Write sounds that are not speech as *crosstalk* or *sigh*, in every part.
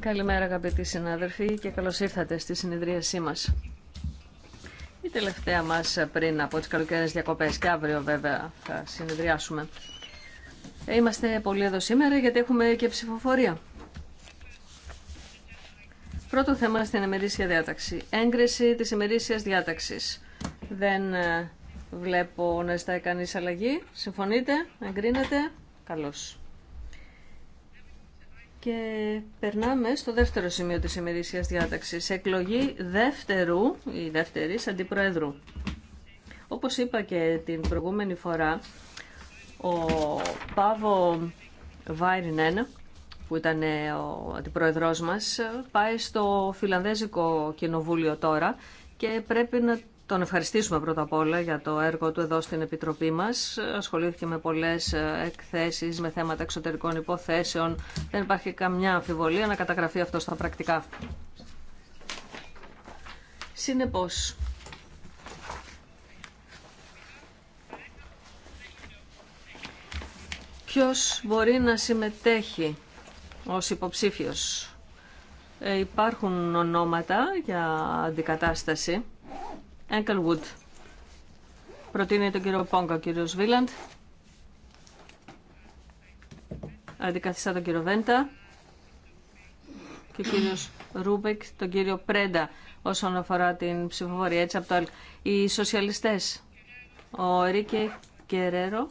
Καλημέρα αγαπητοί συνάδελφοι και καλώς ήρθατε στη συνεδρίασή μας. Η τελευταία μας ε, πριν από τις καλοκαίρινες διακοπές και αύριο βέβαια θα συνεδριάσουμε. Ε, είμαστε πολύ εδώ σήμερα γιατί έχουμε και ψηφοφορία. Πρώτο θέμα στην ημερήσια διάταξη. Έγκριση της ημερήσιας διάταξης. Δεν ε, βλέπω να ζητάει κανείς αλλαγή. Συμφωνείτε, εγκρίνετε. Καλώς. Και περνάμε στο δεύτερο σημείο της ημερήσιας διάταξης, εκλογή δεύτερου ή δεύτερης αντιπροέδρου. Όπως είπα και την προηγούμενη φορά, ο Πάβο Βάιρινεν, που ήταν ο αντιπρόεδρός μας, πάει στο Φιλανδέζικο Κοινοβούλιο τώρα και πρέπει να τον ευχαριστήσουμε πρώτα απ' όλα για το έργο του εδώ στην Επιτροπή μας. Ασχολήθηκε με πολλές εκθέσεις, με θέματα εξωτερικών υποθέσεων. Δεν υπάρχει καμιά αμφιβολία να καταγραφεί αυτό στα πρακτικά. Συνεπώς, ποιος μπορεί να συμμετέχει ως υποψήφιος. Ε, υπάρχουν ονόματα για αντικατάσταση. Προτείνει τον κύριο Πόγκα ο κύριος Βίλαντ. Αντικαθιστά τον κύριο Βέντα. Και ο κύριος Ρούμπεκ, τον κύριο Πρέντα, όσον αφορά την ψηφοφορία. Έτσι από το άλλο. Οι σοσιαλιστές. Ο Ρίκε Κερέρο.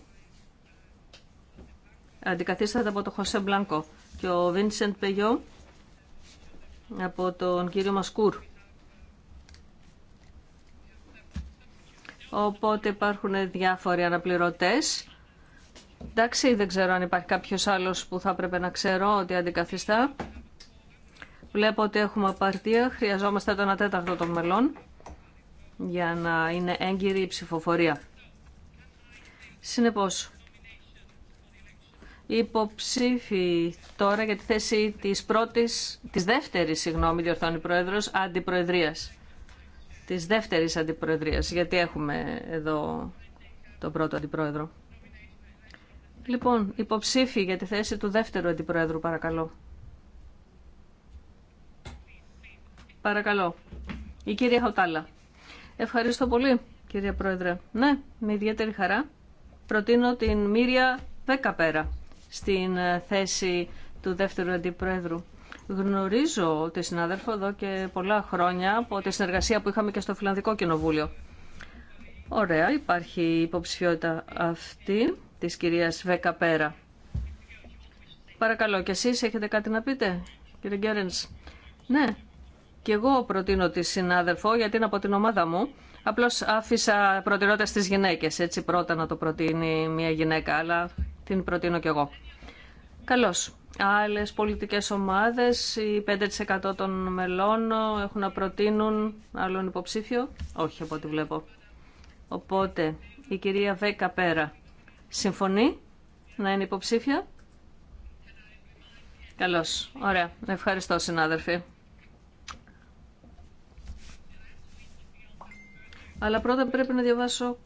Αντικαθίσταται από τον Χωσέ Μπλάνκο. Και ο Βίνσεντ Πεγιό από τον κύριο Μασκούρ. οπότε υπάρχουν διάφοροι αναπληρωτές. Εντάξει, δεν ξέρω αν υπάρχει κάποιος άλλος που θα έπρεπε να ξέρω ότι αντικαθιστά. Βλέπω ότι έχουμε απαρτία, χρειαζόμαστε το 1 τέταρτο των μελών για να είναι έγκυρη η ψηφοφορία. Συνεπώς, υποψήφι τώρα για τη θέση της πρώτης, της δεύτερης, συγγνώμη, διορθώνει πρόεδρος, αντιπροεδρίας της δεύτερης αντιπροεδρίας, γιατί έχουμε εδώ τον πρώτο αντιπρόεδρο. Λοιπόν, υποψήφι για τη θέση του δεύτερου αντιπρόεδρου, παρακαλώ. Παρακαλώ. Η κυρία Χαουτάλα. Ευχαριστώ πολύ, κυρία Πρόεδρε. Ναι, με ιδιαίτερη χαρά. Προτείνω την Μύρια Δέκα Πέρα στην ε, θέση του δεύτερου αντιπρόεδρου. Γνωρίζω τη συνάδελφο εδώ και πολλά χρόνια από τη συνεργασία που είχαμε και στο Φιλανδικό Κοινοβούλιο. Ωραία, υπάρχει η υποψηφιότητα αυτή της κυρίας Βέκα Πέρα. Παρακαλώ, και εσείς έχετε κάτι να πείτε, κύριε Γκέρενς. Ναι, και εγώ προτείνω τη συνάδελφο γιατί είναι από την ομάδα μου. Απλώς άφησα προτεραιότητα στις γυναίκες, έτσι πρώτα να το προτείνει μια γυναίκα, αλλά την προτείνω κι εγώ. Καλώς άλλες πολιτικές ομάδες, οι 5% των μελών έχουν να προτείνουν άλλον υποψήφιο. Όχι από ό,τι βλέπω. Οπότε η κυρία Βέκα Πέρα συμφωνεί να είναι υποψήφια. Καλώς. Ωραία. Ευχαριστώ συνάδελφοι. Αλλά πρώτα πρέπει να διαβάσω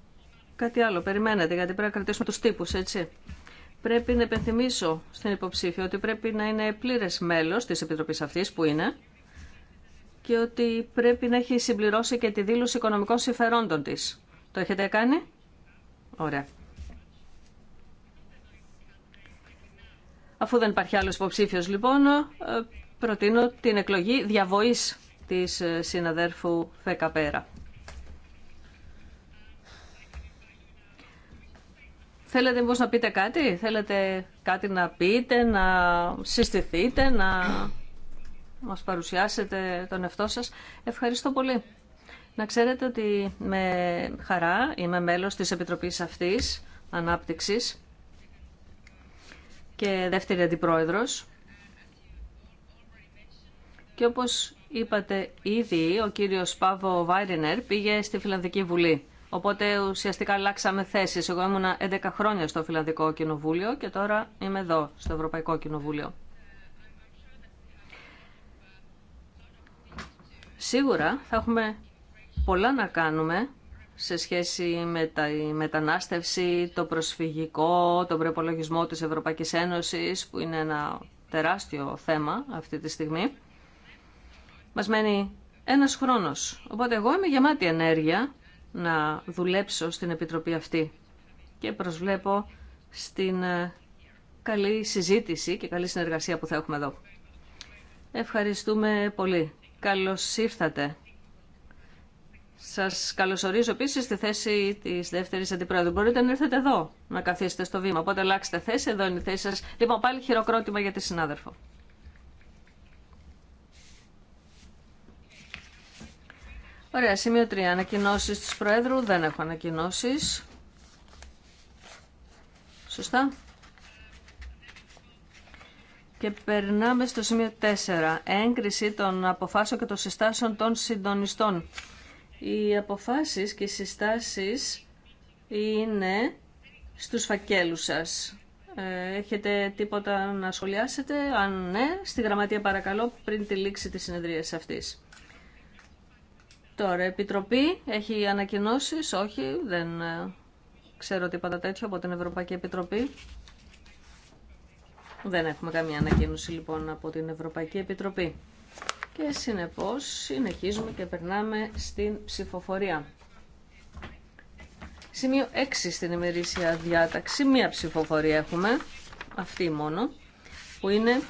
κάτι άλλο. Περιμένετε γιατί πρέπει να κρατήσουμε τους τύπους, έτσι πρέπει να επενθυμίσω στην υποψήφια ότι πρέπει να είναι πλήρες μέλος της Επιτροπής αυτής που είναι και ότι πρέπει να έχει συμπληρώσει και τη δήλωση οικονομικών συμφερόντων της. Το έχετε κάνει? Ωραία. Αφού δεν υπάρχει άλλος υποψήφιος λοιπόν, ε, προτείνω την εκλογή διαβοής της ε, συναδέρφου Φεκαπέρα. Θέλετε μήπως να πείτε κάτι, θέλετε κάτι να πείτε, να συστηθείτε, να μας παρουσιάσετε τον εαυτό σας. Ευχαριστώ πολύ. Να ξέρετε ότι με χαρά είμαι μέλος της Επιτροπής αυτής Ανάπτυξης και δεύτερη αντιπρόεδρος. Και όπως είπατε ήδη, ο κύριος Πάβο Βάιρινερ πήγε στη Φιλανδική Βουλή. Οπότε ουσιαστικά αλλάξαμε θέσεις. Εγώ ήμουνα 11 χρόνια στο Φιλανδικό Κοινοβούλιο και τώρα είμαι εδώ, στο Ευρωπαϊκό Κοινοβούλιο. Σίγουρα θα έχουμε πολλά να κάνουμε σε σχέση με τη μετανάστευση, το προσφυγικό, τον προπολογισμό της Ευρωπαϊκής Ένωσης, που είναι ένα τεράστιο θέμα αυτή τη στιγμή. Μας μένει ένας χρόνος. Οπότε εγώ είμαι γεμάτη ενέργεια να δουλέψω στην Επιτροπή αυτή και προσβλέπω στην ε, καλή συζήτηση και καλή συνεργασία που θα έχουμε εδώ. Ευχαριστούμε πολύ. Καλώς ήρθατε. Σας καλωσορίζω επίσης στη θέση της δεύτερης αντιπρόεδρου. Μπορείτε να έρθετε εδώ, να καθίσετε στο βήμα. Οπότε αλλάξτε θέση, εδώ είναι η θέση σας. Λοιπόν, πάλι χειροκρότημα για τη συνάδελφο. Ωραία, σημείο 3. Ανακοινώσει τη Προέδρου. Δεν έχω ανακοινώσει. Σωστά. Και περνάμε στο σημείο 4. Έγκριση των αποφάσεων και των συστάσεων των συντονιστών. Οι αποφάσεις και οι συστάσεις είναι στους φακέλους σας. Ε, έχετε τίποτα να σχολιάσετε, αν ναι, στη γραμματεία παρακαλώ πριν τη λήξη της συνεδρίας αυτής. Τώρα, Επιτροπή έχει ανακοινώσει όχι, δεν ε, ξέρω τίποτα τέτοιο από την Ευρωπαϊκή Επιτροπή. Δεν έχουμε καμία ανακοίνωση λοιπόν από την Ευρωπαϊκή Επιτροπή. Και συνεπώς συνεχίζουμε και περνάμε στην ψηφοφορία. Σημείο 6 στην ημερήσια διάταξη, μία ψηφοφορία έχουμε, αυτή μόνο, που είναι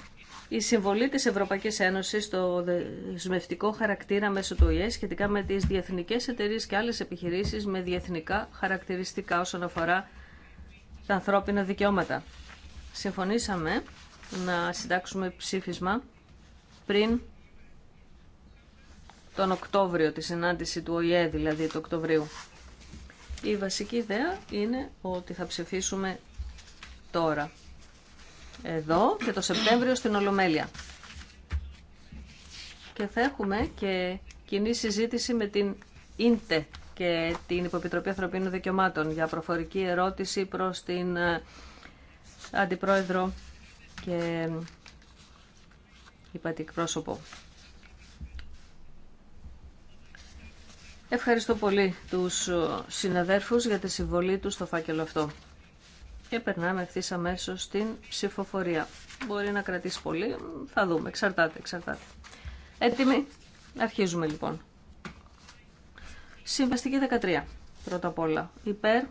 η συμβολή της Ευρωπαϊκής Ένωσης στο δεσμευτικό χαρακτήρα μέσω του ΟΗΕ σχετικά με τις διεθνικές εταιρείες και άλλες επιχειρήσεις με διεθνικά χαρακτηριστικά όσον αφορά τα ανθρώπινα δικαιώματα. Συμφωνήσαμε να συντάξουμε ψήφισμα πριν τον Οκτώβριο, τη συνάντηση του ΟΗΕ δηλαδή του Οκτωβρίου. Η βασική ιδέα είναι ότι θα ψηφίσουμε τώρα εδώ και το Σεπτέμβριο στην Ολομέλεια. Και θα έχουμε και κοινή συζήτηση με την ΙΝΤΕ και την Υποπιτροπή Ανθρωπίνων Δικαιωμάτων για προφορική ερώτηση προς την ε, Αντιπρόεδρο και Υπατικπρόσωπο. πρόσωπο. Ευχαριστώ πολύ τους συναδέρφους για τη συμβολή τους στο φάκελο αυτό. Και περνάμε ευθύ αμέσω στην ψηφοφορία. Μπορεί να κρατήσει πολύ, θα δούμε, εξαρτάται, εξαρτάται. Έτοιμοι, αρχίζουμε λοιπόν. Συμβαστική 13, πρώτα απ' όλα. Υπέρ,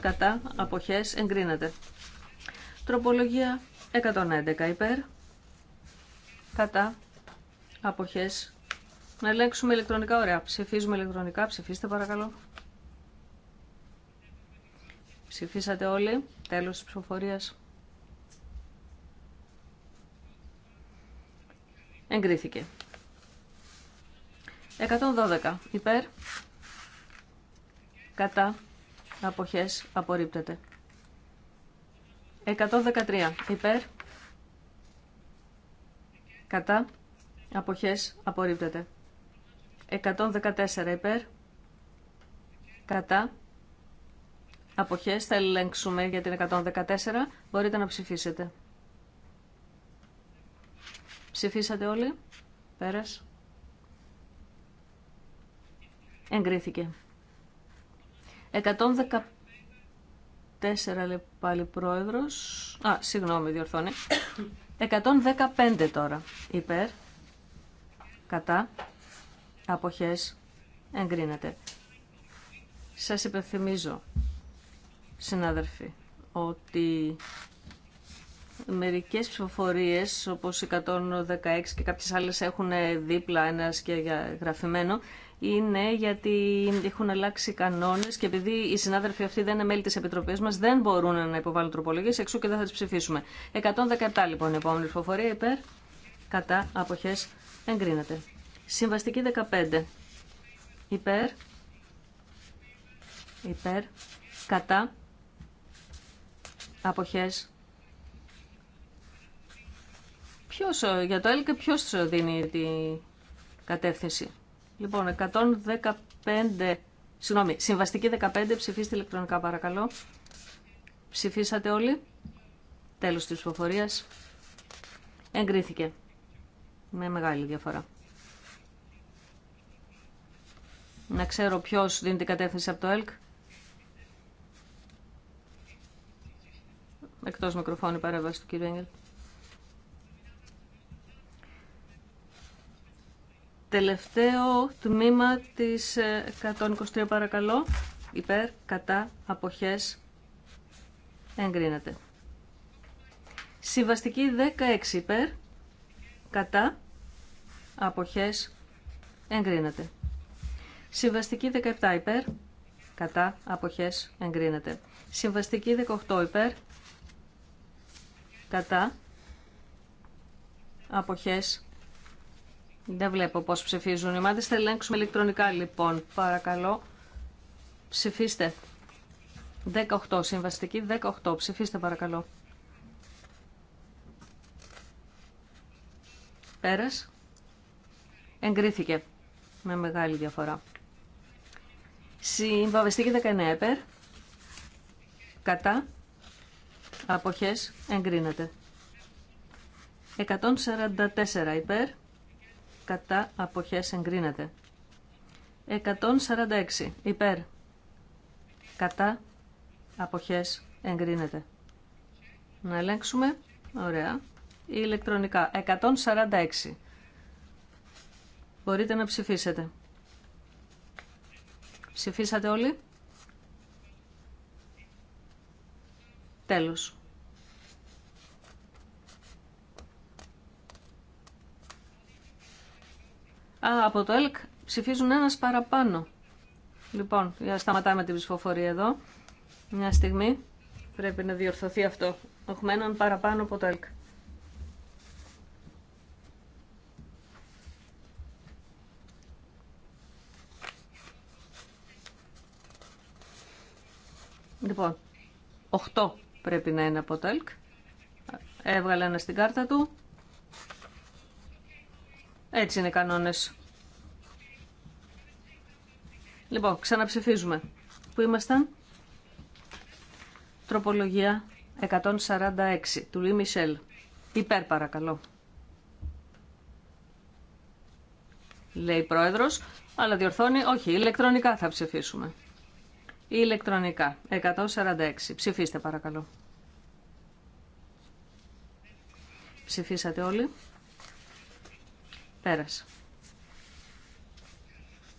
κατά, αποχές, εγκρίνεται. Τροπολογία 111 υπέρ, κατά, αποχές. Να ελέγξουμε ηλεκτρονικά, ωραία. Ψηφίζουμε ηλεκτρονικά, ψηφίστε παρακαλώ. Ψηφίσατε όλοι. Τέλος της ψηφοφορίας. Εγκρίθηκε. 112. Υπέρ. Κατά. Αποχές. Απορρίπτεται. 113. Υπέρ. Κατά. Αποχές. Απορρίπτεται. 114. Υπέρ. Κατά. Αποχές θα ελέγξουμε για την 114. Μπορείτε να ψηφίσετε. Ψηφίσατε όλοι. Πέρας. Εγκρίθηκε. 114 λέει πάλι πρόεδρος. Α, συγγνώμη, διορθώνει. 115 τώρα. Υπέρ. Κατά. Αποχές. Εγκρίνεται. Σας υπενθυμίζω συνάδελφοι, ότι μερικές ψηφοφορίες όπως 116 και κάποιες άλλες έχουν δίπλα ένα και γραφημένο είναι γιατί έχουν αλλάξει κανόνες και επειδή οι συνάδελφοι αυτοί δεν είναι μέλη της Επιτροπής μας δεν μπορούν να υποβάλουν τροπολογίες εξού και δεν θα τις ψηφίσουμε. 117 λοιπόν η επόμενη ψηφοφορία υπέρ κατά αποχές εγκρίνεται. Συμβαστική 15 υπέρ υπέρ κατά αποχές. Ποιος, ε, για το ΕΛΚ ποιος ε, δίνει την κατεύθυνση. Λοιπόν, 115, συγγνώμη, συμβαστική 15, ψηφίστε ηλεκτρονικά παρακαλώ. Ψηφίσατε όλοι. Τέλος της ψηφοφορίας. Εγκρίθηκε. Με μεγάλη διαφορά. Να ξέρω ποιος δίνει την κατεύθυνση από το ΕΛΚ. Εκτός μικροφώνου η παρέμβαση του κύριου Έγγελ. Τελευταίο τμήμα της 123 ε, παρακαλώ. Υπέρ, κατά, αποχές, εγκρίνεται. Συμβαστική 16 υπέρ, κατά, αποχές, εγκρίνεται. Συμβαστική 17 υπέρ, κατά, αποχές, εγκρίνεται. Συμβαστική 18 υπέρ, κατά αποχές δεν βλέπω πώς ψηφίζουν οι μάτες θα ελέγξουμε ηλεκτρονικά λοιπόν παρακαλώ ψηφίστε 18 συμβαστική 18 ψηφίστε παρακαλώ πέρας εγκρίθηκε με μεγάλη διαφορά Συμβαβεστήκε 19 επέρ κατά Αποχές εγκρίνεται. 144 υπέρ. Κατά αποχές εγκρίνεται. 146 υπέρ. Κατά αποχές εγκρίνεται. Να ελέγξουμε. Ωραία. Η ηλεκτρονικά. 146. Μπορείτε να ψηφίσετε. Ψηφίσατε όλοι. Τέλος. Α, από το ΕΛΚ ψηφίζουν ένας παραπάνω. Λοιπόν, για σταματάμε την ψηφοφορία εδώ. Μια στιγμή. Πρέπει να διορθωθεί αυτό. Έχουμε έναν παραπάνω από το ΕΛΚ. Λοιπόν, 8 Πρέπει να είναι από το ΕΛΚ. Έβγαλε ένα στην κάρτα του. Έτσι είναι οι κανόνες. Λοιπόν, ξαναψηφίζουμε. Πού ήμασταν? Τροπολογία 146 του Λί Μισελ. Υπέρ παρακαλώ. Λέει πρόεδρος, αλλά διορθώνει, όχι, ηλεκτρονικά θα ψηφίσουμε ηλεκτρονικά. 146. Ψηφίστε παρακαλώ. Ψηφίσατε όλοι. Πέρασε.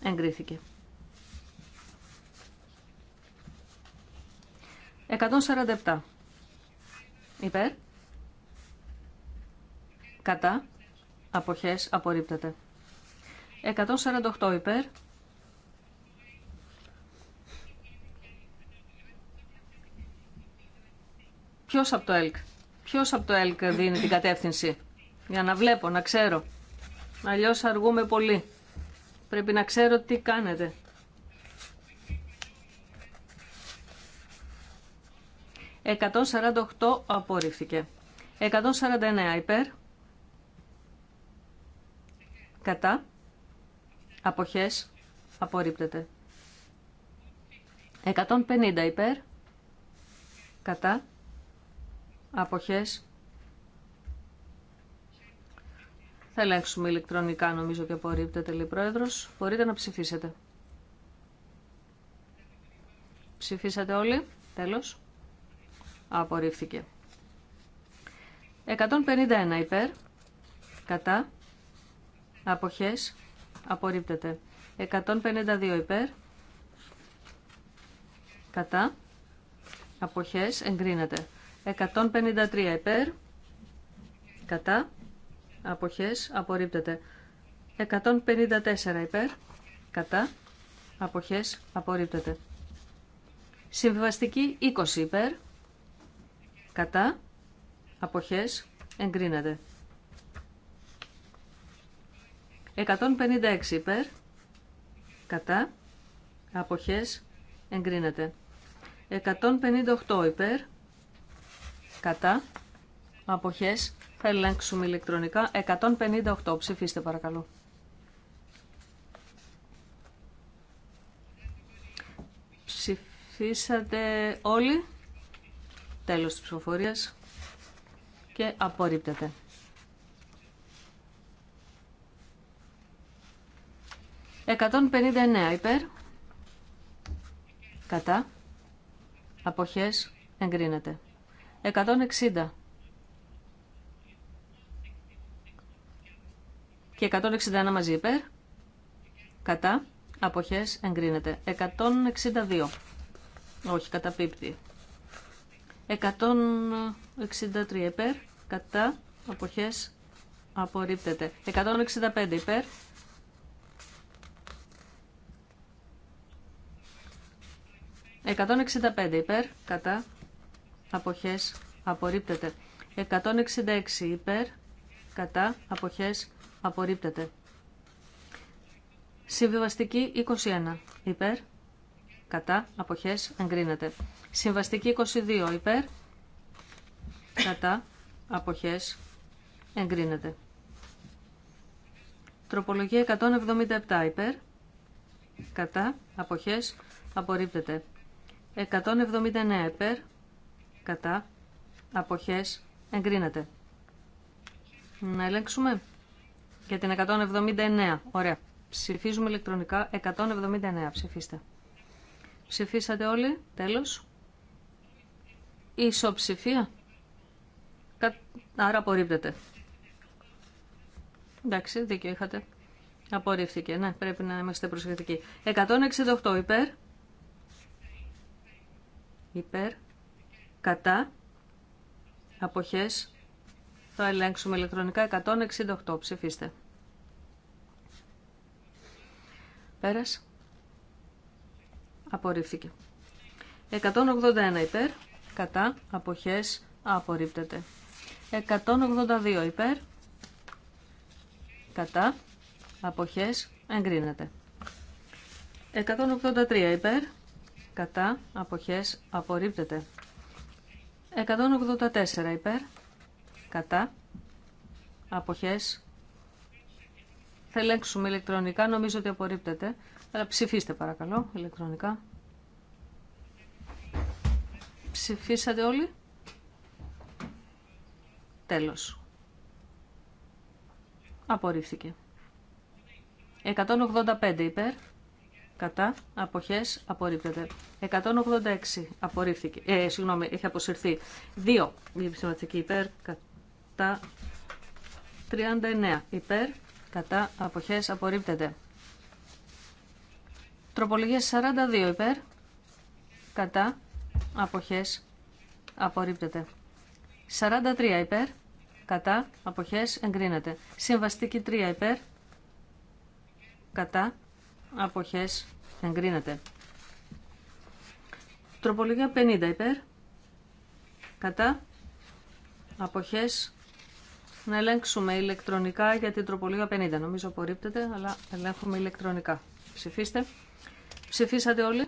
Εγκρίθηκε. 147. Υπέρ. Κατά. Αποχές απορρίπτεται. 148 υπέρ. Ποιος από το ΕΛΚ. Ποιος από το ΕΛΚ δίνει την κατεύθυνση. Για να βλέπω, να ξέρω. Αλλιώς αργούμε πολύ. Πρέπει να ξέρω τι κάνετε. «148 απορρίφθηκε. 149 υπέρ. Κατά. Αποχές. Απορρίπτεται. 150 υπέρ. Κατά αποχές. Θα ελέγξουμε ηλεκτρονικά, νομίζω και απορρίπτεται, λέει Πρόεδρος. Μπορείτε να ψηφίσετε. Ψηφίσατε όλοι. Τέλος. Απορρίφθηκε. 151 υπέρ. Κατά. Αποχές. Απορρίπτεται. 152 υπέρ. Κατά. Αποχές. Εγκρίνεται. 153 υπέρ, κατά, αποχές, απορρίπτεται. 154 υπέρ, κατά, αποχές, απορρίπτεται. Συμβιβαστική 20 υπέρ, κατά, αποχές, εγκρίνεται. 156 υπέρ, κατά, αποχές, εγκρίνεται. 158 υπέρ, κατά, αποχές, θα ελέγξουμε ηλεκτρονικά. 158, ψηφίστε παρακαλώ. Ψηφίσατε όλοι. Τέλος της ψηφοφορίας. Και απορρίπτεται. Εκατόν υπέρ. Κατά. Αποχές εγκρίνεται. 160 και 161 μαζί υπέρ, κατά, αποχές εγκρίνεται. 162, όχι καταπίπτει. 163 υπέρ, κατά, αποχές απορρίπτεται. 165 υπέρ, ...165 υπέρ, κατά, αποχές απορρίπτεται. 166 υπέρ, κατά, αποχές απορρίπτεται. Συμβιβαστική 21 υπέρ, κατά, αποχές εγκρίνεται. Συμβαστική 22 υπέρ, κατά, αποχές εγκρίνεται. Τροπολογία 177 υπέρ, κατά, αποχές απορρίπτεται. 179 υπέρ, κατά, αποχές, εγκρίνεται. Να ελέγξουμε για την 179. Ωραία. Ψηφίζουμε ηλεκτρονικά 179. Ψηφίστε. Ψηφίσατε όλοι. Τέλος. Ισοψηφία. Κα... Άρα απορρίπτεται. Εντάξει, δίκιο είχατε. Απορρίφθηκε. Ναι, πρέπει να είμαστε προσεκτικοί. 168 υπέρ. Υπέρ κατά, αποχές, θα ελέγξουμε ηλεκτρονικά 168. Ψηφίστε. Πέρας. Απορρίφθηκε. 181 υπέρ, κατά, αποχές, απορρίπτεται. 182 υπέρ, κατά, αποχές, εγκρίνεται. 183 υπέρ, κατά, αποχές, απορρίπτεται. 184 υπέρ, κατά, αποχές. Θα ελέγξουμε ηλεκτρονικά, νομίζω ότι απορρίπτεται. Αλλά ε, ψηφίστε παρακαλώ, ηλεκτρονικά. Ψηφίσατε όλοι. Τέλος. Απορρίφθηκε. 185 υπέρ κατά, αποχές, απορρίπτεται. 186 απορρίφθηκε, ε, συγγνώμη, έχει αποσυρθεί. 2 επιστηματική υπέρ, κατά, 39 υπέρ, κατά, αποχές, απορρίπτεται. Τροπολογία 42 υπέρ, κατά, αποχές, απορρίπτεται. 43 υπέρ, κατά, αποχές, εγκρίνεται. Συμβαστική 3 υπέρ, κατά, αποχές εγκρίνεται. Τροπολογία 50 υπέρ, κατά, αποχές, να ελέγξουμε ηλεκτρονικά για την τροπολογία 50. Νομίζω απορρίπτεται, αλλά ελέγχουμε ηλεκτρονικά. Ψηφίστε. Ψηφίσατε όλοι.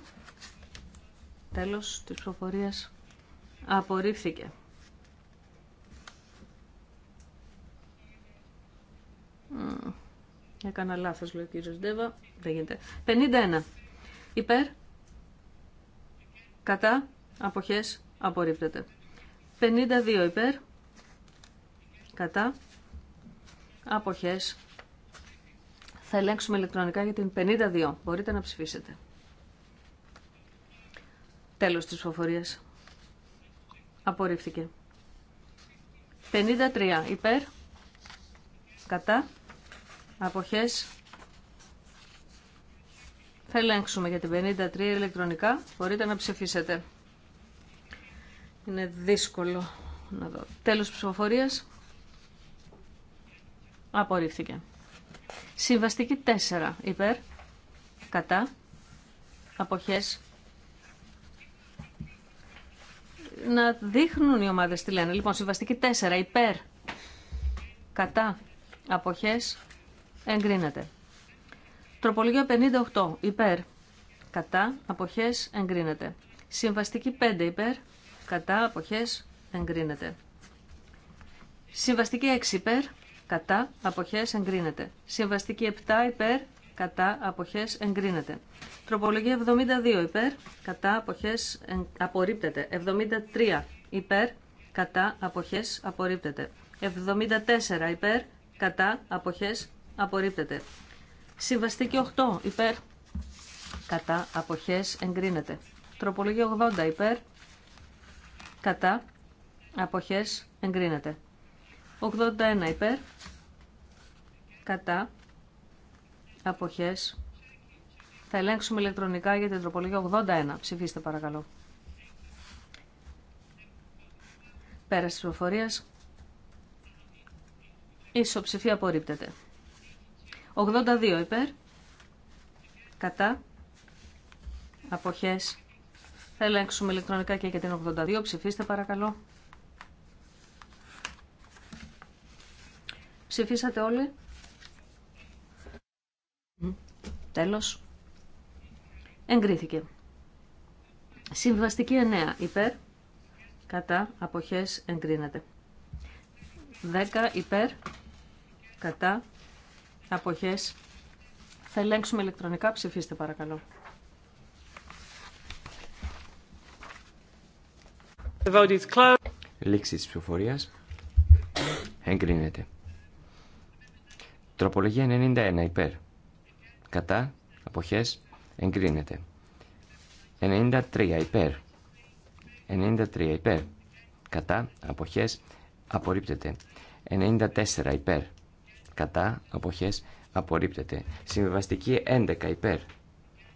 Τέλος της προφορίας απορρίφθηκε. Έκανα λάθος, λέει ο κύριος Ντέβα. Δεν γίνεται. 51. Υπέρ. Κατά. Αποχές. Απορρίπτεται. 52 υπέρ. Κατά. Αποχές. Θα ελέγξουμε ηλεκτρονικά για την 52. Μπορείτε να ψηφίσετε. Τέλος της ψηφοφορίας. Απορρίφθηκε. 53 υπέρ. Κατά αποχές θα ελέγξουμε για την 53 ηλεκτρονικά. Μπορείτε να ψηφίσετε. Είναι δύσκολο να δω. Τέλος ψηφοφορίας. Απορρίφθηκε. Συμβαστική 4 υπέρ. Κατά. Αποχές. Να δείχνουν οι ομάδες τι λένε. Λοιπόν, συμβαστική 4 υπέρ. Κατά. Αποχές εγκρίνεται. Τροπολογία 58 υπέρ, κατά, αποχές, εγκρίνεται. Συμβαστική 5 υπέρ, κατά, αποχές, εγκρίνεται. Συμβαστική 6 υπέρ, κατά, αποχές, εγκρίνεται. Συμβαστική 7 υπέρ, κατά, αποχές, εγκρίνεται. Τροπολογία 72 υπέρ, κατά, αποχές, απορρίπτεται. 73 υπέρ, κατά, αποχές, απορρίπτεται. 74 υπέρ, κατά, αποχές, απορρίπτεται. Συμβαστική 8 υπέρ, κατά αποχές εγκρίνεται. Τροπολογία 80 υπέρ, κατά αποχές εγκρίνεται. 81 υπέρ, κατά αποχές θα ελέγξουμε ηλεκτρονικά για την τροπολογία 81. Ψηφίστε παρακαλώ. Πέραση της η Ισοψηφία απορρίπτεται. 82 υπέρ. Κατά. Αποχές. Θα ελέγξουμε ηλεκτρονικά και για την 82. Ψηφίστε παρακαλώ. Ψηφίσατε όλοι. Τέλος. Εγκρίθηκε. Συμβαστική 9 υπέρ. Κατά. Αποχές εγκρίνεται. 10 υπέρ. Κατά αποχές. Θα ελέγξουμε ηλεκτρονικά. Ψηφίστε παρακαλώ. The Λήξη της ψηφοφορίας. Εγκρίνεται. Τροπολογία 91 υπέρ. Κατά. Αποχές. Εγκρίνεται. 93 υπέρ. 93 υπέρ. Κατά. Αποχές. Απορρίπτεται. 94 υπέρ κατά αποχές απορρίπτεται. Συμβιβαστική 11 υπέρ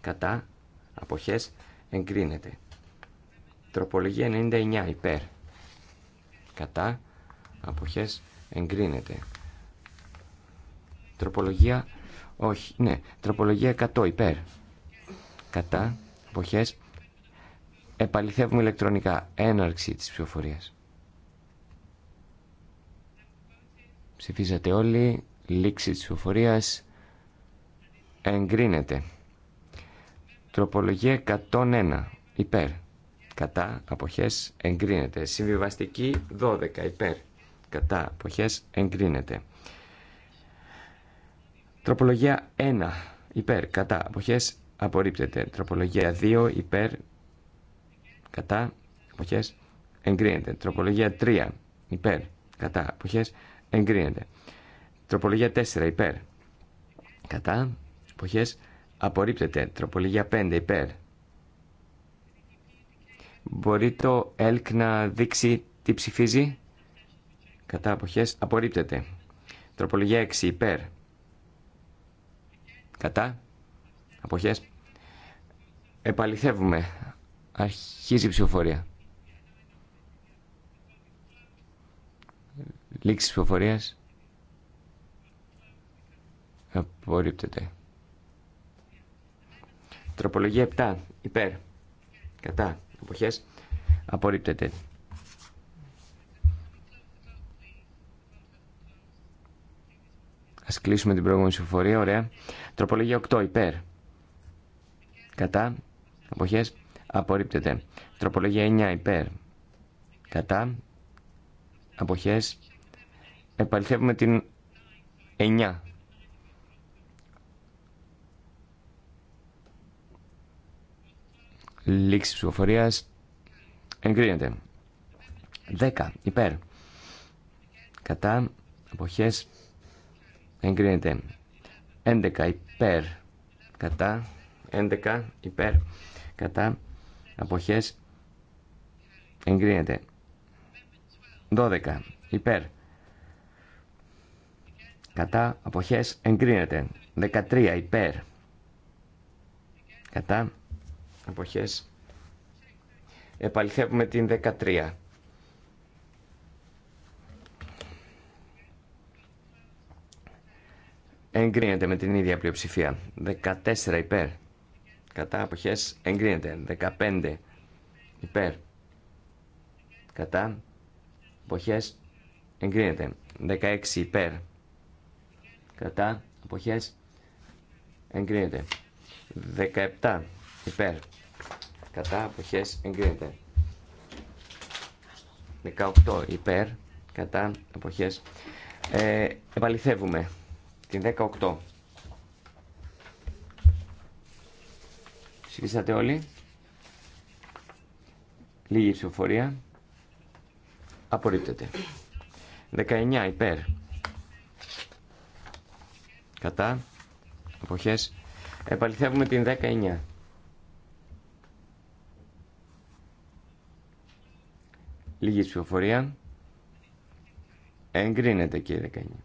κατά αποχές εγκρίνεται. Τροπολογία 99 υπέρ κατά αποχές εγκρίνεται. Τροπολογία όχι, ναι, τροπολογία 100 υπέρ κατά αποχές επαληθεύουμε ηλεκτρονικά έναρξη της ψηφοφορίας. Ψηφίζατε όλοι, Λήξη της ψηφοφορίας εγκρίνεται. Τροπολογία 101 υπέρ. Κατά αποχές εγκρίνεται. Συμβιβαστική 12 υπέρ. Κατά αποχές εγκρίνεται. Τροπολογία 1 υπέρ. Κατά αποχές απορρίπτεται. Τροπολογία 2 υπέρ. Κατά αποχές εγκρίνεται. Τροπολογία 3 υπέρ. Κατά αποχές εγκρίνεται. Τροπολογία 4 υπέρ. Κατά. εποχέ. απορρίπτεται. Τροπολογία 5 υπέρ. Μπορεί το ΕΛΚ να δείξει τι ψηφίζει. Κατά αποχές απορρίπτεται. Τροπολογία 6 υπέρ. Κατά. αποχέ. Επαληθεύουμε. Αρχίζει η ψηφοφορία. Λήξη ψηφοφορίας. Απορρίπτεται. Τροπολογία 7. Υπέρ. Κατά. Εποχές. Απορρίπτεται. Ας κλείσουμε την προηγούμενη συμφορία. Ωραία. Τροπολογία 8. Υπέρ. Κατά. Εποχές. Απορρίπτεται. Τροπολογία 9. Υπέρ. Κατά. Αποχές. Επαληθεύουμε την 9. Λήξη ψηφοφορία. Εγκρίνεται. 10. Υπέρ. Κατά. Αποχέ. Εγκρίνεται. 11. Υπέρ. Κατά. 11. Υπέρ. Κατά. Αποχέ. Εγκρίνεται. 12. Υπέρ. Κατά. Αποχέ. Εγκρίνεται. 13. Υπέρ. Κατά εποχές επαληθεύουμε την 13 εγκρίνεται με την ίδια πλειοψηφία 14 υπέρ κατά αποχές εγκρίνεται 15 υπέρ κατά αποχές εγκρίνεται 16 υπέρ κατά αποχές εγκρίνεται 17 υπέρ κατά αποχές εγκρίνεται 18 υπέρ κατά αποχές ε, επαληθεύουμε την 18 ψηφίσατε όλοι λίγη ψηφοφορία απορρίπτεται 19 υπέρ κατά εποχές επαληθεύουμε την 19 Λίγη ψηφοφορία. Εγκρίνεται κύριε Κανή.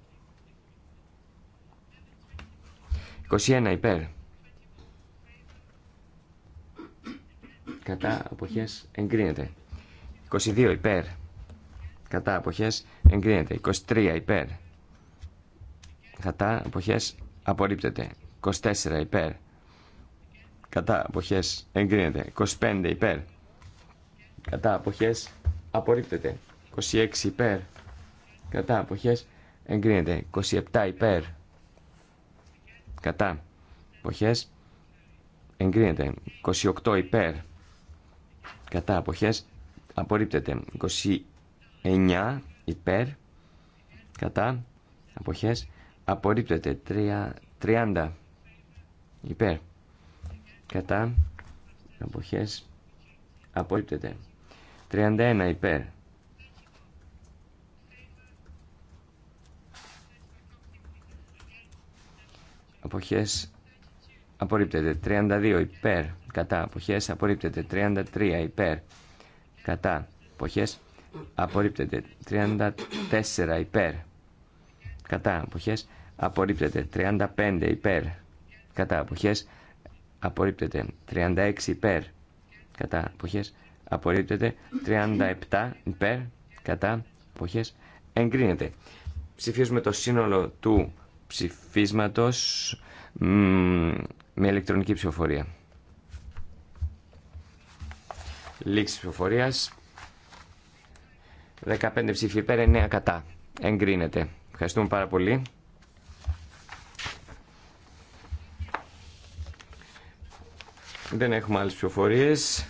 21 υπέρ. Κατά αποχές εγκρίνεται. 22 υπέρ. Κατά αποχές εγκρίνεται. 23 υπέρ. Κατά αποχές απορρίπτεται. 24 υπέρ. Κατά αποχές εγκρίνεται. 25 υπέρ. Κατά αποχές απορρίπτεται. 26 υπέρ κατά αποχές εγκρίνεται. 27 υπέρ κατά αποχές εγκρίνεται. 28 υπέρ κατά αποχές απορρίπτεται. 29 υπέρ κατά αποχές απορρίπτεται. 30 υπέρ κατά αποχές απορρίπτεται. 31 υπέρ. Αποχές απορρίπτεται. 32 υπέρ. Κατά. Αποχές απορρίπτεται. 33 υπέρ. Κατά. Αποχές απορρίπτεται. 34 υπέρ. Κατά. Αποχές απορρίπτεται. 35 υπέρ. Κατά. Αποχές απορρίπτεται. 36 υπέρ. Κατά. Αποχές απορρίπτεται. 37 υπέρ, κατά, εποχές εγκρίνεται. Ψηφίζουμε το σύνολο του ψηφίσματος με ηλεκτρονική ψηφοφορία. Λήξη ψηφοφορίας. 15 ψήφοι υπέρ, 9 κατά. Εγκρίνεται. Ευχαριστούμε πάρα πολύ. Δεν έχουμε άλλες ψηφοφορίες.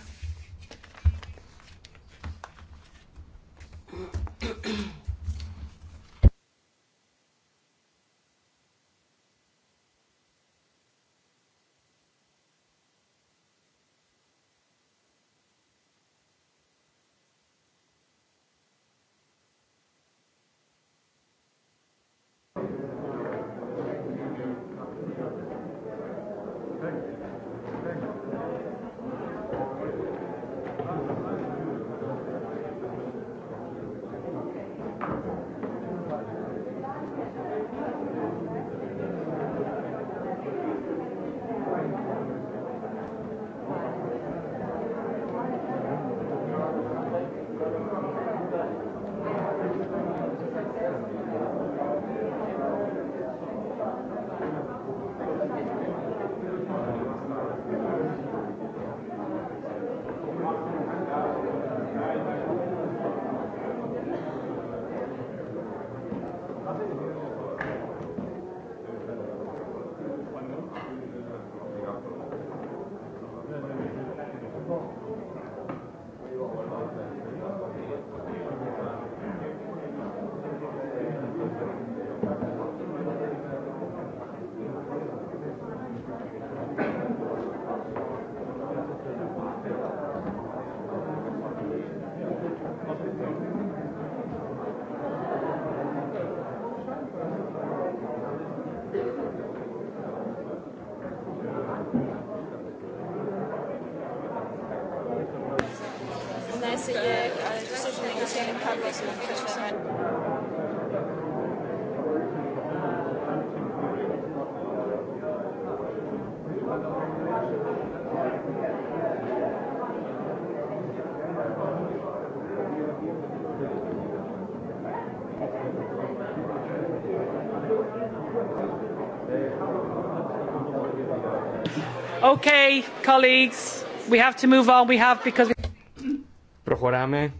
Προχωράμε.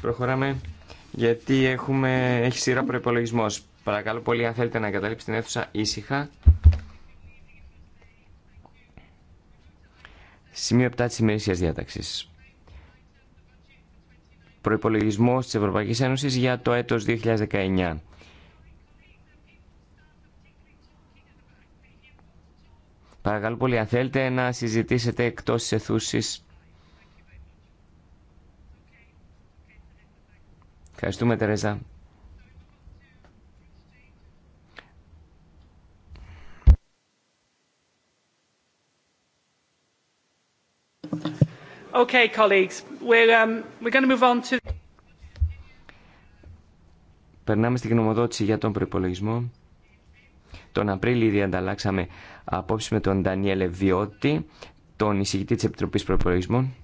Προχωράμε. Γιατί έχουμε, έχει σειρά προπολογισμό. Παρακαλώ πολύ, αν θέλετε να εγκαταλείψετε την αίθουσα ήσυχα. Σημείο 7 τη ημερήσια διάταξη. Προπολογισμό τη Ευρωπαϊκή Ένωση για το έτο 2019. παρακαλώ πολύ, αν θέλετε να συζητήσετε εκτός της αιθούσης. Ευχαριστούμε, Τερέζα. Okay, colleagues, we're, um, we're going to move on to... Περνάμε στην γνωμοδότηση για τον προπολογισμό. Τον Απρίλιο ήδη ανταλλάξαμε απόψη με τον Ντανιέλε Βιώτη, τον εισηγητή της Επιτροπής Προπολογισμών.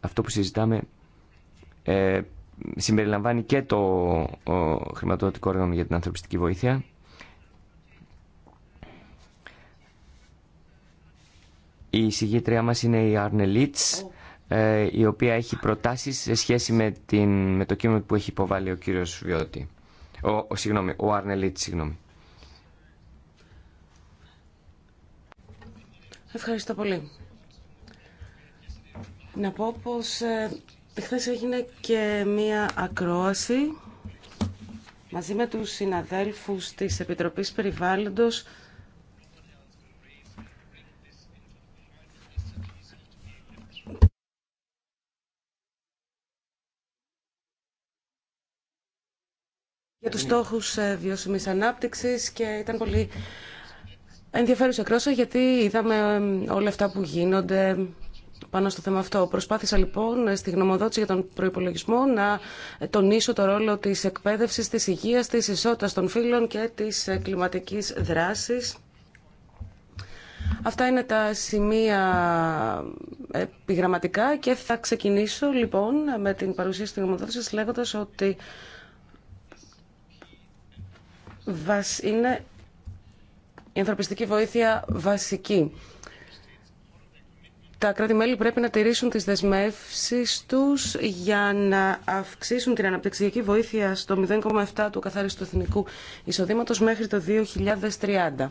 Αυτό που συζητάμε ε, συμπεριλαμβάνει και το ο, χρηματοδοτικό όργανο για την ανθρωπιστική βοήθεια. Η εισηγήτριά μας είναι η Άρνε Λίτς, ε, η οποία έχει προτάσεις σε σχέση με, την, με το κείμενο που έχει υποβάλει ο κύριος Βιώτη. Ο, ο, συγγνώμη, ο Αρνελίτ, συγγνώμη. Ευχαριστώ πολύ. Να πω πως ε, χθες έγινε και μία ακρόαση μαζί με τους συναδέλφους της Επιτροπής Περιβάλλοντος για τους ναι. στόχους ε, βιώσιμης ανάπτυξης και ήταν πολύ ενδιαφέρουσα κρόσα γιατί είδαμε όλα αυτά που γίνονται πάνω στο θέμα αυτό. Προσπάθησα λοιπόν ε, στη γνωμοδότηση για τον προπολογισμό να ε, τονίσω το ρόλο της εκπαίδευσης, της υγείας, της ισότητας των φύλων και της κλιματικής δράσης. Αυτά είναι τα σημεία επιγραμματικά και θα ξεκινήσω λοιπόν με την παρουσίαση της γνωμοδότησης λέγοντας ότι είναι η ανθρωπιστική βοήθεια βασική. Τα κράτη-μέλη πρέπει να τηρήσουν τις δεσμεύσεις τους για να αυξήσουν την αναπτυξιακή βοήθεια στο 0,7 του καθάριστου εθνικού εισοδήματος μέχρι το 2030.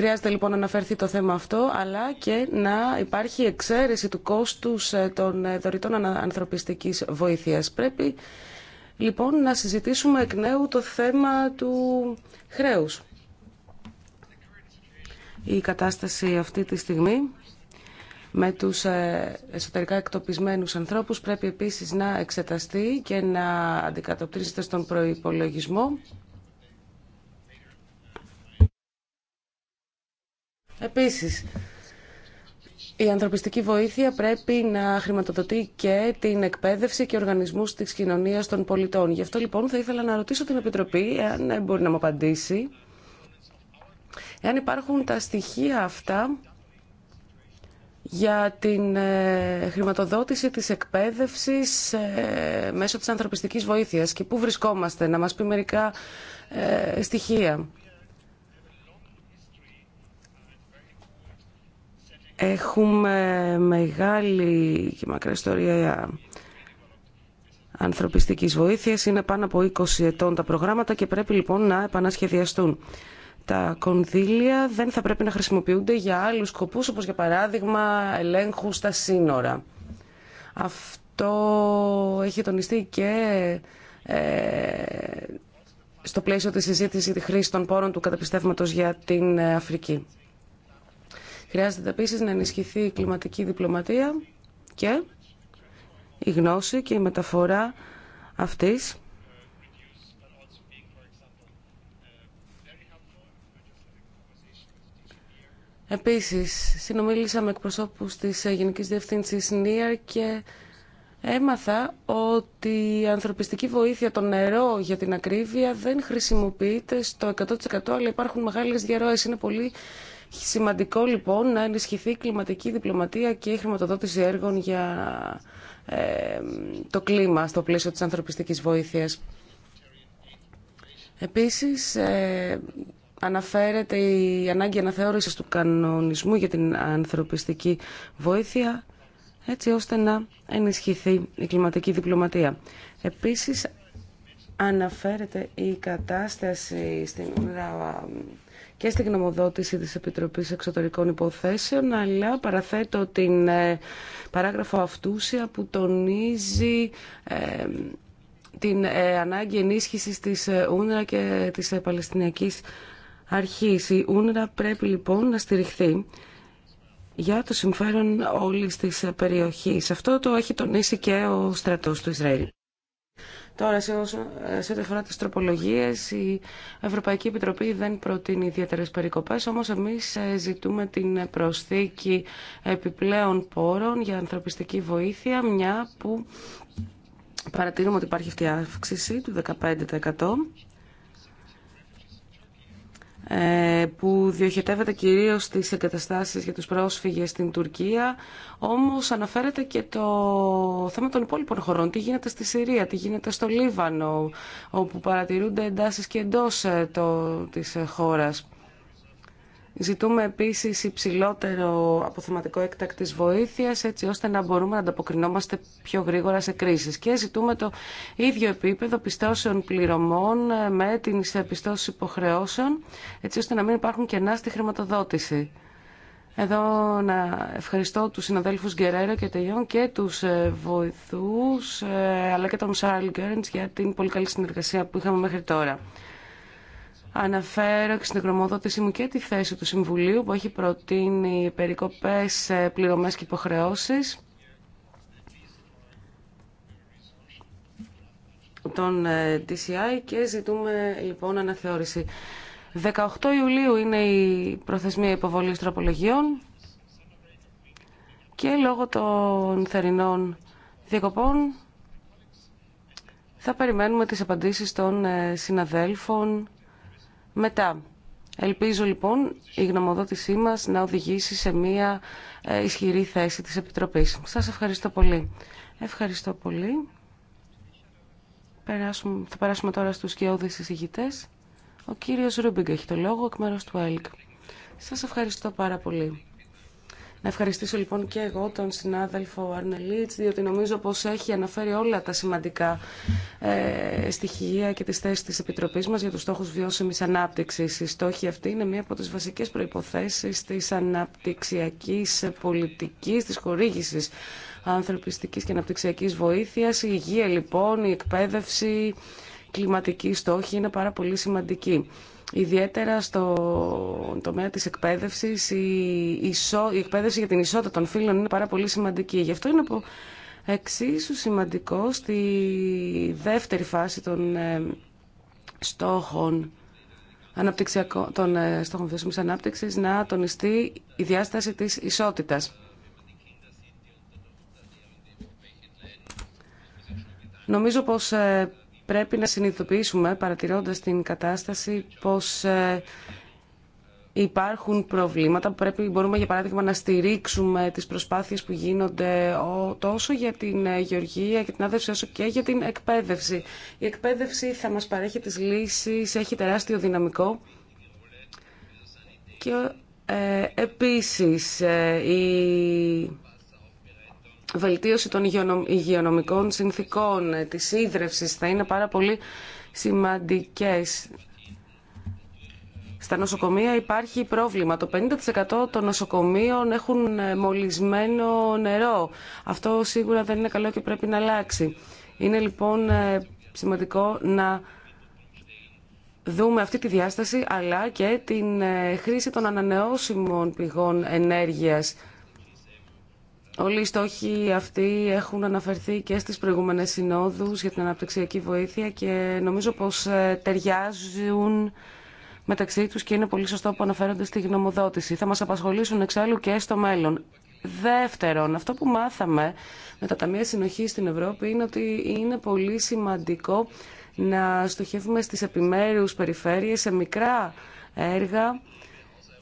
Χρειάζεται λοιπόν να αναφερθεί το θέμα αυτό, αλλά και να υπάρχει εξαίρεση του κόστου ε, των ε, δωρητών ανθρωπιστικής βοήθειας. Πρέπει λοιπόν να συζητήσουμε εκ νέου το θέμα του χρέους. Η κατάσταση αυτή τη στιγμή με τους ε, εσωτερικά εκτοπισμένους ανθρώπους πρέπει επίσης να εξεταστεί και να αντικατοπτρίζεται στον προϋπολογισμό Επίσης, η ανθρωπιστική βοήθεια πρέπει να χρηματοδοτεί και την εκπαίδευση και οργανισμούς της κοινωνίας των πολιτών. Γι' αυτό λοιπόν θα ήθελα να ρωτήσω την Επιτροπή, αν μπορεί να μου απαντήσει, εάν υπάρχουν τα στοιχεία αυτά για την ε, χρηματοδότηση της εκπαίδευσης ε, μέσω της ανθρωπιστικής βοήθειας και πού βρισκόμαστε, να μας πει μερικά ε, στοιχεία. Έχουμε μεγάλη και μακρά ιστορία ανθρωπιστικής βοήθειας. Είναι πάνω από 20 ετών τα προγράμματα και πρέπει λοιπόν να επανασχεδιαστούν. Τα κονδύλια δεν θα πρέπει να χρησιμοποιούνται για άλλους σκοπούς, όπως για παράδειγμα ελέγχου στα σύνορα. Αυτό έχει τονιστεί και ε, στο πλαίσιο της συζήτησης τη χρήση των πόρων του καταπιστεύματος για την ε, Αφρική. Χρειάζεται επίση να ενισχυθεί η κλιματική διπλωματία και η γνώση και η μεταφορά αυτής Επίσης, συνομίλησα με εκπροσώπους της Γενικής Διευθύνσης ΝΙΑΡ και έμαθα ότι η ανθρωπιστική βοήθεια, το νερό για την ακρίβεια δεν χρησιμοποιείται στο 100% αλλά υπάρχουν μεγάλες διαρροές. Είναι πολύ Σημαντικό λοιπόν να ενισχυθεί η κλιματική διπλωματία και η χρηματοδότηση έργων για ε, το κλίμα στο πλαίσιο της ανθρωπιστικής βοήθειας. Επίσης, ε, αναφέρεται η ανάγκη αναθεώρησης του κανονισμού για την ανθρωπιστική βοήθεια, έτσι ώστε να ενισχυθεί η κλιματική διπλωματία. Επίσης, αναφέρεται η κατάσταση στην και στη γνωμοδότηση της Επιτροπής Εξωτερικών Υποθέσεων, αλλά παραθέτω την ε, παράγραφο αυτούσια που τονίζει ε, την ε, ανάγκη ενίσχυσης της Ούνρα και της Παλαιστινιακής Αρχής. Η Ούνρα πρέπει λοιπόν να στηριχθεί για το συμφέρον όλης της περιοχής. Αυτό το έχει τονίσει και ο στρατός του Ισραήλ. Τώρα, σε, ε, σε ό,τι αφορά τις τροπολογίες, η Ευρωπαϊκή Επιτροπή δεν προτείνει ιδιαίτερε περικοπές, όμως εμείς ε, ζητούμε την προσθήκη επιπλέον πόρων για ανθρωπιστική βοήθεια, μια που παρατηρούμε ότι υπάρχει αυτή η αύξηση του 15%. Ε, που διοχετεύεται κυρίως στις εγκαταστάσεις για τους πρόσφυγες στην Τουρκία, όμως αναφέρεται και το θέμα των υπόλοιπων χωρών. Τι γίνεται στη Συρία, τι γίνεται στο Λίβανο, όπου παρατηρούνται εντάσεις και εντός ε, το, της ε, χώρας. Ζητούμε επίση υψηλότερο αποθεματικό έκτακτη βοήθεια, έτσι ώστε να μπορούμε να ανταποκρινόμαστε πιο γρήγορα σε κρίσει. και ζητούμε το ίδιο επίπεδο πιστώσεων πληρωμών με την πιστώσει υποχρεώσεων έτσι ώστε να μην υπάρχουν κενά στη χρηματοδότηση. Εδώ να ευχαριστώ τους συναδέλφους Γκερέρο και Τελειών και τους ε, βοηθούς ε, αλλά και τον Σάρλ Γκέρντς για την πολύ καλή συνεργασία που είχαμε μέχρι τώρα. Αναφέρω στην εκνομοδότησή μου και τη θέση του Συμβουλίου που έχει προτείνει περικοπές ε, πληρωμές και υποχρεώσεις των DCI ε, και ζητούμε λοιπόν αναθεώρηση. 18 Ιουλίου είναι η προθεσμία υποβολής τροπολογιών και λόγω των θερινών διακοπών θα περιμένουμε τις απαντήσεις των ε, συναδέλφων μετά. Ελπίζω λοιπόν η γνωμοδότησή μας να οδηγήσει σε μια ε, ισχυρή θέση της Επιτροπής. Σας ευχαριστώ πολύ. Ευχαριστώ πολύ. Περάσουμε, θα περάσουμε τώρα στους σκιώδεις εισηγητές. Ο κύριος Ρούμπιγκ έχει το λόγο εκ μέρους του ΕΛΚ. Σας ευχαριστώ πάρα πολύ. Να ευχαριστήσω λοιπόν και εγώ τον συνάδελφο Αρνελίτς, διότι νομίζω πως έχει αναφέρει όλα τα σημαντικά ε, στοιχεία και τις θέσεις της Επιτροπής μας για τους στόχους βιώσιμης ανάπτυξης. Η στόχη αυτή είναι μία από τις βασικές προϋποθέσεις της αναπτυξιακής πολιτικής, της χορήγησης ανθρωπιστικής και αναπτυξιακής βοήθειας. Η υγεία λοιπόν, η εκπαίδευση, η κλιματική στόχη είναι πάρα πολύ σημαντική. Ιδιαίτερα στο τομέα της εκπαίδευσης η, η εκπαίδευση για την ισότητα των φύλων είναι πάρα πολύ σημαντική. Γι' αυτό είναι από εξίσου σημαντικό στη δεύτερη φάση των ε, στόχων των ε, στόχων βιώσιμης ανάπτυξης να τονιστεί η διάσταση της ισότητας. Νομίζω πως ε, πρέπει να συνειδητοποιήσουμε παρατηρώντας την κατάσταση πως ε, υπάρχουν προβλήματα που πρέπει, μπορούμε για παράδειγμα να στηρίξουμε τις προσπάθειες που γίνονται τόσο για την ε, γεωργία και την άδευση όσο και για την εκπαίδευση. Η εκπαίδευση θα μας παρέχει τις λύσεις, έχει τεράστιο δυναμικό και ε, επίσης η βελτίωση των υγειονομικών συνθήκων, ε, της ίδρευσης θα είναι πάρα πολύ σημαντικές. Στα νοσοκομεία υπάρχει πρόβλημα. Το 50% των νοσοκομείων έχουν ε, μολυσμένο νερό. Αυτό σίγουρα δεν είναι καλό και πρέπει να αλλάξει. Είναι λοιπόν ε, σημαντικό να δούμε αυτή τη διάσταση αλλά και την χρήση των ανανεώσιμων πηγών ενέργειας Όλοι οι στόχοι αυτοί έχουν αναφερθεί και στις προηγούμενες συνόδους για την αναπτυξιακή βοήθεια και νομίζω πως ε, ταιριάζουν μεταξύ τους και είναι πολύ σωστό που αναφέρονται στη γνωμοδότηση. Θα μας απασχολήσουν εξάλλου και στο μέλλον. Δεύτερον, αυτό που μάθαμε με τα Ταμεία Συνοχή στην Ευρώπη είναι ότι είναι πολύ σημαντικό να στοχεύουμε στις επιμέρους περιφέρειες σε μικρά έργα,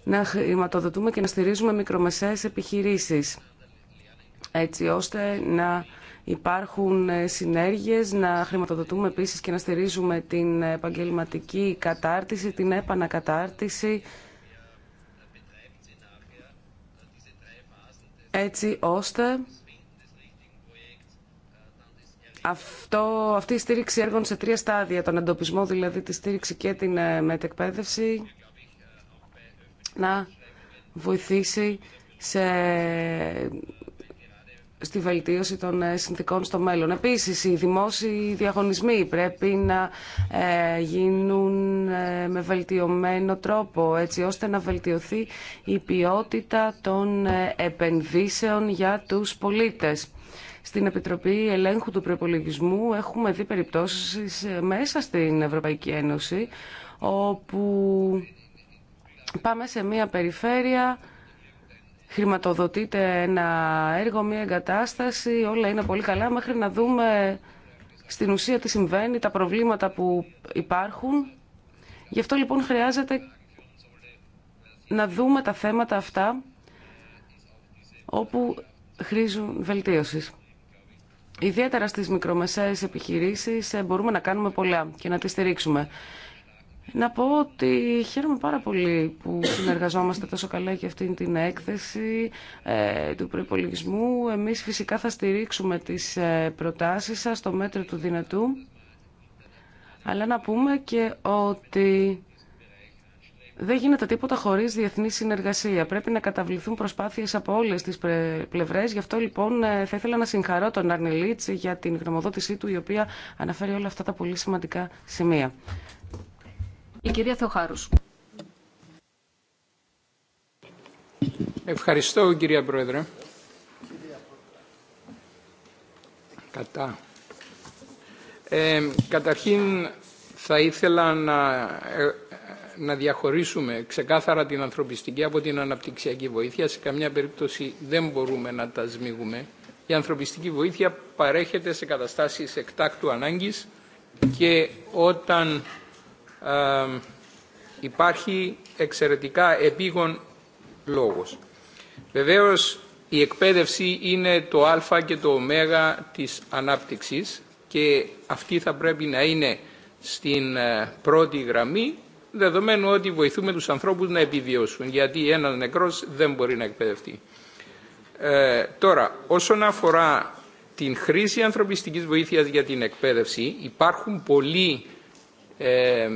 να χρηματοδοτούμε και να στηρίζουμε μικρομεσαίες επιχειρήσεις έτσι ώστε να υπάρχουν συνέργειες, να χρηματοδοτούμε επίσης και να στηρίζουμε την επαγγελματική κατάρτιση, την επανακατάρτιση, έτσι ώστε αυτό, αυτή η στήριξη έργων σε τρία στάδια, τον εντοπισμό δηλαδή, τη στήριξη και την ε, μετεκπαίδευση, να βοηθήσει σε στη βελτίωση των ε, συνθήκων στο μέλλον. Επίσης, οι δημόσιοι διαγωνισμοί πρέπει να ε, γίνουν ε, με βελτιωμένο τρόπο, έτσι ώστε να βελτιωθεί η ποιότητα των επενδύσεων για τους πολίτες. Στην Επιτροπή Ελέγχου του Προπολογισμού έχουμε δει περιπτώσεις μέσα στην Ευρωπαϊκή Ένωση, όπου πάμε σε μια περιφέρεια χρηματοδοτείται ένα έργο, μια εγκατάσταση, όλα είναι πολύ καλά μέχρι να δούμε στην ουσία τι συμβαίνει, τα προβλήματα που υπάρχουν. Γι' αυτό λοιπόν χρειάζεται να δούμε τα θέματα αυτά όπου χρήζουν βελτίωσης. Ιδιαίτερα στις μικρομεσαίες επιχειρήσεις ε, μπορούμε να κάνουμε πολλά και να τις στηρίξουμε. Να πω ότι χαίρομαι πάρα πολύ που συνεργαζόμαστε τόσο καλά και αυτήν την έκθεση ε, του προπολογισμού. Εμείς φυσικά θα στηρίξουμε τις ε, προτάσεις σας στο μέτρο του δυνατού. Αλλά να πούμε και ότι δεν γίνεται τίποτα χωρίς διεθνή συνεργασία. Πρέπει να καταβληθούν προσπάθειες από όλες τις πλευρές. Γι' αυτό λοιπόν ε, θα ήθελα να συγχαρώ τον Αρνηλίτση για την γνωμοδότησή του η οποία αναφέρει όλα αυτά τα πολύ σημαντικά σημεία. Η κυρία Θεοχάρους. Ευχαριστώ, κυρία Πρόεδρε. Κατά. Ε, καταρχήν θα ήθελα να, ε, να διαχωρίσουμε ξεκάθαρα την ανθρωπιστική από την αναπτυξιακή βοήθεια. Σε καμιά περίπτωση δεν μπορούμε να τα σμίγουμε. Η ανθρωπιστική βοήθεια παρέχεται σε καταστάσεις εκτάκτου ανάγκης και όταν υπάρχει εξαιρετικά επίγον λόγος. Βεβαίως η εκπαίδευση είναι το α και το ω της ανάπτυξης και αυτή θα πρέπει να είναι στην ε, πρώτη γραμμή δεδομένου ότι βοηθούμε τους ανθρώπους να επιβιώσουν γιατί ένας νεκρός δεν μπορεί να εκπαιδευτεί. Ε, τώρα, όσον αφορά την χρήση ανθρωπιστικής βοήθειας για την εκπαίδευση υπάρχουν πολλοί ε,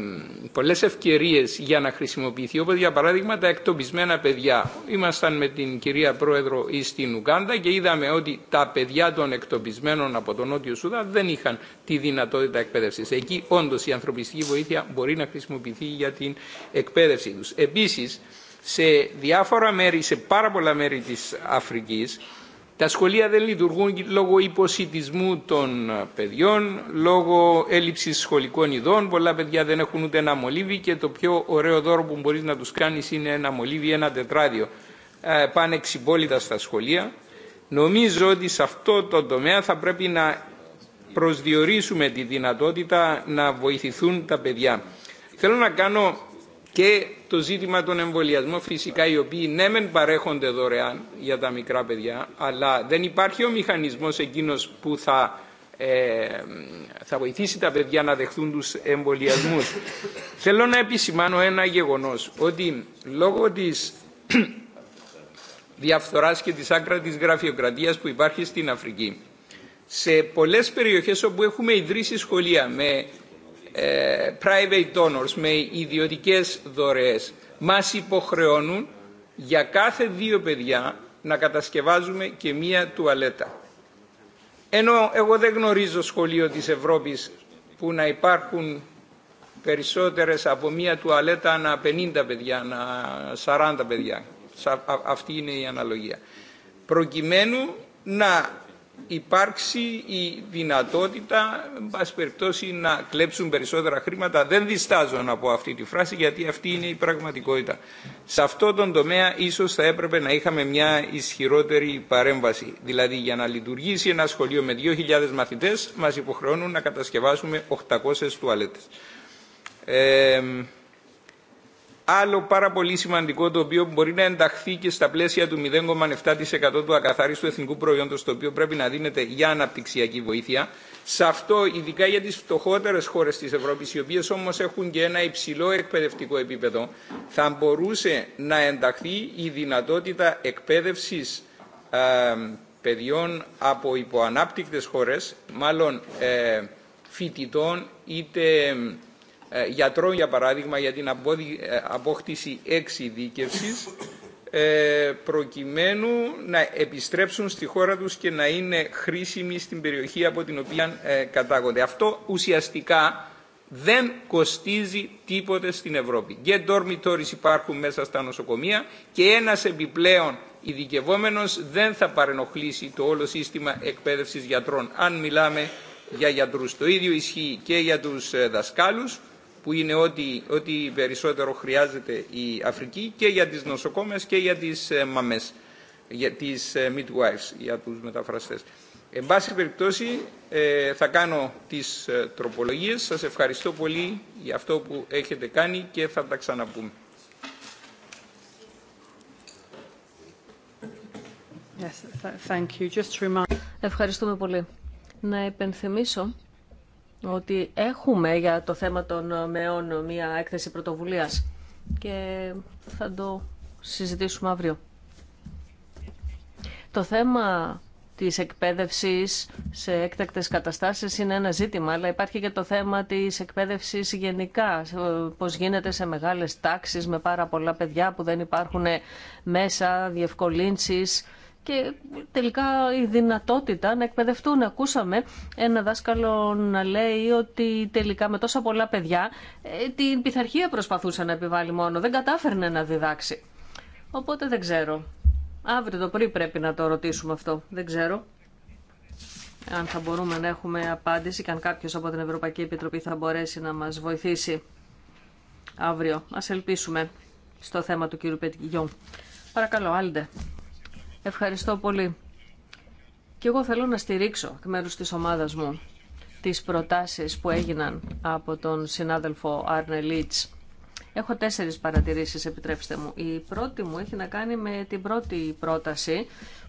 πολλές ευκαιρίες για να χρησιμοποιηθεί, όπως για παράδειγμα τα εκτοπισμένα παιδιά. Ήμασταν με την κυρία Πρόεδρο στην Ουγκάντα και είδαμε ότι τα παιδιά των εκτοπισμένων από τον Νότιο Σουδά δεν είχαν τη δυνατότητα εκπαίδευσης. Εκεί όντως η ανθρωπιστική βοήθεια μπορεί να χρησιμοποιηθεί για την εκπαίδευση τους. Επίσης, σε διάφορα μέρη, σε πάρα πολλά μέρη της Αφρικής, τα σχολεία δεν λειτουργούν λόγω υποσυτισμού των ε, παιδιών, λόγω έλλειψης σχολικών ειδών. Πολλά παιδιά δεν έχουν ούτε ένα μολύβι και το πιο ωραίο δώρο που μπορείς να τους κάνεις είναι ένα μολύβι, ένα τετράδιο. Ε, πάνε ξυπόλυτα στα σχολεία. Νομίζω ότι σε αυτό το τομέα θα πρέπει να προσδιορίσουμε τη δυνατότητα να βοηθηθούν τα παιδιά. Θέλω να κάνω και το ζήτημα των εμβολιασμών φυσικά οι οποίοι ναι μεν παρέχονται δωρεάν για τα μικρά παιδιά αλλά δεν υπάρχει ο μηχανισμός εκείνος που θα, ε, θα βοηθήσει τα παιδιά να δεχθούν τους εμβολιασμούς. Θέλω να επισημάνω ένα γεγονός ότι λόγω της διαφθοράς και της άκρα της γραφειοκρατίας που υπάρχει στην Αφρική σε πολλές περιοχές όπου έχουμε ιδρύσει σχολεία με ε, private donors, με ιδιωτικές δωρεές, μας υποχρεώνουν για κάθε δύο παιδιά να κατασκευάζουμε και μία τουαλέτα. Ενώ εγώ δεν γνωρίζω σχολείο της Ευρώπης που να υπάρχουν περισσότερες από μία τουαλέτα ανά 50 παιδιά, ανά 40 παιδιά. Αυτή είναι η αναλογία. Προκειμένου να υπάρξει η δυνατότητα, μπας περιπτώσει, να κλέψουν περισσότερα χρήματα. Δεν διστάζω να πω αυτή τη φράση γιατί αυτή είναι η πραγματικότητα. Σε αυτό τον τομέα ίσως θα έπρεπε να είχαμε μια ισχυρότερη παρέμβαση. Δηλαδή για να λειτουργήσει ένα σχολείο με 2.000 μαθητές μας υποχρεώνουν να κατασκευάσουμε 800 τουαλέτες. Ε, Άλλο πάρα πολύ σημαντικό το οποίο μπορεί να ενταχθεί και στα πλαίσια του 0,7% του ακαθαρίστου εθνικού προϊόντος το οποίο πρέπει να δίνεται για αναπτυξιακή βοήθεια. Σε αυτό ειδικά για τις φτωχότερες χώρες της Ευρώπης οι οποίες όμως έχουν και ένα υψηλό εκπαιδευτικό επίπεδο θα μπορούσε να ενταχθεί η δυνατότητα εκπαίδευσης παιδιών από υποανάπτυκτες χώρες, μάλλον ε, φοιτητών είτε ε, γιατρών για παράδειγμα για την ε, απόκτηση εξειδίκευσης ε, προκειμένου να επιστρέψουν στη χώρα τους και να είναι χρήσιμοι στην περιοχή από την οποία κατάγονται. Αυτό ουσιαστικά δεν κοστίζει τίποτε στην Ευρώπη. Και dormitories υπάρχουν μέσα στα νοσοκομεία και ένας επιπλέον ειδικευόμενος δεν θα παρενοχλήσει το όλο σύστημα εκπαίδευσης γιατρών. Αν μιλάμε για γιατρούς το ίδιο ισχύει και για τους δασκάλους που είναι ό,τι, ό,τι περισσότερο χρειάζεται η Αφρική και για τις νοσοκόμες και για τις ε, μαμές, για τις ε, midwives, για τους μεταφραστές. Εν πάση περιπτώσει ε, θα κάνω τις τροπολογίες. Σας ευχαριστώ πολύ για αυτό που έχετε κάνει και θα τα ξαναπούμε. Yes, thank you. Just remind... Ευχαριστούμε πολύ. Να υπενθυμίσω ότι έχουμε για το θέμα των μεών μια έκθεση πρωτοβουλίας και θα το συζητήσουμε αύριο. Το θέμα της εκπαίδευσης σε έκτακτες καταστάσεις είναι ένα ζήτημα, αλλά υπάρχει και το θέμα της εκπαίδευσης γενικά, πώς γίνεται σε μεγάλες τάξεις με πάρα πολλά παιδιά που δεν υπάρχουν μέσα, διευκολύνσεις και τελικά η δυνατότητα να εκπαιδευτούν. Ακούσαμε ένα δάσκαλο να λέει ότι τελικά με τόσα πολλά παιδιά ε, την πειθαρχία προσπαθούσε να επιβάλλει μόνο, δεν κατάφερνε να διδάξει. Οπότε δεν ξέρω. Αύριο το πρωί πρέπει να το ρωτήσουμε αυτό. Δεν ξέρω αν θα μπορούμε να έχουμε απάντηση και αν κάποιος από την Ευρωπαϊκή Επιτροπή θα μπορέσει να μας βοηθήσει αύριο. Ας ελπίσουμε στο θέμα του κύριου Παρακαλώ, Άλντε. Ευχαριστώ πολύ. Και εγώ θέλω να στηρίξω εκ μέρους της ομάδας μου τις προτάσεις που έγιναν από τον συνάδελφο Άρνε Λίτς. Έχω τέσσερις παρατηρήσεις, επιτρέψτε μου. Η πρώτη μου έχει να κάνει με την πρώτη πρόταση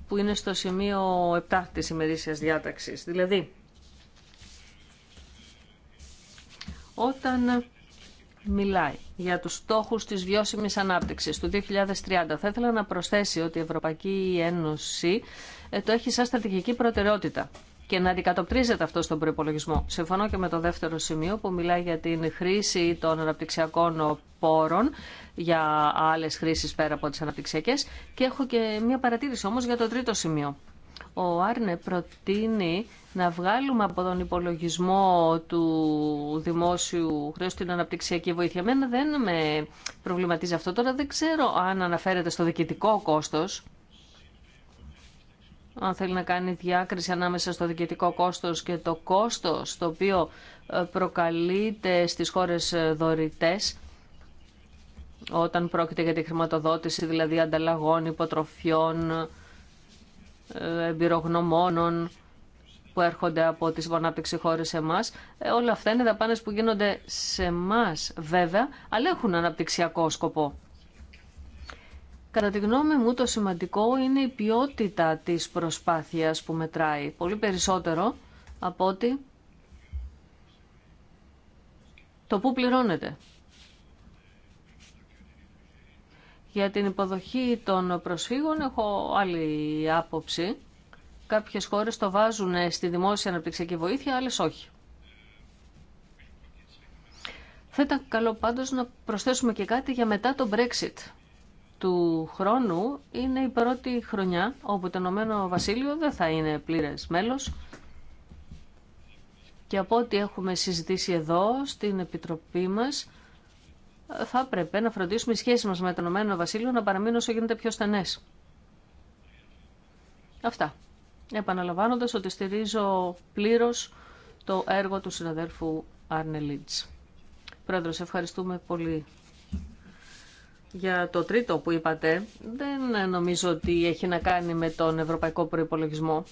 που είναι στο σημείο 7 της ημερήσιας διάταξης. Δηλαδή, όταν μιλάει για τους στόχους της βιώσιμης ανάπτυξης του 2030. Θα ήθελα να προσθέσει ότι η Ευρωπαϊκή Ένωση ε, το έχει σαν στρατηγική προτεραιότητα και να αντικατοπτρίζεται αυτό στον προπολογισμό. Συμφωνώ και με το δεύτερο σημείο που μιλάει για την χρήση των αναπτυξιακών πόρων για άλλες χρήσεις πέρα από τις αναπτυξιακές και έχω και μια παρατήρηση όμως για το τρίτο σημείο ο Άρνε προτείνει να βγάλουμε από τον υπολογισμό του δημόσιου χρέου την αναπτυξιακή βοήθεια. Μένα δεν με προβληματίζει αυτό. Τώρα δεν ξέρω αν αναφέρεται στο διοικητικό κόστος. Αν θέλει να κάνει διάκριση ανάμεσα στο διοικητικό κόστος και το κόστος το οποίο ε, προκαλείται στις χώρες ε, δωρητές όταν πρόκειται για τη χρηματοδότηση, δηλαδή ανταλλαγών, υποτροφιών, ε, εμπειρογνωμόνων που έρχονται από τις βονάπτυξη χώρες σε εμά. Ε, όλα αυτά είναι δαπάνες που γίνονται σε εμά βέβαια, αλλά έχουν αναπτυξιακό σκοπό. Κατά τη γνώμη μου το σημαντικό είναι η ποιότητα της προσπάθειας που μετράει. Πολύ περισσότερο από ότι το που πληρώνεται. Για την υποδοχή των προσφύγων έχω άλλη άποψη. Κάποιες χώρες το βάζουν στη δημόσια αναπτυξιακή βοήθεια, άλλες όχι. Θα ήταν καλό πάντως να προσθέσουμε και κάτι για μετά το Brexit. Του χρόνου είναι η πρώτη χρονιά όπου το Ηνωμένο Βασίλειο δεν θα είναι πλήρες μέλος. Και από ό,τι έχουμε συζητήσει εδώ στην Επιτροπή μας, θα έπρεπε να φροντίσουμε οι σχέσει μας με τον Ηνωμένο Βασίλειο να παραμείνουν όσο γίνεται πιο στενές. Αυτά. Επαναλαμβάνοντας ότι στηρίζω πλήρω το έργο του συναδέλφου Άρνε Λίτς. Πρόεδρο, ευχαριστούμε πολύ για το τρίτο που είπατε. Δεν νομίζω ότι έχει να κάνει με τον ευρωπαϊκό προϋπολογισμό.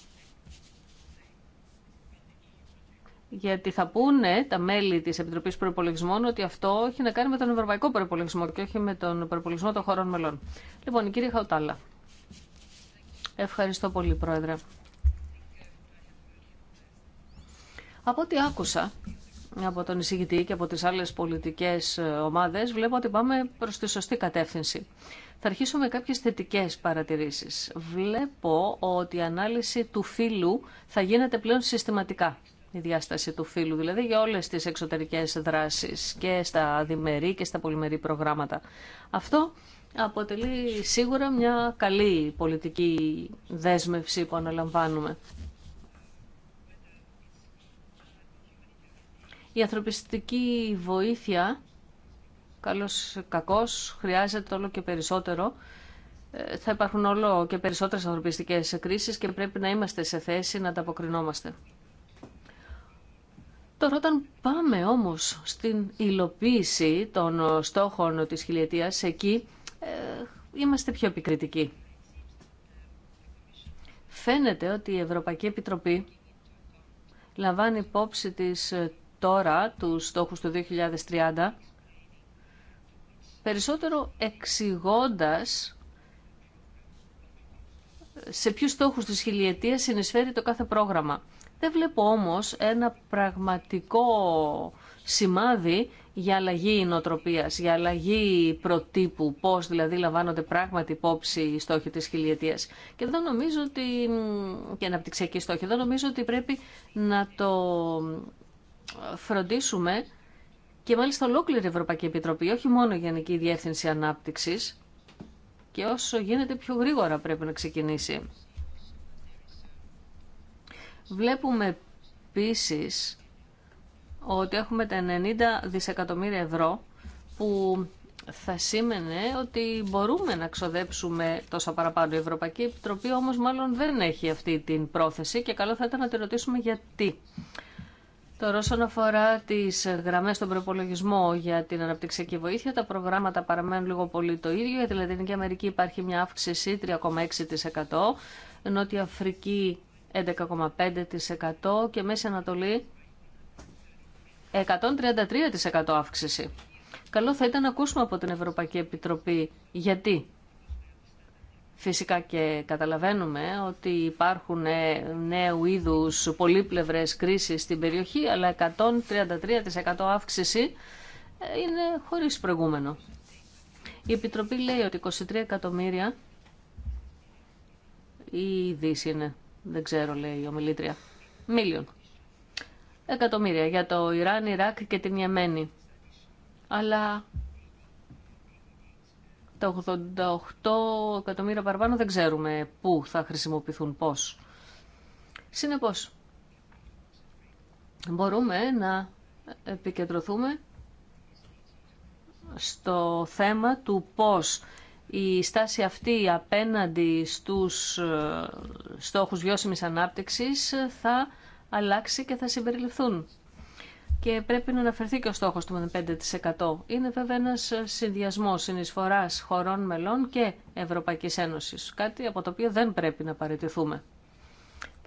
Γιατί θα πούνε τα μέλη τη Επιτροπή Προπολογισμών ότι αυτό έχει να κάνει με τον Ευρωπαϊκό Προπολογισμό και όχι με τον Προπολογισμό των χωρών μελών. Λοιπόν, η κυρία Χαουτάλα. Ευχαριστώ πολύ, Πρόεδρε. Από ό,τι άκουσα από τον εισηγητή και από τις άλλες πολιτικές ομάδες, βλέπω ότι πάμε προς τη σωστή κατεύθυνση. Θα αρχίσω με κάποιες θετικές παρατηρήσεις. Βλέπω ότι η ανάλυση του φύλου θα γίνεται πλέον συστηματικά η διάσταση του φύλου, δηλαδή για όλες τις εξωτερικές δράσεις και στα διμερή και στα πολυμερή προγράμματα. Αυτό αποτελεί σίγουρα μια καλή πολιτική δέσμευση που αναλαμβάνουμε. Η ανθρωπιστική βοήθεια, καλός κακός, χρειάζεται όλο και περισσότερο. Ε, θα υπάρχουν όλο και περισσότερες ανθρωπιστικές κρίσεις και πρέπει να είμαστε σε θέση να αποκρινόμαστε. Τώρα όταν πάμε όμως στην υλοποίηση των στόχων της χιλιετίας, εκεί ε, είμαστε πιο επικριτικοί. Φαίνεται ότι η Ευρωπαϊκή Επιτροπή λαμβάνει υπόψη της ε, τώρα του στόχους του 2030, περισσότερο εξηγώντα ε, σε ποιους στόχους της χιλιετίας συνεισφέρει το κάθε πρόγραμμα. Δεν βλέπω όμως ένα πραγματικό σημάδι για αλλαγή νοοτροπίας, για αλλαγή προτύπου, πώς δηλαδή λαμβάνονται πράγματι υπόψη οι στόχοι της χιλιετίας. Και δεν νομίζω ότι, και αναπτυξιακή δεν νομίζω ότι πρέπει να το φροντίσουμε και μάλιστα ολόκληρη η Ευρωπαϊκή Επιτροπή, όχι μόνο η Γενική Διεύθυνση Ανάπτυξης, και όσο γίνεται πιο γρήγορα πρέπει να ξεκινήσει. Βλέπουμε επίση ότι έχουμε τα 90 δισεκατομμύρια ευρώ που θα σήμαινε ότι μπορούμε να ξοδέψουμε τόσα παραπάνω. Η Ευρωπαϊκή Επιτροπή όμως μάλλον δεν έχει αυτή την πρόθεση και καλό θα ήταν να τη ρωτήσουμε γιατί. Τώρα όσον αφορά τις γραμμές στον προπολογισμό για την αναπτυξιακή βοήθεια, τα προγράμματα παραμένουν λίγο πολύ το ίδιο. Για τη Λατινική Αμερική υπάρχει μια αύξηση 3,6%. Νότια Αφρική 11,5% και Μέση Ανατολή 133% αύξηση. Καλό θα ήταν να ακούσουμε από την Ευρωπαϊκή Επιτροπή γιατί. Φυσικά και καταλαβαίνουμε ότι υπάρχουν ε, νέου είδους πολύπλευρες κρίσεις στην περιοχή, αλλά 133% αύξηση ε, είναι χωρίς προηγούμενο. Η Επιτροπή λέει ότι 23 εκατομμύρια η είναι δεν ξέρω, λέει η ομιλήτρια. Μίλιον. Εκατομμύρια για το Ιράν, Ιράκ και την Ιεμένη. Αλλά τα 88 εκατομμύρια παραπάνω δεν ξέρουμε πού θα χρησιμοποιηθούν, πώς. Συνεπώς, μπορούμε να επικεντρωθούμε στο θέμα του πώς η στάση αυτή απέναντι στους ε, στόχους βιώσιμης ανάπτυξης θα αλλάξει και θα συμπεριληφθούν. Και πρέπει να αναφερθεί και ο στόχος του 5%. Είναι βέβαια ένας συνδυασμός συνεισφοράς χωρών μελών και Ευρωπαϊκής Ένωσης, κάτι από το οποίο δεν πρέπει να παραιτηθούμε.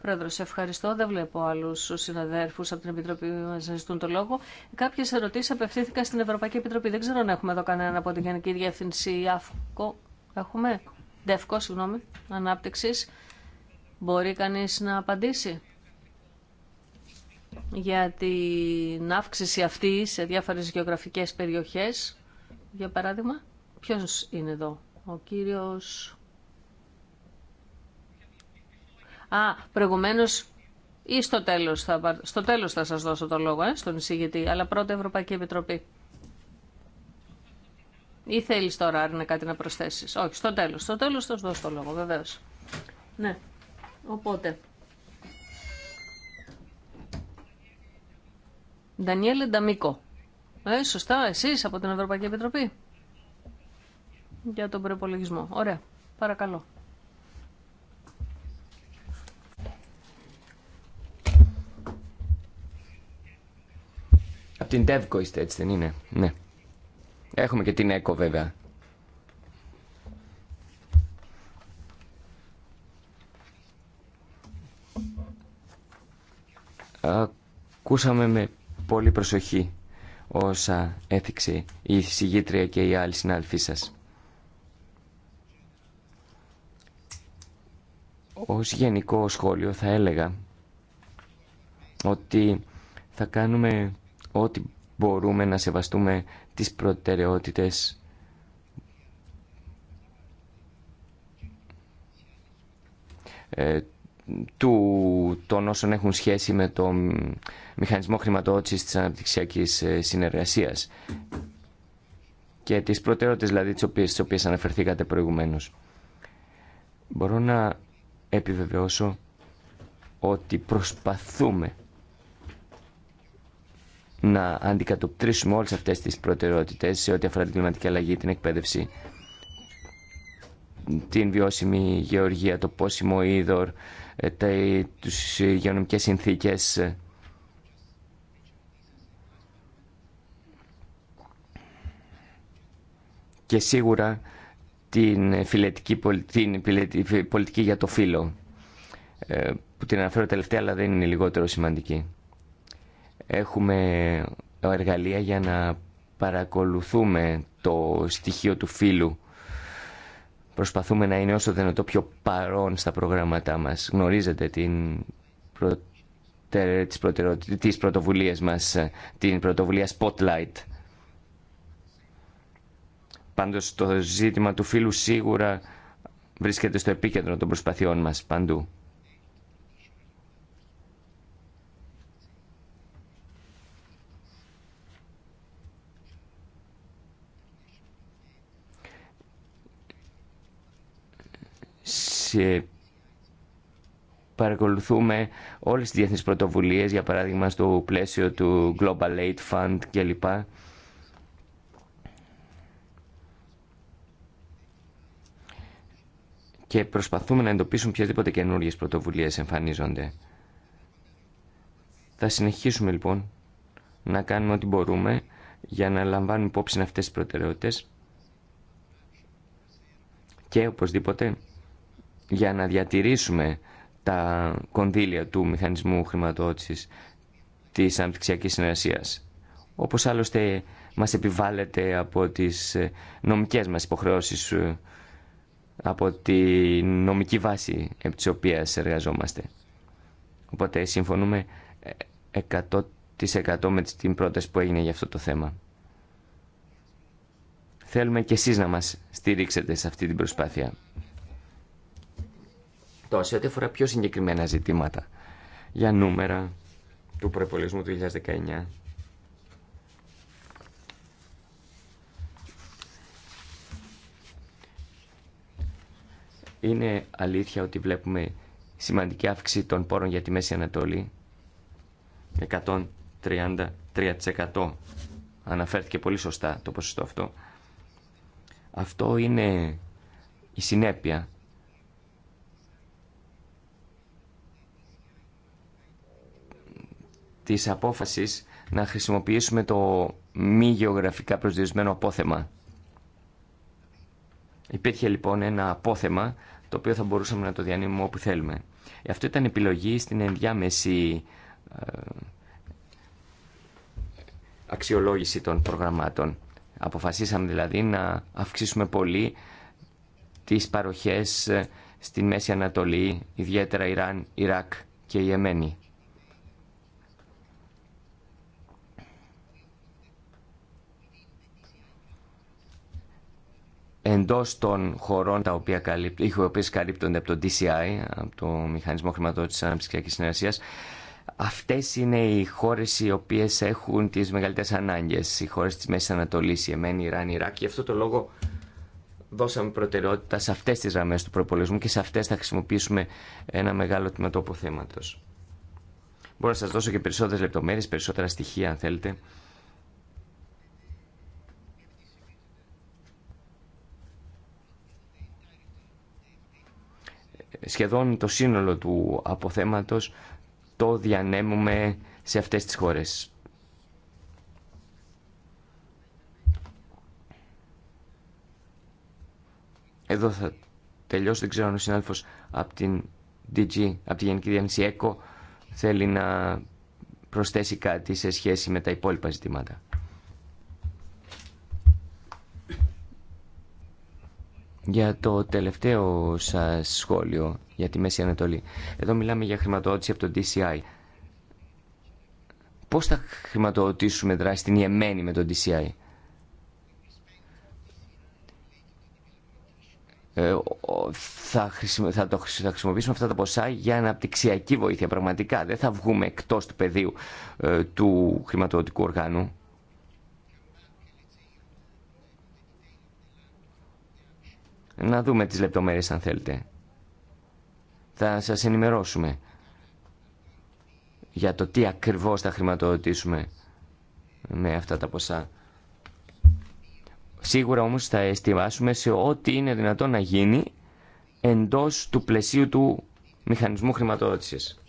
Πρόεδρο, σε ευχαριστώ. Δεν βλέπω άλλου συναδέρφου από την Επιτροπή που μα ζητούν το λόγο. Κάποιε ερωτήσει απευθύνθηκαν στην Ευρωπαϊκή Επιτροπή. Δεν ξέρω αν έχουμε εδώ κανέναν από την Γενική Διεύθυνση ΑΦΚΟ. Έχουμε. ΔΕΦΚΟ, συγγνώμη, ανάπτυξη. Μπορεί κανεί να απαντήσει για την αύξηση αυτή σε διάφορες γεωγραφικές περιοχέ. για παράδειγμα. ποιο είναι εδώ, ο κύριος Α, προηγουμένω ή στο τέλο θα, στο θα σας δώσω το λόγο, ε, στον εισηγητή, αλλά πρώτα Ευρωπαϊκή Επιτροπή. Ή θέλει τώρα να κάτι να προσθέσεις. Όχι, στο τέλος. Στο τέλος θα σα δώσω το λόγο, Βεβαίω. Ναι. Οπότε. Ντανιέλε Νταμίκο. Ε, σωστά, εσείς από την Ευρωπαϊκή Επιτροπή. Για τον προπολογισμό. Ωραία. Παρακαλώ. Την τεύκο είστε, έτσι δεν είναι. Ναι. Έχουμε και την ΕΚΟ βέβαια. Ακούσαμε με πολύ προσοχή όσα έθιξε η συγγήτρια και η άλλη συνάδελφή σας. Ως γενικό σχόλιο θα έλεγα ότι θα κάνουμε ότι μπορούμε να σεβαστούμε τις προτεραιότητες ε, του, των όσων έχουν σχέση με το μηχανισμό χρηματοδότησης της αναπτυξιακής ε, συνεργασίας και τις προτεραιότητες δηλαδή τις τις οποίες αναφερθήκατε προηγουμένως. Μπορώ να επιβεβαιώσω ότι προσπαθούμε να αντικατοπτρίσουμε όλες αυτές τις προτεραιότητες σε ό,τι αφορά την κλιματική αλλαγή, την εκπαίδευση, την βιώσιμη γεωργία, το πόσιμο είδωρ, ε, τις ε, υγειονομικές συνθήκες. Και σίγουρα την φιλετική πολιτική για το φύλλο, ε, που την αναφέρω τελευταία αλλά δεν είναι λιγότερο σημαντική. Έχουμε εργαλεία για να παρακολουθούμε το στοιχείο του φίλου, Προσπαθούμε να είναι όσο δυνατό πιο παρόν στα προγράμματά μας. Γνωρίζετε την προ... τις, πρωτοβουλίες μας, την πρωτοβουλία Spotlight. Πάντως το ζήτημα του φίλου σίγουρα βρίσκεται στο επίκεντρο των προσπαθειών μας παντού. παρακολουθούμε όλες τις διεθνείς πρωτοβουλίες, για παράδειγμα στο πλαίσιο του Global Aid Fund κλπ. Και προσπαθούμε να εντοπίσουμε οποιασδήποτε καινούριε πρωτοβουλίες εμφανίζονται. Θα συνεχίσουμε λοιπόν να κάνουμε ό,τι μπορούμε για να λαμβάνουμε υπόψη αυτές τις προτεραιότητες και οπωσδήποτε για να διατηρήσουμε τα κονδύλια του μηχανισμού χρηματοδότησης της αναπτυξιακής συνεργασίας. Όπως άλλωστε μας επιβάλλεται από τις ε, νομικές μας υποχρεώσεις, ε, από τη νομική βάση επί της εργαζόμαστε. Οπότε συμφωνούμε 100% ε, με την πρόταση που έγινε για αυτό το θέμα. Θέλουμε και εσείς να μας στηρίξετε σε αυτή την προσπάθεια. Τώρα, σε ό,τι αφορά πιο συγκεκριμένα ζητήματα για νούμερα του προπολογισμού του 2019. Είναι αλήθεια ότι βλέπουμε σημαντική αύξηση των πόρων για τη Μέση Ανατολή. 133% αναφέρθηκε πολύ σωστά το ποσοστό αυτό. Αυτό είναι η συνέπεια της απόφασης να χρησιμοποιήσουμε το μη γεωγραφικά προσδιορισμένο απόθεμα. Υπήρχε λοιπόν ένα απόθεμα το οποίο θα μπορούσαμε να το διανύμουμε όπου θέλουμε. Αυτό ήταν επιλογή στην ενδιάμεση ε, αξιολόγηση των προγραμμάτων. Αποφασίσαμε δηλαδή να αυξήσουμε πολύ τις παροχές ε, στην Μέση Ανατολή, ιδιαίτερα Ιράν, Ιράκ και η Εντό των χωρών τα οποία καλύπτουν, οι οποίες καλύπτονται από το DCI, από το Μηχανισμό Χρηματοδότησης Αναψυχιακής Συνεργασίας, Αυτέ είναι οι χώρε οι οποίε έχουν τι μεγαλύτερε ανάγκε. οι χώρε τη Μέση Ανατολή, η Εμένη, η Ιράν, η Ιράκ. Γι' αυτό το λόγο δώσαμε προτεραιότητα σε αυτέ τι γραμμές του προπολογισμού και σε αυτέ θα χρησιμοποιήσουμε ένα μεγάλο τμήμα του Μπορώ να σα δώσω και περισσότερε λεπτομέρειε, περισσότερα στοιχεία αν θέλετε. σχεδόν το σύνολο του αποθέματος το διανέμουμε σε αυτές τις χώρες. Εδώ θα τελειώσω, δεν ξέρω αν ο συνάδελφος από την DG, από τη Γενική Διανύση ΕΚΟ, θέλει να προσθέσει κάτι σε σχέση με τα υπόλοιπα ζητήματα. για το τελευταίο σας σχόλιο για τη Μέση Ανατολή. Εδώ μιλάμε για χρηματοδότηση από το DCI. Πώς θα χρηματοδοτήσουμε δράση στην Ιεμένη με το DCI. Ε, θα, θα χρησιμοποιήσουμε αυτά τα ποσά για αναπτυξιακή βοήθεια πραγματικά. Δεν θα βγούμε εκτός του πεδίου ε, του χρηματοδοτικού οργάνου. να δούμε τις λεπτομέρειες αν θέλετε. Θα σας ενημερώσουμε για το τι ακριβώς θα χρηματοδοτήσουμε με αυτά τα ποσά. Σίγουρα όμως θα εστιάσουμε σε ό,τι είναι δυνατόν να γίνει εντός του πλαισίου του μηχανισμού χρηματοδότησης.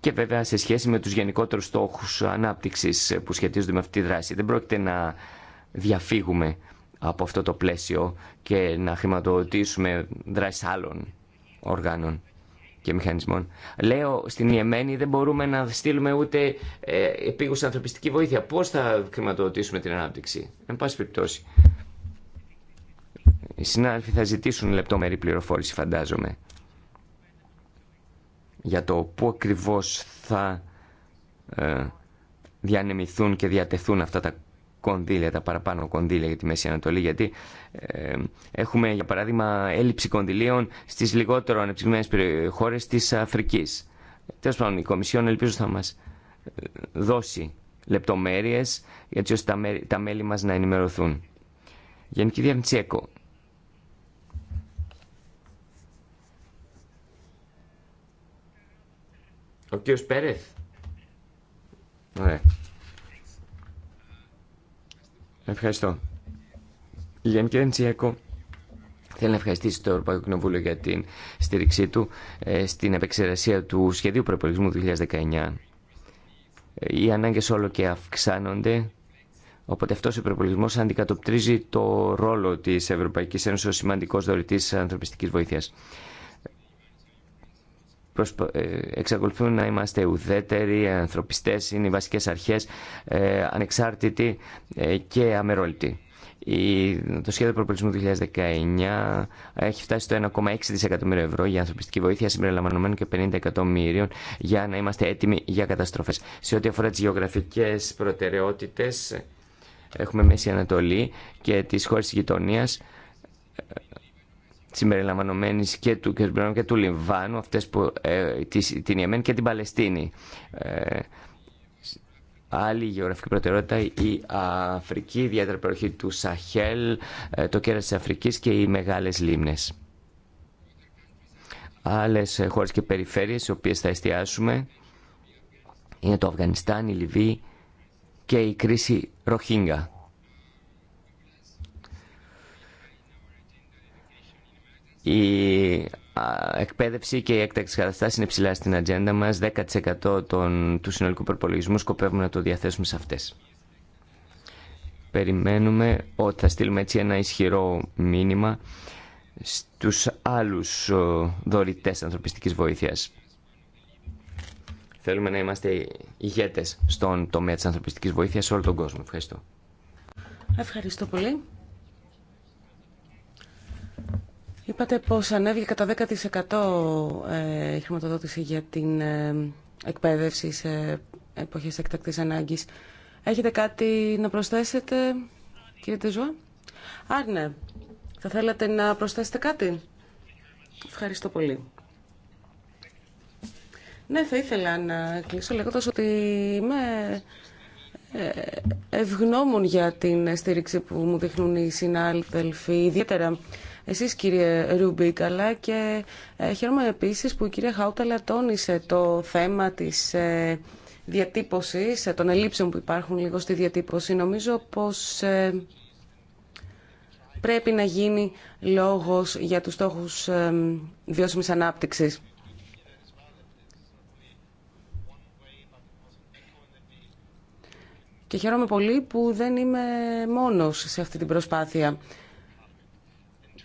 Και βέβαια σε σχέση με τους γενικότερους στόχους ανάπτυξης που σχετίζονται με αυτή τη δράση. Δεν πρόκειται να διαφύγουμε από αυτό το πλαίσιο και να χρηματοδοτήσουμε δράσει άλλων οργάνων και μηχανισμών. Λέω στην Ιεμένη δεν μπορούμε να στείλουμε ούτε ε, επίγουσα ανθρωπιστική βοήθεια. Πώ θα χρηματοδοτήσουμε την ανάπτυξη, εν πάση περιπτώσει. Οι συνάδελφοι θα ζητήσουν λεπτόμερη πληροφόρηση, φαντάζομαι, για το πού ακριβώ θα ε, διανεμηθούν και διατεθούν αυτά τα κονδύλια, τα παραπάνω κονδύλια για τη Μέση Ανατολή, γιατί ε, έχουμε, για παράδειγμα, έλλειψη κονδυλίων στις λιγότερο ανεπτυγμένες χώρες της Αφρικής. Τέλος πάντων, η Κομισιόν ελπίζω θα μας ε, δώσει λεπτομέρειες, έτσι ώστε τα, μέλη, τα μέλη μας να ενημερωθούν. Γενική Διεύθυνση Ο κύριος Πέρεθ. Ωραία. Ευχαριστώ. Η Γενική θέλει να ευχαριστήσει το Ευρωπαϊκό Κοινοβούλιο για την στήριξή του ε, στην επεξεργασία του σχεδίου προπολογισμού 2019. Ε, οι ανάγκε όλο και αυξάνονται, οπότε αυτός ο προπολογισμό αντικατοπτρίζει το ρόλο της Ευρωπαϊκής Ένωση ω σημαντικός δωρητή ανθρωπιστική βοήθεια προσπα... Ε, εξακολουθούν να είμαστε ουδέτεροι, ανθρωπιστές, είναι οι βασικές αρχές, ε, ανεξάρτητοι ε, και αμερόληπτοι. Η... Το σχέδιο προπολισμού 2019 έχει φτάσει στο 1,6 δισεκατομμύριο ευρώ για ανθρωπιστική βοήθεια, συμπεριλαμβανομένων και 50 εκατομμύριων για να είμαστε έτοιμοι για καταστροφές. Σε ό,τι αφορά τι γεωγραφικές προτεραιότητες, έχουμε Μέση Ανατολή και τις χώρες της γειτονίας συμπεριλαμβανομένης και του, και του, και του Λιβάνου, αυτές που, ε, την Ιεμένη και την Παλαιστίνη. Ε, άλλη γεωγραφική προτεραιότητα η Αφρική, ιδιαίτερα περιοχή του Σαχέλ, ε, το κέρας της Αφρικής και οι μεγάλες λίμνες. Άλλες χώρες και περιφέρειες στις οποίες θα εστιάσουμε είναι το Αφγανιστάν, η Λιβύη και η κρίση Ροχίνγκα. Η εκπαίδευση και η έκταξη καταστάσει είναι ψηλά στην ατζέντα μα. 10% των, του συνολικού προπολογισμού σκοπεύουμε να το διαθέσουμε σε αυτέ. Περιμένουμε ότι θα στείλουμε έτσι ένα ισχυρό μήνυμα στους άλλους δωρητές ανθρωπιστικής βοήθειας. Θέλουμε να είμαστε ηγέτες στον τομέα της ανθρωπιστικής βοήθειας σε όλο τον κόσμο. Ευχαριστώ. Ευχαριστώ πολύ. Είπατε πως ανέβηκε κατά 10% ε, η χρηματοδότηση για την ε, εκπαίδευση σε εποχές εκτακτής ανάγκης. Έχετε κάτι να προσθέσετε, κύριε Τεζουά? Άρνε, ναι. θα θέλατε να προσθέσετε κάτι? Ευχαριστώ πολύ. Ναι, θα ήθελα να κλείσω λέγοντας ότι είμαι ε, ευγνώμων για την στήριξη που μου δείχνουν οι συνάδελφοι, ιδιαίτερα εσείς κύριε Ρουμπίκαλα, καλά και ε, χαίρομαι επίσης που η κυρία Χάουταλα τόνισε το θέμα της ε, διατύπωσης, ε, των ελλείψεων που υπάρχουν λίγο στη διατύπωση. Νομίζω πως πρέπει να γίνει λόγος για τους στόχους βιώσιμης ανάπτυξης. Και χαίρομαι πολύ που δεν είμαι μόνος σε αυτή την προσπάθεια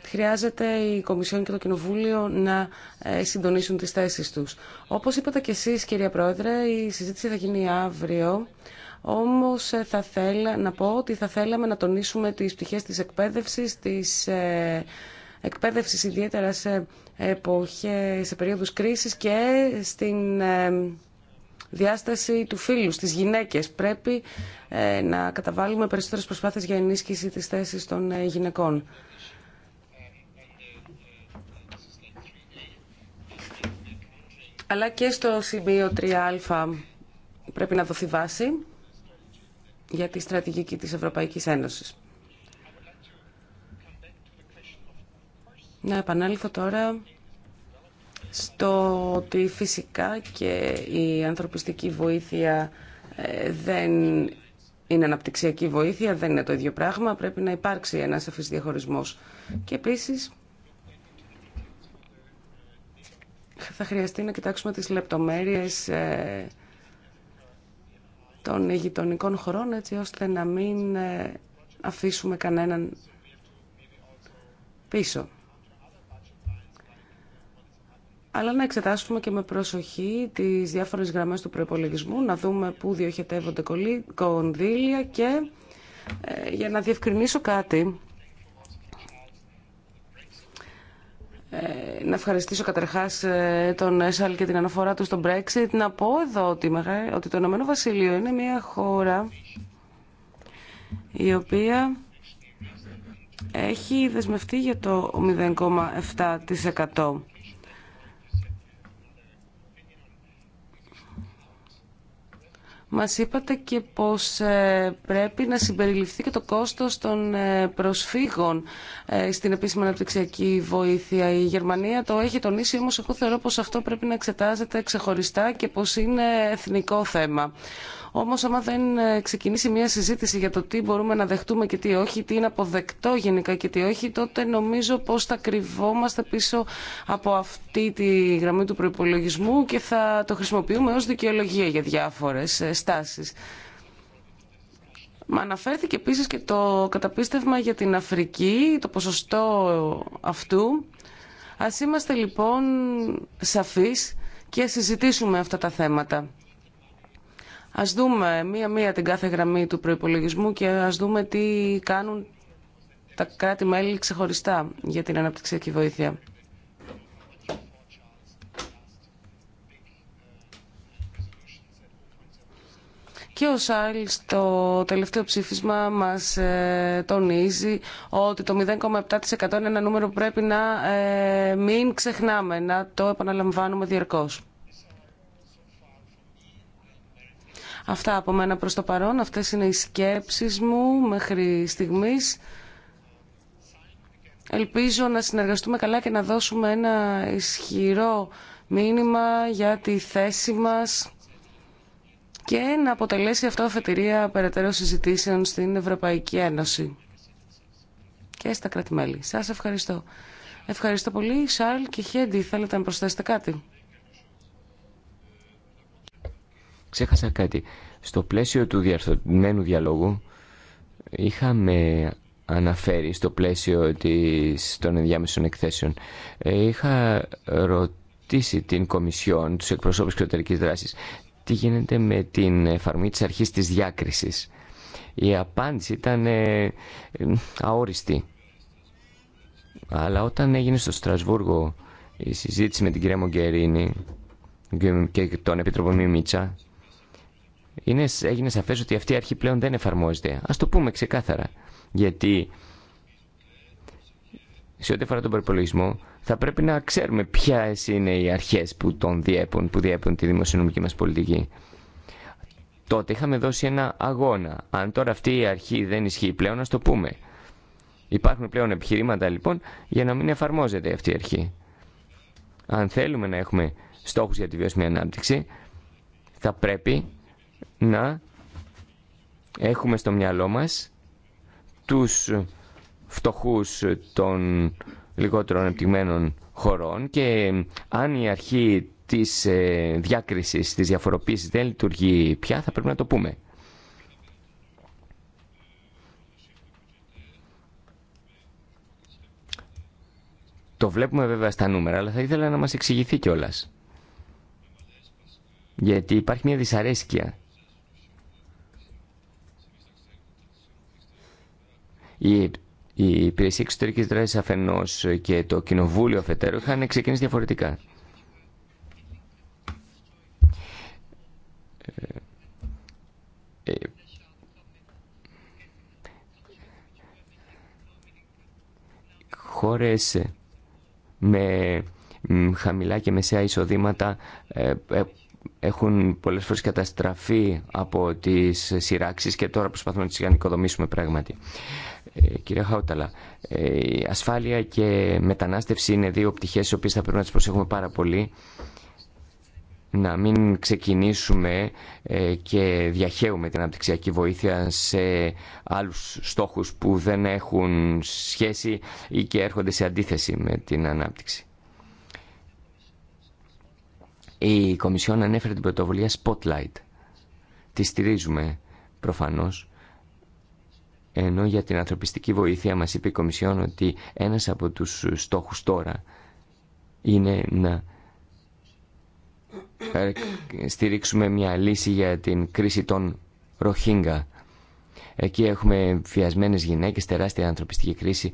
χρειάζεται η Κομισιόν και το Κοινοβούλιο να ε, συντονίσουν τις θέσεις τους. Όπως είπατε και εσείς κυρία Πρόεδρε, η συζήτηση θα γίνει αύριο. Όμως ε, θα θέλα να πω ότι θα θέλαμε να τονίσουμε τις πτυχές της εκπαίδευσης, της ε, εκπαίδευσης ιδιαίτερα σε, εποχές, σε περίοδους κρίσης και στην διάσταση του φίλου, στις γυναίκες. Πρέπει να καταβάλουμε περισσότερες προσπάθειες για ενίσχυση της θέσης των γυναικών. αλλά και στο σημείο 3α πρέπει να δοθεί βάση για τη στρατηγική της Ευρωπαϊκής Ένωσης. Να επανέλθω τώρα στο ότι φυσικά και η ανθρωπιστική βοήθεια ε, δεν είναι αναπτυξιακή βοήθεια, δεν είναι το ίδιο πράγμα, πρέπει να υπάρξει ένας αφής διαχωρισμός. Και επίσης θα χρειαστεί να κοιτάξουμε τις λεπτομέρειες ε, των γειτονικών χωρών έτσι ώστε να μην ε, αφήσουμε κανέναν πίσω. Αλλά να εξετάσουμε και με προσοχή τις διάφορες γραμμές του προϋπολογισμού, να δούμε πού διοχετεύονται κονδύλια και ε, για να διευκρινίσω κάτι Ε, να ευχαριστήσω καταρχά ε, τον Έσαλ και την αναφορά του στο Brexit. Να πω εδώ ότι, ότι το Ηνωμένο Βασίλειο είναι μια χώρα η οποία έχει δεσμευτεί για το 0,7%. Μας είπατε και πως ε, πρέπει να συμπεριληφθεί και το κόστος των ε, προσφύγων ε, στην επίσημη αναπτυξιακή βοήθεια. Η Γερμανία το έχει τονίσει, όμως εγώ θεωρώ πως αυτό πρέπει να εξετάζεται ξεχωριστά και πως είναι εθνικό θέμα. Όμως άμα δεν ε, ξεκινήσει μια συζήτηση για το τι μπορούμε να δεχτούμε και τι όχι, τι είναι αποδεκτό γενικά και τι όχι, τότε νομίζω πως θα κρυβόμαστε πίσω από αυτή τη γραμμή του προπολογισμού και θα το χρησιμοποιούμε ως δικαιολογία για διάφορες ε, στάσεις. Μα αναφέρθηκε επίσης και το καταπίστευμα για την Αφρική, το ποσοστό αυτού. Ας είμαστε λοιπόν σαφείς και συζητήσουμε αυτά τα θέματα. Ας δούμε μία-μία την κάθε γραμμή του προϋπολογισμού και ας δούμε τι κάνουν τα κράτη-μέλη ξεχωριστά για την αναπτυξιακή βοήθεια. Και ο Σάιλ στο τελευταίο ψήφισμα μας ε, τονίζει ότι το 0,7% είναι ένα νούμερο που πρέπει να ε, μην ξεχνάμε, να το επαναλαμβάνουμε διαρκώς. Αυτά από μένα προς το παρόν. Αυτές είναι οι σκέψεις μου μέχρι στιγμής. Ελπίζω να συνεργαστούμε καλά και να δώσουμε ένα ισχυρό μήνυμα για τη θέση μας και να αποτελέσει αυτό αφετηρία περαιτέρω συζητήσεων στην Ευρωπαϊκή Ένωση και στα κρατημέλη. Σας ευχαριστώ. Ευχαριστώ πολύ. Σαρλ και Χέντι, θέλετε να προσθέσετε κάτι. ξέχασα κάτι. Στο πλαίσιο του διαρθωμένου διαλόγου είχαμε αναφέρει στο πλαίσιο της, των ενδιάμεσων εκθέσεων. Ε, είχα ρωτήσει την Κομισιόν, τους εκπροσώπους εξωτερικής δράσης, τι γίνεται με την εφαρμογή της αρχής της διάκρισης. Η απάντηση ήταν ε, αόριστη. Αλλά όταν έγινε στο Στρασβούργο η συζήτηση με την κυρία Μογκερίνη και τον Επίτροπο Μιμίτσα, είναι, έγινε σαφές ότι αυτή η αρχή πλέον δεν εφαρμόζεται. Α το πούμε ξεκάθαρα. Γιατί σε ό,τι αφορά τον προπολογισμό, θα πρέπει να ξέρουμε ποιε είναι οι αρχέ που τον διέπουν, που διέπουν τη δημοσιονομική μα πολιτική. Τότε είχαμε δώσει ένα αγώνα. Αν τώρα αυτή η αρχή δεν ισχύει πλέον, α το πούμε. Υπάρχουν πλέον επιχειρήματα λοιπόν για να μην εφαρμόζεται αυτή η αρχή. Αν θέλουμε να έχουμε στόχους για τη βιώσιμη ανάπτυξη, θα πρέπει να έχουμε στο μυαλό μας τους φτωχούς των λιγότερων επιτυγμένων χωρών και αν η αρχή της ε, διάκρισης, της διαφοροποίησης δεν λειτουργεί πια θα πρέπει να το πούμε. Το βλέπουμε βέβαια στα νούμερα, αλλά θα ήθελα να μας εξηγηθεί κιόλας. Γιατί υπάρχει μια δυσαρέσκεια η, η υπηρεσία εξωτερικής δράσης αφενός και το κοινοβούλιο αφετέρου είχαν ξεκινήσει διαφορετικά. Ε, ε, χώρες με χαμηλά και μεσαία εισοδήματα ε, έχουν πολλές φορές καταστραφεί από τις σειράξεις και τώρα προσπαθούμε να τις οικοδομήσουμε πράγματι. Ε, κυρία Χάουταλα, ε, η ασφάλεια και μετανάστευση είναι δύο πτυχές στις οποίες θα πρέπει να τις προσέχουμε πάρα πολύ να μην ξεκινήσουμε ε, και διαχέουμε την αναπτυξιακή βοήθεια σε άλλους στόχους που δεν έχουν σχέση ή και έρχονται σε αντίθεση με την ανάπτυξη. Η Κομισιόν ανέφερε την πρωτοβουλία Spotlight. Τη στηρίζουμε προφανώς. Ενώ για την ανθρωπιστική βοήθεια μας είπε η Κομισιόν ότι ένας από τους στόχους τώρα είναι να στηρίξουμε μια λύση για την κρίση των Ροχίνγκα Εκεί έχουμε βιασμένε γυναίκες, τεράστια ανθρωπιστική κρίση.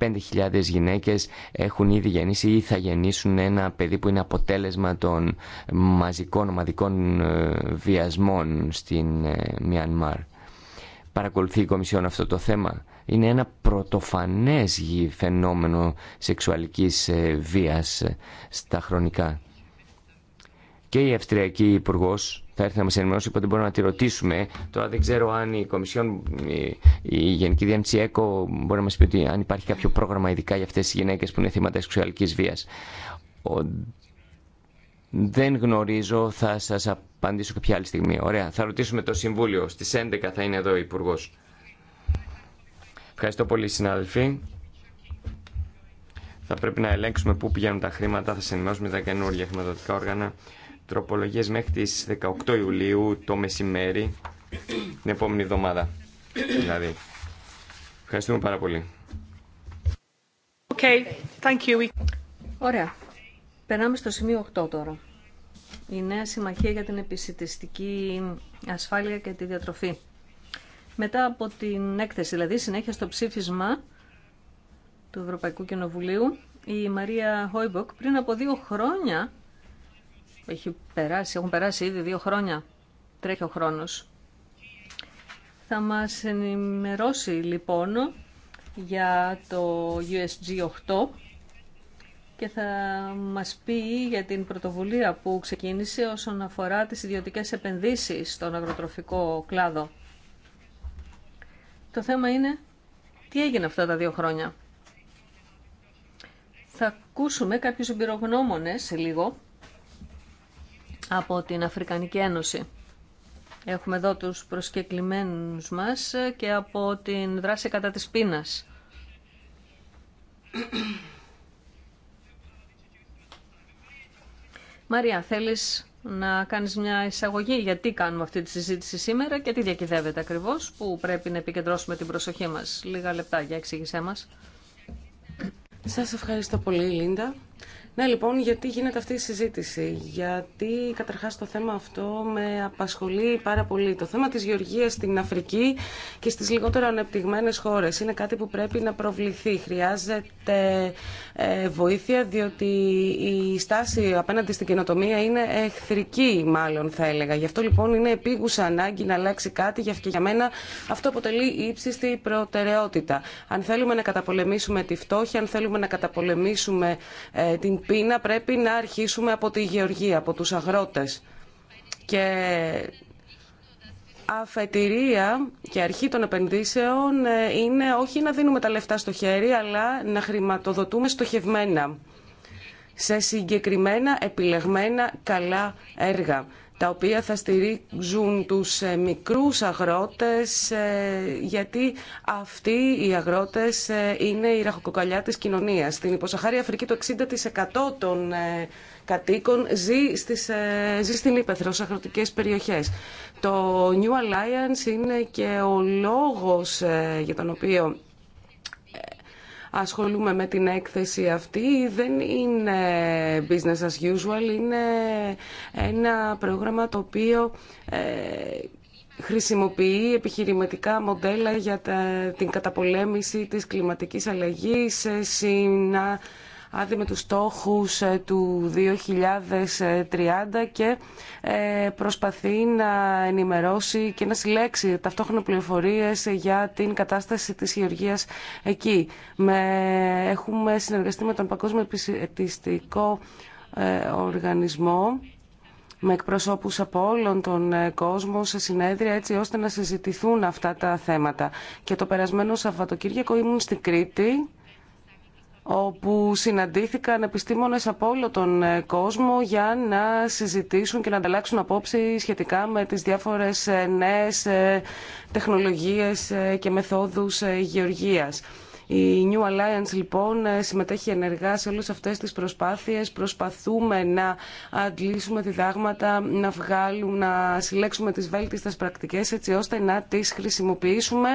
65.000 γυναίκες έχουν ήδη γεννήσει ή θα γεννήσουν ένα παιδί που είναι αποτέλεσμα των μαζικών ομαδικών ε, βιασμών στην ε, Μιανμάρ. Παρακολουθεί η Κομισιόν αυτό το θέμα. Είναι ένα πρωτοφανές φαινόμενο σεξουαλικής ε, βίας στα χρονικά. Και η Αυστριακή Υπουργός θα έρθει να μα ενημερώσει, οπότε μπορούμε να τη ρωτήσουμε. Τώρα δεν ξέρω αν η Κομισιόν, η Γενική Διεύθυνση ΕΚΟ μπορεί να μα πει ότι αν υπάρχει κάποιο πρόγραμμα ειδικά για αυτέ τι γυναίκε που είναι θύματα εξουσιαλική βίας. Δεν γνωρίζω, θα σα απαντήσω κάποια άλλη στιγμή. Ωραία, θα ρωτήσουμε το Συμβούλιο. στι 11 θα είναι εδώ ο υπουργό. Ευχαριστώ πολύ συνάδελφοι. Θα πρέπει να ελέγξουμε πού πηγαίνουν τα χρήματα, θα ενημερώσουμε τα καινούργια χρηματοδοτικά όργανα τροπολογίες μέχρι τις 18 Ιουλίου το μεσημέρι, την επόμενη εβδομάδα. Δηλαδή. Ευχαριστούμε πάρα πολύ. Okay, thank you. Ωραία. Περνάμε στο σημείο 8 τώρα. Η νέα συμμαχία για την επισητιστική ασφάλεια και τη διατροφή. Μετά από την έκθεση, δηλαδή συνέχεια στο ψήφισμα του Ευρωπαϊκού Κοινοβουλίου, η Μαρία Χόιμποκ πριν από δύο χρόνια έχει περάσει, έχουν περάσει ήδη δύο χρόνια. Τρέχει ο χρόνος. Θα μας ενημερώσει λοιπόν για το USG 8 και θα μας πει για την πρωτοβουλία που ξεκίνησε όσον αφορά τις ιδιωτικές επενδύσεις στον αγροτροφικό κλάδο. Το θέμα είναι τι έγινε αυτά τα δύο χρόνια. Θα ακούσουμε κάποιους εμπειρογνώμονες λίγο από την Αφρικανική Ένωση. Έχουμε εδώ τους προσκεκλημένους μας και από την δράση κατά της πείνας. Μαρία, θέλεις να κάνεις μια εισαγωγή γιατί κάνουμε αυτή τη συζήτηση σήμερα και τι διακυδεύεται ακριβώς που πρέπει να επικεντρώσουμε την προσοχή μας. Λίγα λεπτά για εξήγησέ μας. Σας ευχαριστώ πολύ Λίντα. Ναι, λοιπόν, γιατί γίνεται αυτή η συζήτηση. Γιατί καταρχάς το θέμα αυτό με απασχολεί πάρα πολύ. Το θέμα της γεωργίας στην Αφρική και στις λιγότερο ανεπτυγμένες χώρες είναι κάτι που πρέπει να προβληθεί. Χρειάζεται ε, βοήθεια διότι η στάση απέναντι στην καινοτομία είναι εχθρική μάλλον θα έλεγα. Γι' αυτό λοιπόν είναι επίγουσα ανάγκη να αλλάξει κάτι και για μένα αυτό αποτελεί ύψιστη προτεραιότητα. Αν θέλουμε να καταπολεμήσουμε τη φτώχεια, αν θέλουμε να καταπολεμήσουμε ε, την πείνα πρέπει να αρχίσουμε από τη γεωργία, από τους αγρότες. Και αφετηρία και αρχή των επενδύσεων ε, είναι όχι να δίνουμε τα λεφτά στο χέρι, αλλά να χρηματοδοτούμε στοχευμένα σε συγκεκριμένα επιλεγμένα καλά έργα τα οποία θα στηρίζουν τους ε, μικρούς αγρότες, ε, γιατί αυτοί οι αγρότες ε, είναι η ραχοκοκαλιά της κοινωνίας. Στην υποσαχάρη Αφρική το 60% των κατοίκων ζει, στις, ζει στην Ήπεθρο, σε αγροτικές περιοχές. Το New Alliance είναι και ο λόγος για τον οποίο ασχολούμαι με την έκθεση αυτή. Δεν είναι business as usual, είναι ένα πρόγραμμα το οποίο ε, χρησιμοποιεί επιχειρηματικά μοντέλα για την καταπολέμηση της κλιματικής αλλαγής, ε, συνα άδει με τους στόχους ε, του 2030 και ε, προσπαθεί να ενημερώσει και να συλλέξει ταυτόχρονα πληροφορίες για την κατάσταση της γεωργίας εκεί. Με, έχουμε συνεργαστεί με τον Παγκόσμιο Επιστημικό ε, Οργανισμό με εκπροσώπους από όλον τον κόσμο σε συνέδρια έτσι ώστε να συζητηθούν αυτά τα θέματα. Και το περασμένο Σαββατοκύριακο ήμουν στην Κρήτη όπου συναντήθηκαν επιστήμονες από όλο τον ε, κόσμο για να συζητήσουν και να ανταλλάξουν απόψει σχετικά με τις διάφορες ε, νέες ε, τεχνολογίες και μεθόδους γεωργίας. Η New Alliance λοιπόν ε, συμμετέχει ενεργά σε όλες αυτές τις προσπάθειες. Προσπαθούμε να αντλήσουμε διδάγματα, να βγάλουμε, να συλλέξουμε τις βέλτιστες πρακτικές έτσι ώστε να τις χρησιμοποιήσουμε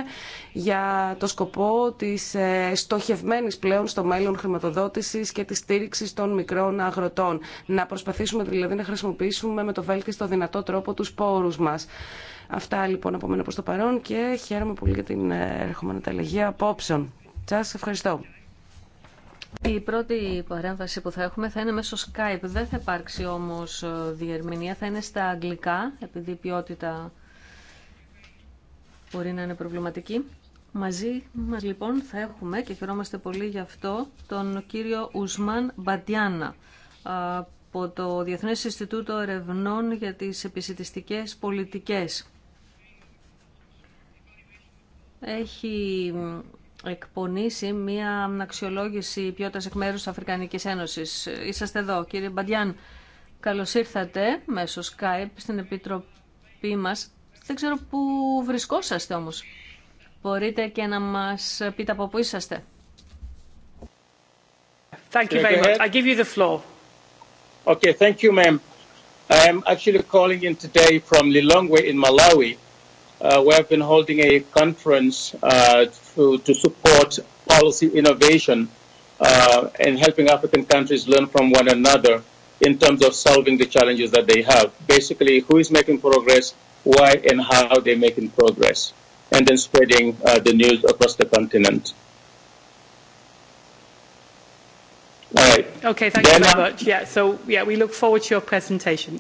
για το σκοπό της ε, στοχευμένης πλέον στο μέλλον χρηματοδότησης και της στήριξης των μικρών αγροτών. Να προσπαθήσουμε δηλαδή να χρησιμοποιήσουμε με το βέλτιστο δυνατό τρόπο τους πόρους μας. Αυτά λοιπόν από μένα προς το παρόν και χαίρομαι πολύ για την ε, ερχόμενη απόψεων. Σας ευχαριστώ. Η πρώτη παρέμβαση που θα έχουμε θα είναι μέσω Skype. Δεν θα υπάρξει όμως ε, διερμηνία, θα είναι στα αγγλικά, επειδή η ποιότητα μπορεί να είναι προβληματική. Μαζί μας λοιπόν θα έχουμε, και χαιρόμαστε πολύ γι' αυτό, τον κύριο Ουσμάν Μπαντιάνα από το Διεθνές Ινστιτούτο Ερευνών για τις Επισητιστικές Πολιτικές. Έχει εκπονήσει μια αξιολόγηση ποιότητα εκ μέρου τη Αφρικανική Ένωσης. Είσαστε εδώ, κύριε Μπαντιάν. Καλώς ήρθατε μέσω Skype στην Επιτροπή μας. Δεν ξέρω πού βρισκόσαστε όμως. Μπορείτε και να μας πείτε από πού είσαστε. Thank you very much. I give you the floor. Okay, thank you, ma'am. I am actually calling in today from Lilongwe in Malawi we have been holding a conference to, to support policy innovation uh, and helping African countries learn from one another in terms of solving the challenges that they have. Basically, who is making progress, why and how they're making progress, and then spreading uh, the news across the continent. All right. Okay, thank you very much. Yeah, so yeah, we look forward to your presentation.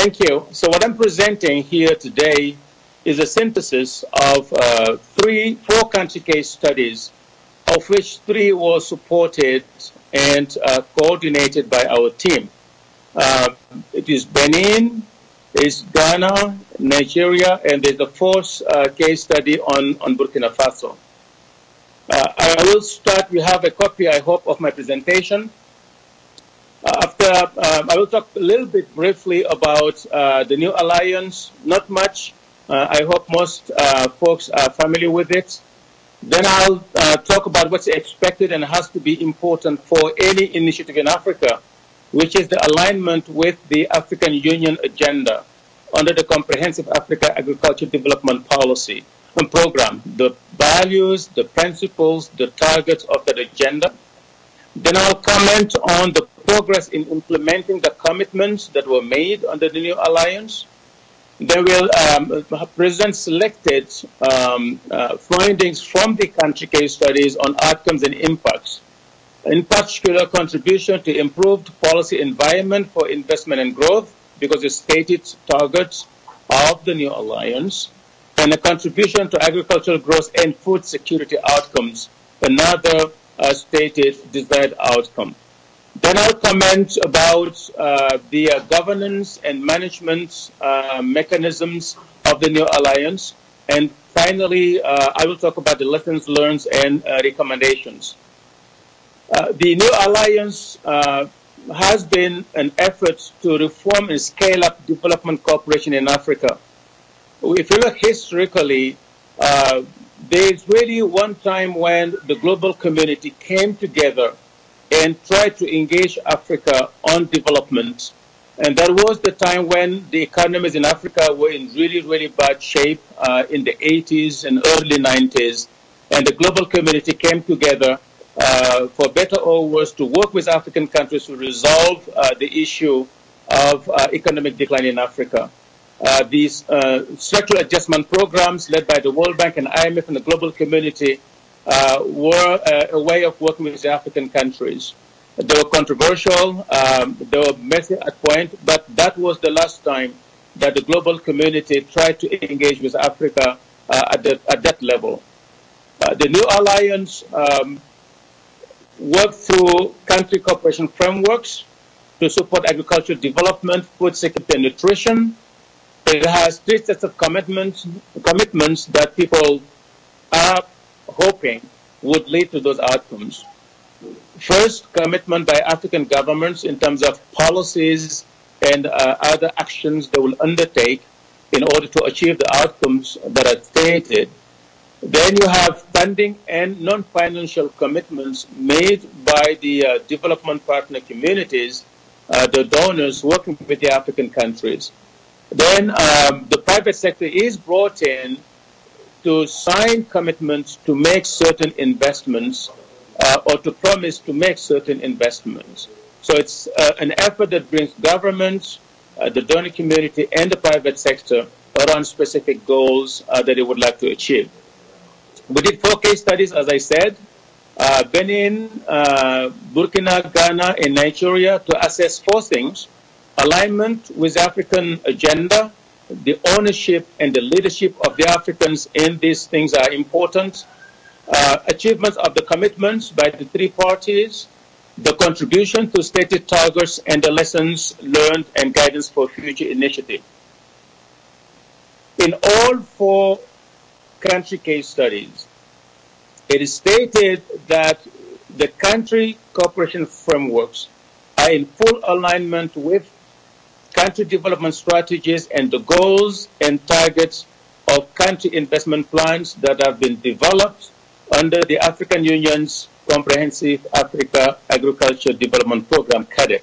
Thank you. So what I'm presenting here today is a synthesis of uh, three, four country case studies, of which three were supported and uh, coordinated by our team. Uh, it is Benin, is Ghana, Nigeria, and there's the fourth uh, case study on, on Burkina Faso. Uh, I will start. We have a copy, I hope, of my presentation. After, um, I will talk a little bit briefly about uh, the new alliance. Not much. Uh, I hope most uh, folks are familiar with it. Then I'll uh, talk about what's expected and has to be important for any initiative in Africa, which is the alignment with the African Union agenda under the Comprehensive Africa Agriculture Development Policy and Program, the values, the principles, the targets of that agenda Then I'll comment on the progress in implementing the commitments that were made under the new alliance. Then we'll um, present selected um, uh, findings from the country case studies on outcomes and impacts, in particular contribution to improved policy environment for investment and growth, because it's stated targets of the new alliance, and a contribution to agricultural growth and food security outcomes, another stated desired outcome. Then I'll comment about the governance and management mechanisms of the new alliance. And finally, I will talk about the lessons learned and recommendations. The new alliance has been an effort to reform and scale up development cooperation in Africa. If you look historically, there is really one time when the global community came together and tried to engage Africa on development. And that was the time when the economies in Africa were in really, really bad shape uh, in the 80s and early 90s. And the global community came together uh, for better or worse to work with African countries to resolve uh, the issue of uh, economic decline in Africa these uh structural adjustment programs led by the World Bank and IMF and the global community uh were a way of working with the African countries. They were controversial, um they were messy at point, but that was the last time that the global community tried to engage with Africa at, at that level. the new alliance um, worked through country cooperation frameworks to support agricultural development, food security and nutrition, It has three sets of commitments, commitments that people are hoping would lead to those outcomes. First, commitment by African governments in terms of policies and uh, other actions they will undertake in order to achieve the outcomes that are stated. Then you have funding and non-financial commitments made by the uh, development partner communities, uh, the donors working with the African countries. Then the private sector is brought in to sign commitments to make certain investments or to promise to make certain investments. So it's an effort that brings governments, the donor community, and the private sector around specific goals that they would like to achieve. We did four case studies, as I said, Benin, Burkina, Ghana, and Nigeria to assess four things alignment with African agenda, the ownership and the leadership of the Africans in these things are important. Achievements of the commitments by the three parties, the contribution to stated targets and the lessons learned and guidance for future initiative. In all four country case studies, it is stated that the country cooperation frameworks are in full alignment with country development strategies and the goals and targets of country investment plans that have been developed under the African Union's Comprehensive Africa Agriculture Development Program, CADEP.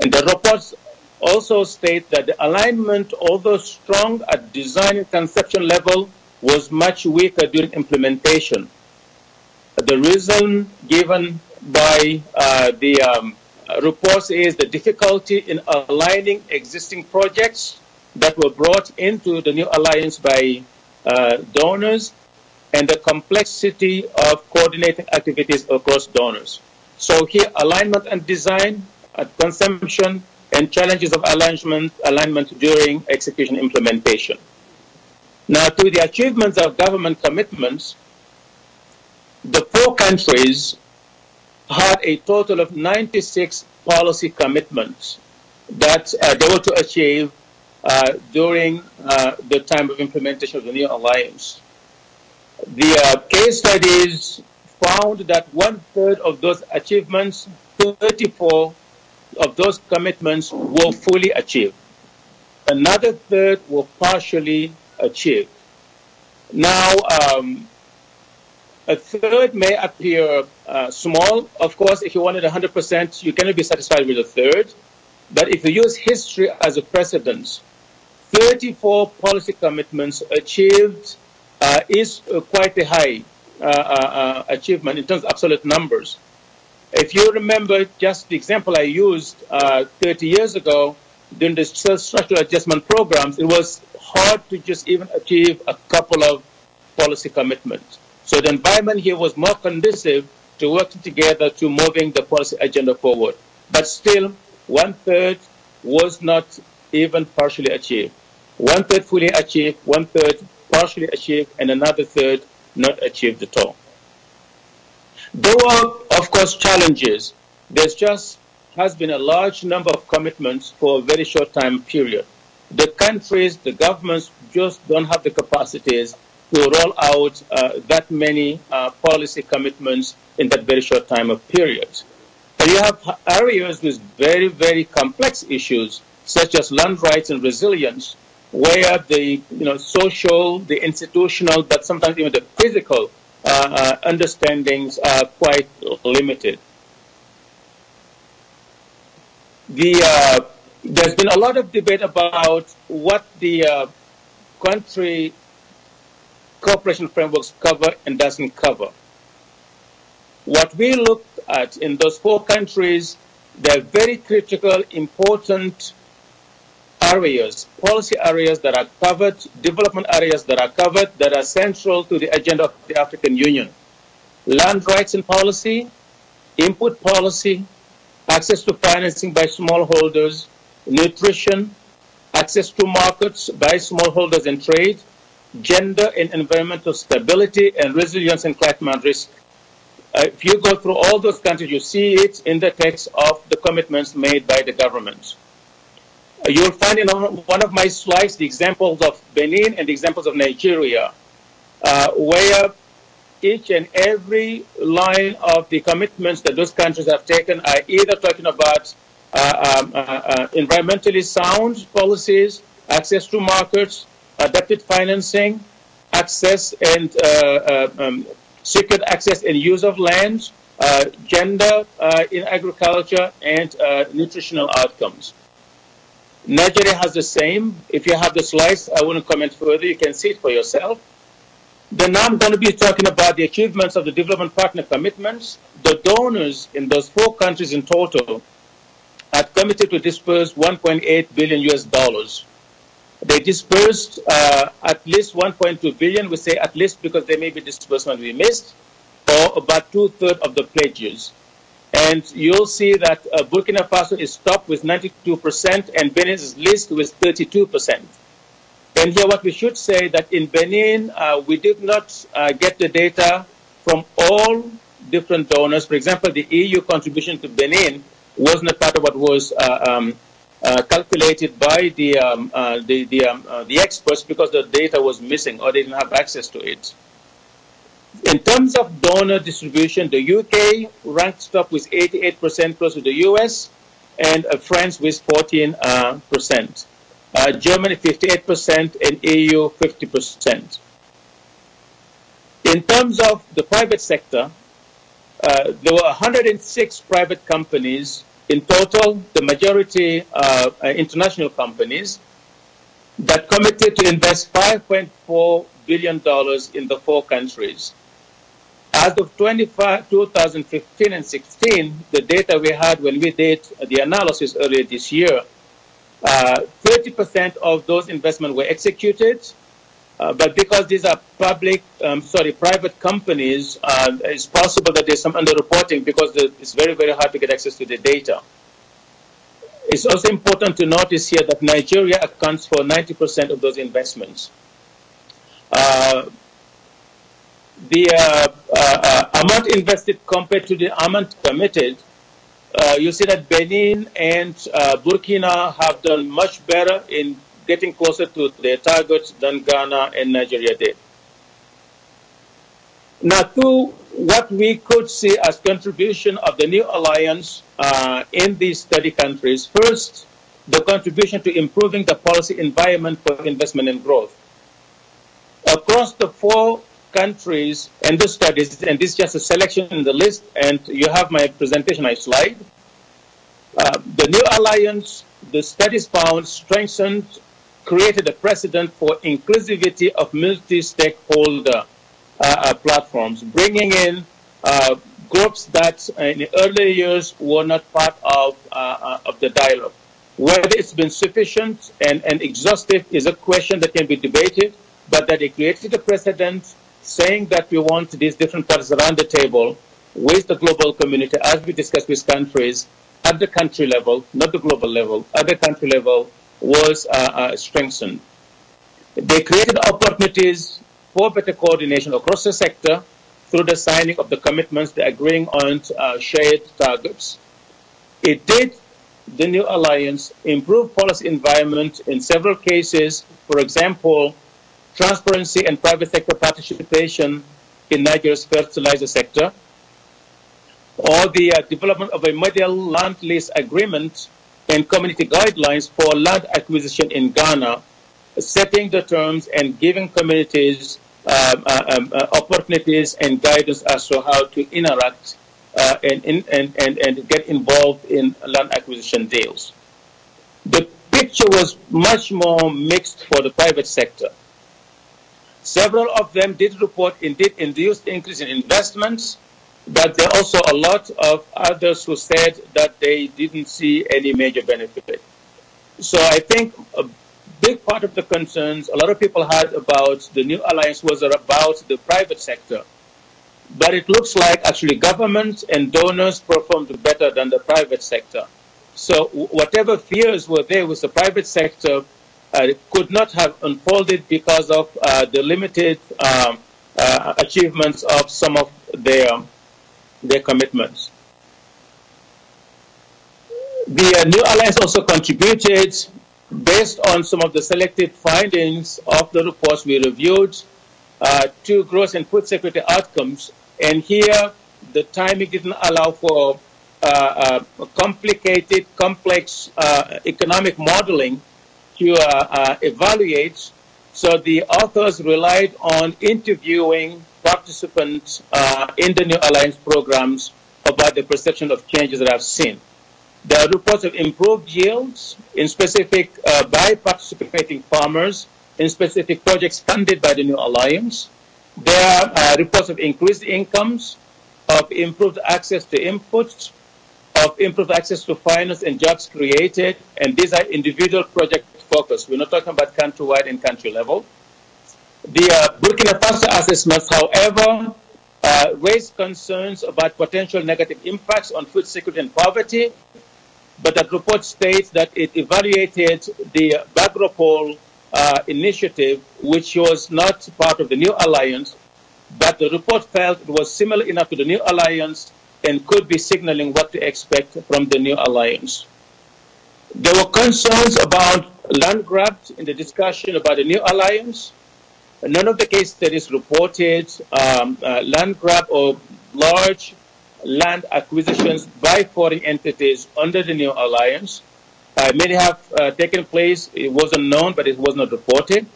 And the reports also state that the alignment, although strong at design and conception level, was much weaker during implementation. The reason given by the Reports is the difficulty in aligning existing projects that were brought into the new alliance by uh, donors and the complexity of coordinating activities across donors. So here, alignment and design, consumption, and challenges of alignment, alignment during execution implementation. Now, to the achievements of government commitments, the four countries had a total of 96 policy commitments that uh, they were to achieve uh, during uh, the time of implementation of the new alliance. The uh, case studies found that one third of those achievements, 34 of those commitments were fully achieved. Another third were partially achieved. Now, um, A third may appear uh, small. Of course, if you wanted 100%, you cannot be satisfied with a third. But if you use history as a precedent, 34 policy commitments achieved uh, is uh, quite a high uh, uh, achievement in terms of absolute numbers. If you remember just the example I used uh, 30 years ago during the structural adjustment programs, it was hard to just even achieve a couple of policy commitments. So the environment here was more conducive to working together to moving the policy agenda forward. But still, one third was not even partially achieved. One third fully achieved, one third partially achieved, and another third not achieved at all. There were, of course, challenges. There's just has been a large number of commitments for a very short time period. The countries, the governments just don't have the capacities to roll out that many policy commitments in that very short time of period. And you have areas with very, very complex issues, such as land rights and resilience, where the you know, social, the institutional, but sometimes even the physical uh, understandings are quite limited. The, uh, there's been a lot of debate about what the uh, country cooperation frameworks cover and doesn't cover. What we look at in those four countries, they're very critical, important areas, policy areas that are covered, development areas that are covered, that are central to the agenda of the African Union. Land rights and policy, input policy, access to financing by smallholders, nutrition, access to markets by smallholders and trade, gender and environmental stability and resilience and climate risk. If you go through all those countries, you see it in the text of the commitments made by the government. You'll find in one of my slides the examples of Benin and the examples of Nigeria, where each and every line of the commitments that those countries have taken are either talking about uh, environmentally sound policies, access to markets, adapted financing, access and secret access and use of land, gender in agriculture, and nutritional outcomes. Nigeria has the same. If you have the slides, I wouldn't comment further. You can see it for yourself. Then I'm going to be talking about the achievements of the development partner commitments. The donors in those four countries in total have committed to disperse 1.8 billion US dollars They dispersed uh, at least 1.2 billion. We say at least because there may be disbursement we missed, or about two thirds of the pledges. And you'll see that uh, Burkina Faso is top with 92% and Benin is least with 32%. And here what we should say that in Benin, uh, we did not uh, get the data from all different donors. For example, the EU contribution to Benin wasn't a part of what was uh, um, calculated by the the the, the experts because the data was missing or they didn't have access to it. In terms of donor distribution, the UK ranked up with 88% plus to the US, and uh, France with 14%. Uh, percent. Uh, Germany 58% and EU 50%. In terms of the private sector, uh, there were 106 private companies In total, the majority uh, international companies that committed to invest 5.4 billion dollars in the four countries. As of 2015 and 16, the data we had when we did the analysis earlier this year, uh, 30% of those investments were executed, but because these are public, um, sorry, private companies, uh, it's possible that there's some underreporting because the, it's very, very hard to get access to the data. It's also important to notice here that Nigeria accounts for 90% of those investments. Uh, the uh, uh, amount invested compared to the amount committed, uh, you see that Benin and uh, Burkina have done much better in getting closer to their targets than Ghana and Nigeria did. Now, to what we could see as contribution of the new alliance uh, in these study countries, first, the contribution to improving the policy environment for investment and growth. Across the four countries and the studies, and this is just a selection in the list, and you have my presentation, my slide. the new alliance, the studies found, strengthened created a precedent for inclusivity of multi-stakeholder platforms, bringing in groups that in the earlier years were not part of of the dialogue. Whether it's been sufficient and, and exhaustive is a question that can be debated, but that it created a precedent saying that we want these different parties around the table with the global community as we discussed with countries at the country level, not the global level, at the country level was strengthened. They created opportunities for better coordination across the sector through the signing of the commitments the agreeing on shared targets. It did the new alliance improve policy environment in several cases, for example, transparency and private sector participation in Nigeria's fertilizer sector, or the development of a model land lease agreement and community guidelines for land acquisition in Ghana, setting the terms and giving communities um, um, opportunities and guidance as to how to interact uh, and, and, and, and get involved in land acquisition deals. The picture was much more mixed for the private sector. Several of them did report indeed induced increase in investments, But there are also a lot of others who said that they didn't see any major benefit. So I think a big part of the concerns a lot of people had about the new alliance was about the private sector. But it looks like actually governments and donors performed better than the private sector. So whatever fears were there with the private sector uh, could not have unfolded because of uh, the limited um, uh, achievements of some of their their commitments. The new alliance also contributed, based on some of the selected findings of the reports we reviewed, to gross and food security outcomes. And here, the timing didn't allow for uh, complicated, complex uh, economic modeling to uh, uh, evaluate. So the authors relied on interviewing participants in the new alliance programs about the perception of changes that I've seen. There are reports of improved yields in specific by participating farmers in specific projects funded by the new alliance. There are reports of increased incomes, of improved access to inputs, of improved access to finance and jobs created, and these are individual project focus. We're not talking about countrywide and country level. The uh, Burkina Faso assessments, however, uh, concerns about potential negative impacts on food security and poverty, but the report states that it evaluated the Bagropol uh, initiative, which was not part of the new alliance, but the report felt it was similar enough to the new alliance and could be signaling what to expect from the new alliance. There were concerns about land grabs in the discussion about the new alliance, none of the case studies reported land grab or large land acquisitions by foreign entities under the new alliance. may have uh, taken place. It wasn't known, but it was not reported.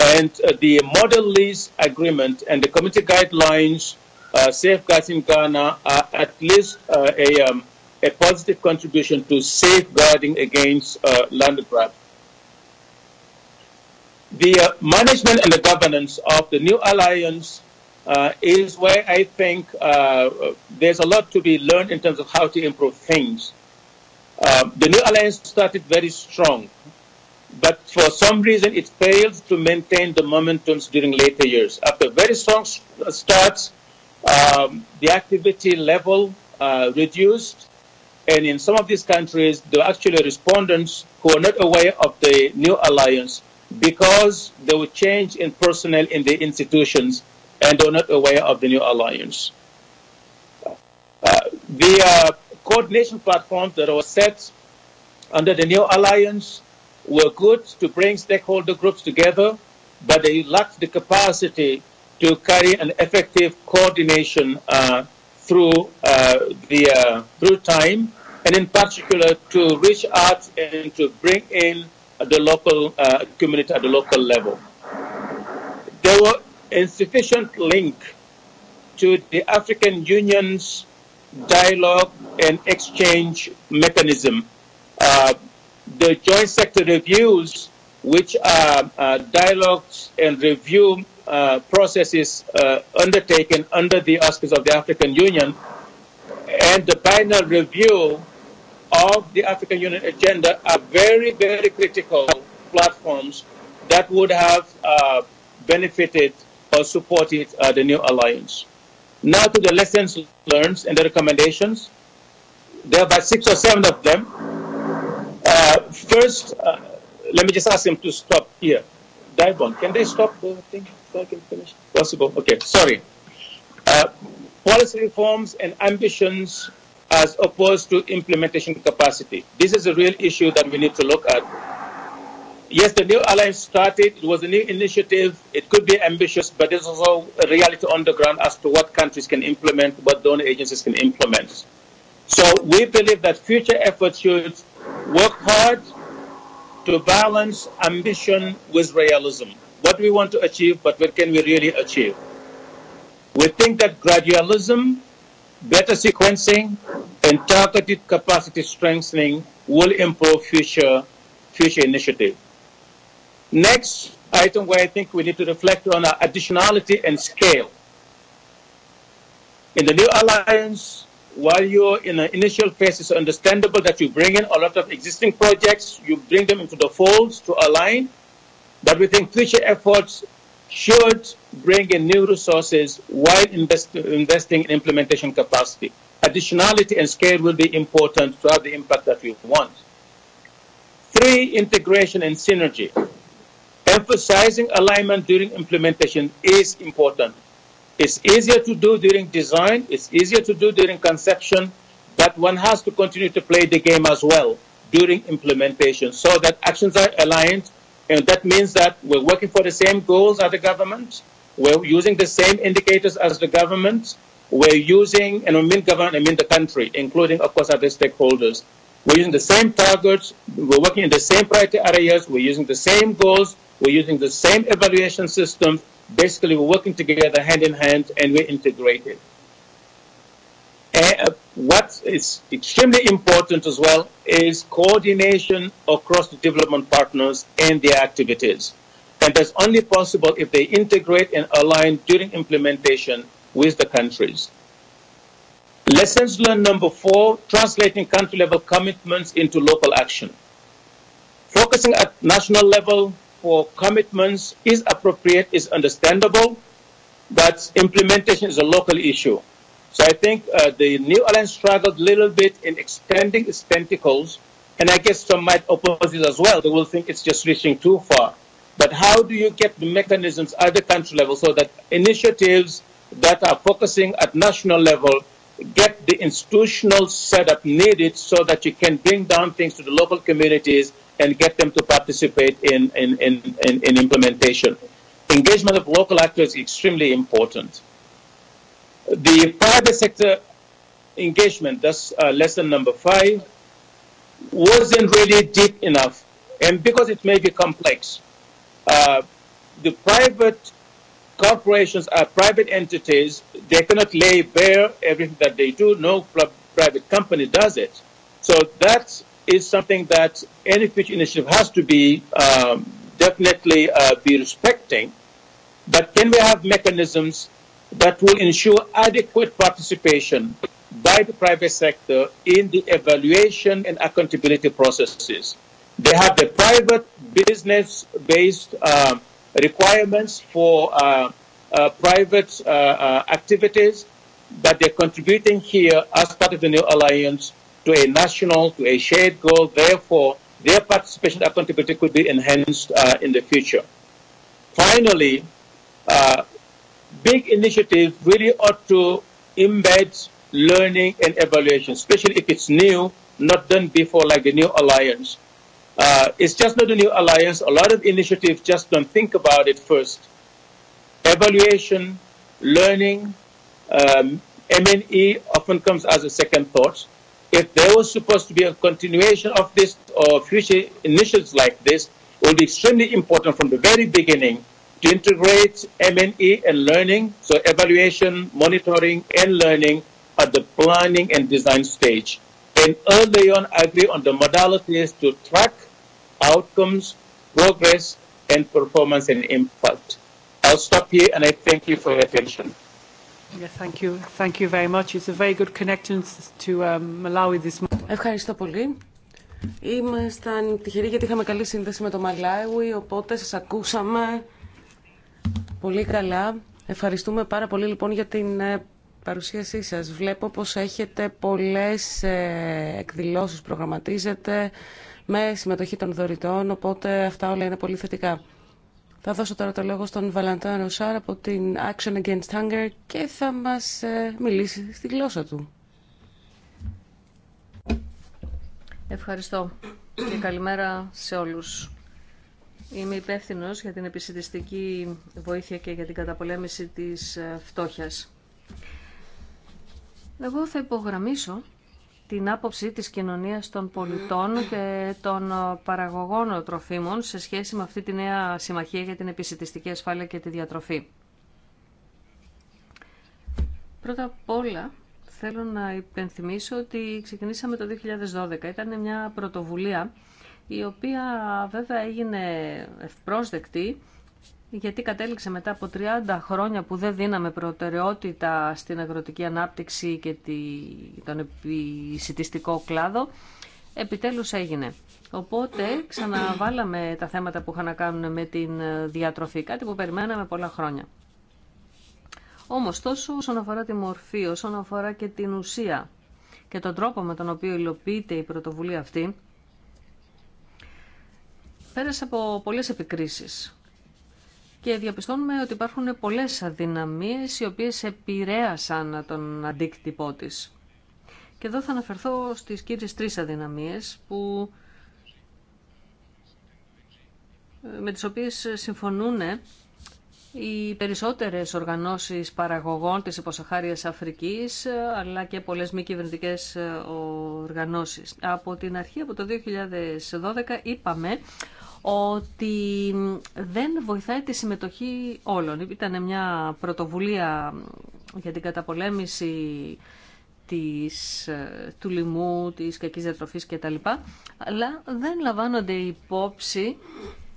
And the model lease agreement and the community guidelines uh, in Ghana are at least uh, a, um, a positive contribution to safeguarding against uh, land grab the management and the governance of the new alliance uh, is where I think uh, there's a lot to be learned in terms of how to improve things. Uh, the new alliance started very strong, but for some reason it failed to maintain the momentums during later years. After very strong starts, um, the activity level uh, reduced, and in some of these countries, the actual respondents who are not aware of the new alliance because there were change in personnel in the institutions and were not aware of the new alliance. The coordination platforms that were set under the new alliance were good to bring stakeholder groups together, but they lacked the capacity to carry an effective coordination through the through time, and in particular to reach out and to bring in at the local uh, community, at the local level. There were insufficient link to the African Union's dialogue and exchange mechanism. the joint sector reviews, which are dialogues and review uh, processes uh, undertaken under the auspices of the African Union, and the final review of the African Union agenda are very, very critical platforms that would have uh, benefited or supported uh, the new alliance. Now to the lessons learned and the recommendations. There are about six or seven of them. Uh, first, uh, let me just ask him to stop here. Daibon, can they stop the thing so I can finish? Possible. Okay, sorry. Uh, policy reforms and ambitions as opposed to implementation capacity. This is a real issue that we need to look at. Yes, the new alliance started. It was a new initiative. It could be ambitious, but there's also a reality on the ground as to what countries can implement, what donor agencies can implement. So we believe that future efforts should work hard to balance ambition with realism. What we want to achieve, but what can we really achieve? We think that gradualism Better sequencing and targeted capacity strengthening will improve future initiative. Next item where I think we need to reflect on our additionality and scale. In the new alliance, while you're in the initial phase, it's understandable that you bring in a lot of existing projects, you bring them into the folds to align, but we think future efforts should bring in new resources while invest, investing in implementation capacity. Additionality and scale will be important to have the impact that we want. Three, integration and synergy. Emphasizing alignment during implementation is important. It's easier to do during design, it's easier to do during conception, but one has to continue to play the game as well during implementation so that actions are aligned And that means that we're working for the same goals as the government. We're using the same indicators as the government. We're using, and I mean government, I mean the country, including, of course, other stakeholders. We're using the same targets. We're working in the same priority areas. We're using the same goals. We're using the same evaluation system. Basically, we're working together hand in hand and we're integrated what is extremely important as well is coordination across the development partners and their activities. And that's only possible if they integrate and align during implementation with the countries. Lessons learned number four, translating country-level commitments into local action. Focusing at national level for commitments is appropriate, is understandable, but implementation is a local issue. So I think uh, the New Alliance struggled a little bit in extending its tentacles, and I guess some might oppose it as well. They will think it's just reaching too far. But how do you get the mechanisms at the country level so that initiatives that are focusing at national level get the institutional setup needed so that you can bring down things to the local communities and get them to participate in, in, in, in, in implementation? Engagement of local actors is extremely important. The private sector engagement, that's uh, lesson number five, wasn't really deep enough. And because it may be complex, uh, the private corporations are private entities. They cannot lay bare everything that they do. No private company does it. So that is something that any future initiative has to be um, definitely uh, be respecting. But can we have mechanisms that will ensure adequate participation by the private sector in the evaluation and accountability processes. They have the private business-based requirements for private activities that they're contributing here as part of the new alliance to a national, to a shared goal. Therefore, their participation and accountability could be enhanced in the future. Finally, big initiatives really ought to embed learning and evaluation, especially if it's new, not done before like the new alliance. Uh, it's just not a new alliance. A lot of initiatives just don't think about it first. Evaluation, learning, um, MNE often comes as a second thought. If there was supposed to be a continuation of this or future initiatives like this, it would be extremely important from the very beginning to integrate MNE and learning, so evaluation, monitoring, and learning at the planning and design stage. And early on, agree on the modalities to track outcomes, progress, and performance and impact. I'll stop here and I thank you for your attention. Yeah, thank you. Thank you very much. It's a very good connection to Malawi this morning. Ευχαριστώ πολύ. Ήμασταν τυχεροί γιατί είχαμε καλή σύνδεση με το Μαλάουι, οπότε σας ακούσαμε. Πολύ καλά. Ευχαριστούμε πάρα πολύ λοιπόν για την ε, παρουσίασή σας. Βλέπω πως έχετε πολλές ε, εκδηλώσεις προγραμματίζετε με συμμετοχή των δωρητών, οπότε αυτά όλα είναι πολύ θετικά. Θα δώσω τώρα το λόγο στον Βαλαντάν Ροσάρ από την Action Against Hunger και θα μας ε, μιλήσει στη γλώσσα του. Ευχαριστώ και καλημέρα σε όλους. Είμαι υπεύθυνο για την επισητιστική βοήθεια και για την καταπολέμηση της ε, φτώχειας. Εγώ θα υπογραμμίσω την άποψη της κοινωνίας των πολιτών και των ε, παραγωγών τροφίμων σε σχέση με αυτή τη νέα συμμαχία για την επισητιστική ασφάλεια και τη διατροφή. Πρώτα απ' όλα θέλω να υπενθυμίσω ότι ξεκινήσαμε το 2012. Ήταν μια πρωτοβουλία η οποία βέβαια έγινε ευπρόσδεκτη γιατί κατέληξε μετά από 30 χρόνια που δεν δίναμε προτεραιότητα στην αγροτική ανάπτυξη και τον επισητιστικό κλάδο, επιτέλους έγινε. Οπότε ξαναβάλαμε τα θέματα που είχαν να κάνουν με την διατροφή, κάτι που περιμέναμε πολλά χρόνια. Όμως τόσο όσον αφορά τη μορφή, όσον αφορά και την ουσία και τον τρόπο με τον οποίο υλοποιείται η πρωτοβουλία αυτή, πέρασε από πολλές επικρίσεις και διαπιστώνουμε ότι υπάρχουν πολλές αδυναμίες οι οποίες επηρέασαν τον αντίκτυπό της. Και εδώ θα αναφερθώ στις κύριες τρεις αδυναμίες που, με τις οποίες συμφωνούν οι περισσότερες οργανώσεις παραγωγών της υποσαχάριας Αφρικής αλλά και πολλές μη κυβερνητικέ οργανώσεις. Από την αρχή, από το 2012, είπαμε ότι δεν βοηθάει τη συμμετοχή όλων. Ήταν μια πρωτοβουλία για την καταπολέμηση της, ε, του λοιμού, της κακής διατροφής κτλ. Αλλά δεν λαμβάνονται υπόψη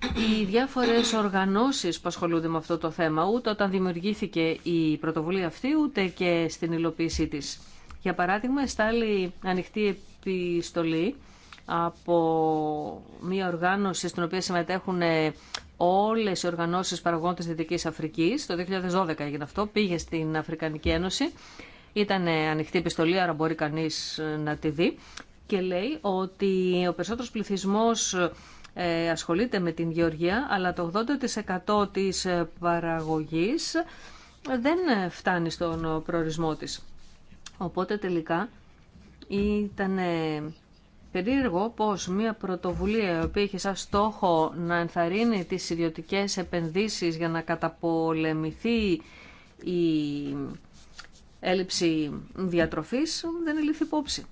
οι διάφορες οργανώσεις που ασχολούνται με αυτό το θέμα, ούτε όταν δημιουργήθηκε η πρωτοβουλία αυτή, ούτε και στην υλοποίησή της. Για παράδειγμα, στάλει ανοιχτή επιστολή από μια οργάνωση στην οποία συμμετέχουν ε, όλες οι οργανώσεις παραγωγών τη Δυτικής Αφρικής. Το 2012 έγινε αυτό, πήγε στην Αφρικανική Ένωση. Ήταν ανοιχτή επιστολή, άρα μπορεί κανείς ε, να τη δει. Και λέει ότι ο περισσότερος πληθυσμός ε, ασχολείται με την γεωργία, αλλά το 80% της παραγωγής δεν φτάνει στον προορισμό της. Οπότε τελικά ήταν περίεργο πως μια πρωτοβουλία η οποία είχε σαν στόχο να ενθαρρύνει τις ιδιωτικές επενδύσεις για να καταπολεμηθεί η έλλειψη διατροφής δεν ελήφθη υπόψη.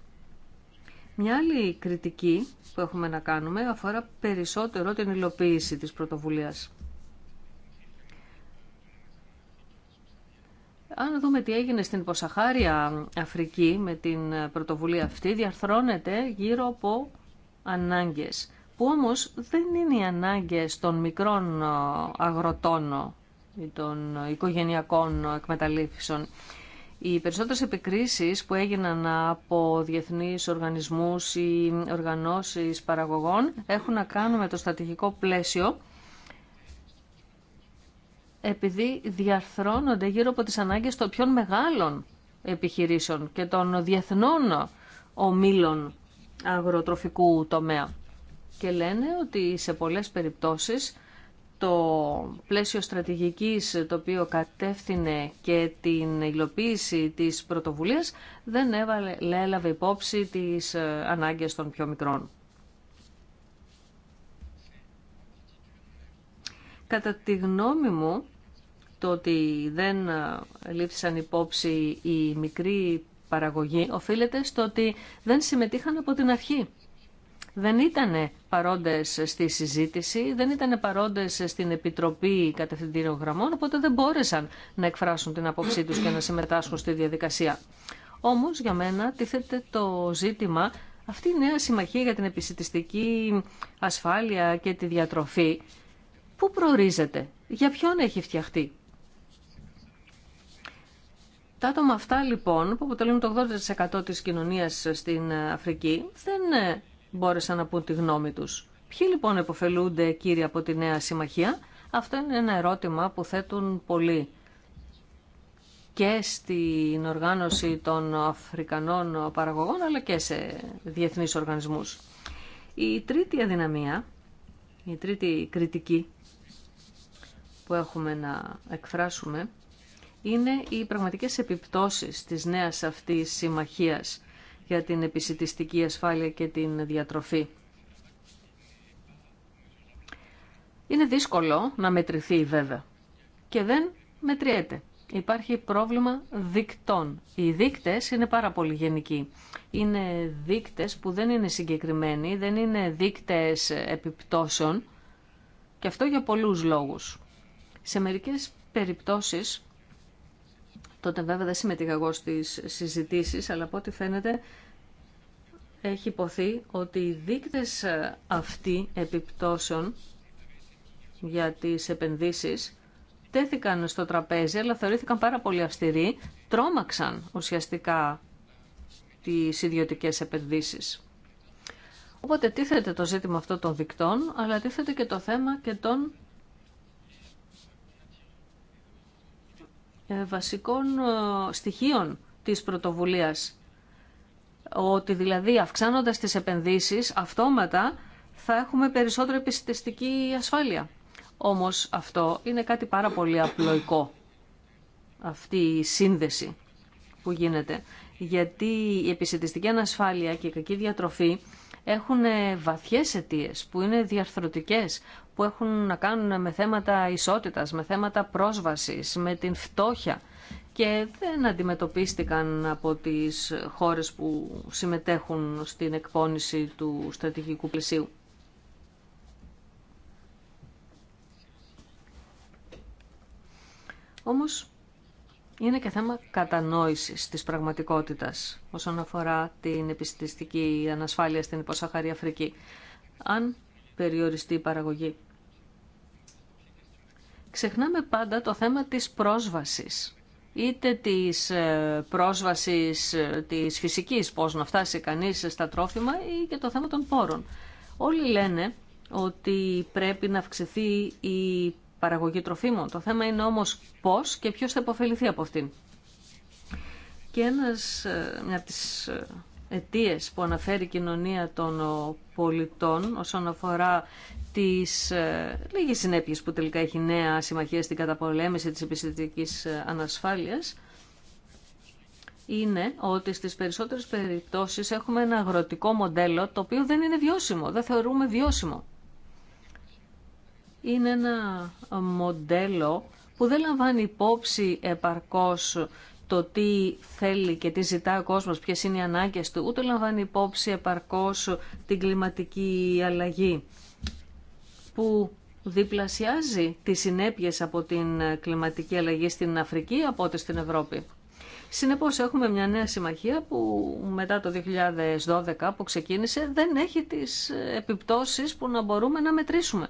Μια άλλη κριτική που έχουμε να κάνουμε αφορά περισσότερο την υλοποίηση της πρωτοβουλίας. Αν δούμε τι έγινε στην Ποσαχάρια Αφρική με την πρωτοβουλία αυτή, διαρθρώνεται γύρω από ανάγκες, που όμως δεν είναι οι ανάγκες των μικρών ε, αγροτών ε, ή των οικογενειακών εκμεταλλεύσεων. Οι περισσότερες επικρίσεις που έγιναν από διεθνείς οργανισμούς ή οργανώσεις παραγωγών έχουν να κάνουν με το στρατηγικό πλαίσιο επειδή διαρθρώνονται γύρω από τις ανάγκες των πιο μεγάλων επιχειρήσεων και των διεθνών ομίλων αγροτροφικού τομέα. Και λένε ότι σε πολλές περιπτώσεις το πλαίσιο στρατηγικής το οποίο κατεύθυνε και την υλοποίηση της πρωτοβουλίας δεν έβαλε, έλαβε υπόψη τις ε, ανάγκες των πιο μικρών. Κατά τη γνώμη μου, το ότι δεν ε, λήφθησαν υπόψη οι μικρή παραγωγοί οφείλεται στο ότι δεν συμμετείχαν από την αρχή. Δεν ήταν παρόντες στη συζήτηση, δεν ήταν παρόντες στην Επιτροπή Κατευθυντήριων Γραμμών, οπότε δεν μπόρεσαν να εκφράσουν την άποψή τους και να συμμετάσχουν στη διαδικασία. Όμως για μένα τίθεται το ζήτημα αυτή η νέα συμμαχία για την επισητιστική ασφάλεια και τη διατροφή, πού προορίζεται, για ποιον έχει φτιαχτεί, τα άτομα αυτά λοιπόν που αποτελούν το 80% της κοινωνίας στην Αφρική δεν ε, μπόρεσαν να πούν τη γνώμη τους. Ποιοι λοιπόν επωφελούνται κύριοι από τη Νέα Συμμαχία. Αυτό είναι ένα ερώτημα που θέτουν πολλοί και στην οργάνωση των Αφρικανών παραγωγών αλλά και σε διεθνείς οργανισμούς. Η τρίτη αδυναμία, η τρίτη κριτική που έχουμε να εκφράσουμε είναι οι πραγματικές επιπτώσεις της νέας αυτής συμμαχίας για την επισητιστική ασφάλεια και την διατροφή. Είναι δύσκολο να μετρηθεί βέβαια και δεν μετριέται. Υπάρχει πρόβλημα δικτών. Οι δίκτες είναι πάρα πολύ γενικοί. Είναι δίκτες που δεν είναι συγκεκριμένοι, δεν είναι δείκτες επιπτώσεων και αυτό για πολλούς λόγους. Σε μερικές περιπτώσεις Τότε βέβαια δεν συμμετείχα εγώ στις συζητήσεις, αλλά από ό,τι φαίνεται έχει υποθεί ότι οι δείκτες αυτοί επιπτώσεων για τις επενδύσεις τέθηκαν στο τραπέζι, αλλά θεωρήθηκαν πάρα πολύ αυστηροί, τρόμαξαν ουσιαστικά τις ιδιωτικές επενδύσεις. Οπότε τίθεται το ζήτημα αυτό των δικτών, αλλά τίθεται και το θέμα και των Ε, βασικών ε, στοιχείων της πρωτοβουλίας. Ότι δηλαδή αυξάνοντας τις επενδύσεις αυτόματα θα έχουμε περισσότερη επιστηστική ασφάλεια. Όμως αυτό είναι κάτι πάρα πολύ απλοϊκό, αυτή η σύνδεση που γίνεται. Γιατί η επιστηστική ανασφάλεια και η κακή διατροφή έχουν ε, βαθιές αιτίε που είναι διαρθρωτικές, που έχουν να κάνουν με θέματα ισότητας, με θέματα πρόσβασης, με την φτώχεια και δεν αντιμετωπίστηκαν από τις χώρες που συμμετέχουν στην εκπόνηση του στρατηγικού πλαισίου. Όμως είναι και θέμα κατανόησης της πραγματικότητας όσον αφορά την επιστημιστική ανασφάλεια στην υποσαχαρή Αφρική. Αν περιοριστεί η παραγωγή. Ξεχνάμε πάντα το θέμα της πρόσβασης. Είτε της ε, πρόσβασης ε, της φυσικής, πώς να φτάσει κανείς στα τρόφιμα, ή και το θέμα των πόρων. Όλοι λένε ότι πρέπει να αυξηθεί η παραγωγή τροφίμων. Το θέμα είναι όμως πώς και ποιος θα υποφεληθεί από αυτήν. Και ένας, ε, μια από τις ε, αιτίες που αναφέρει η κοινωνία των ε, πολιτών όσον αφορά τις λίγες συνέπειες που τελικά έχει νέα συμμαχία στην καταπολέμηση της επιστημικής ανασφάλειας είναι ότι στις περισσότερες περιπτώσεις έχουμε ένα αγροτικό μοντέλο το οποίο δεν είναι βιώσιμο, δεν θεωρούμε βιώσιμο είναι ένα μοντέλο που δεν λαμβάνει υπόψη επαρκώς το τι θέλει και τι ζητά ο κόσμος, ποιες είναι οι ανάγκες του, ούτε λαμβάνει υπόψη επαρκώς την κλιματική αλλαγή που διπλασιάζει τις συνέπειες από την κλιματική αλλαγή στην Αφρική από ό,τι στην Ευρώπη. Συνεπώς έχουμε μια νέα συμμαχία που μετά το 2012 που ξεκίνησε δεν έχει τις επιπτώσεις που να μπορούμε να μετρήσουμε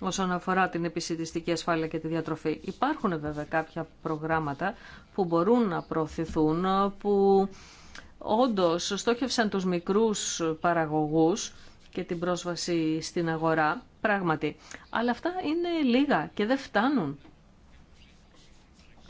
όσον αφορά την επισητιστική ασφάλεια και τη διατροφή. Υπάρχουν βέβαια κάποια προγράμματα που μπορούν να προωθηθούν, που όντως στόχευσαν τους μικρούς παραγωγούς και την πρόσβαση στην αγορά, πράγματι. Αλλά αυτά είναι λίγα και δεν φτάνουν.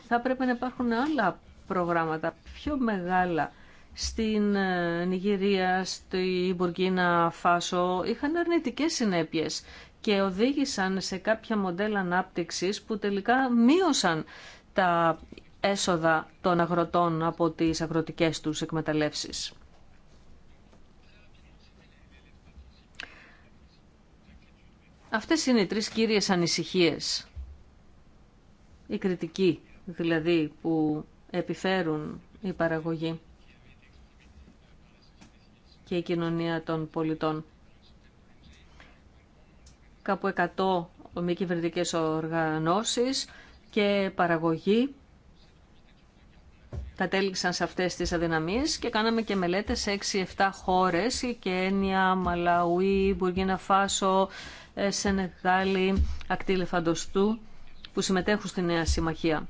Θα πρέπει να υπάρχουν άλλα προγράμματα, πιο μεγάλα. Στην ε, Νιγηρία, στη Μπουρκίνα Φάσο είχαν αρνητικές συνέπειες και οδήγησαν σε κάποια μοντέλα ανάπτυξης που τελικά μείωσαν τα έσοδα των αγροτών από τις αγροτικές τους εκμεταλλεύσεις. Αυτές είναι οι τρεις κύριες ανησυχίες. Η κριτική δηλαδή που επιφέρουν η παραγωγή και η κοινωνία των πολιτών κάπου 100 μη κυβερνητικέ οργανώσεις και παραγωγή κατέληξαν σε αυτές τις αδυναμίες και κάναμε και μελέτες σε 6-7 χώρες, η Κένια, Μαλαουή, Μπουργίνα Φάσο, ε, Σενεγάλη, Ακτή Λεφαντοστού, που συμμετέχουν στη Νέα Συμμαχία.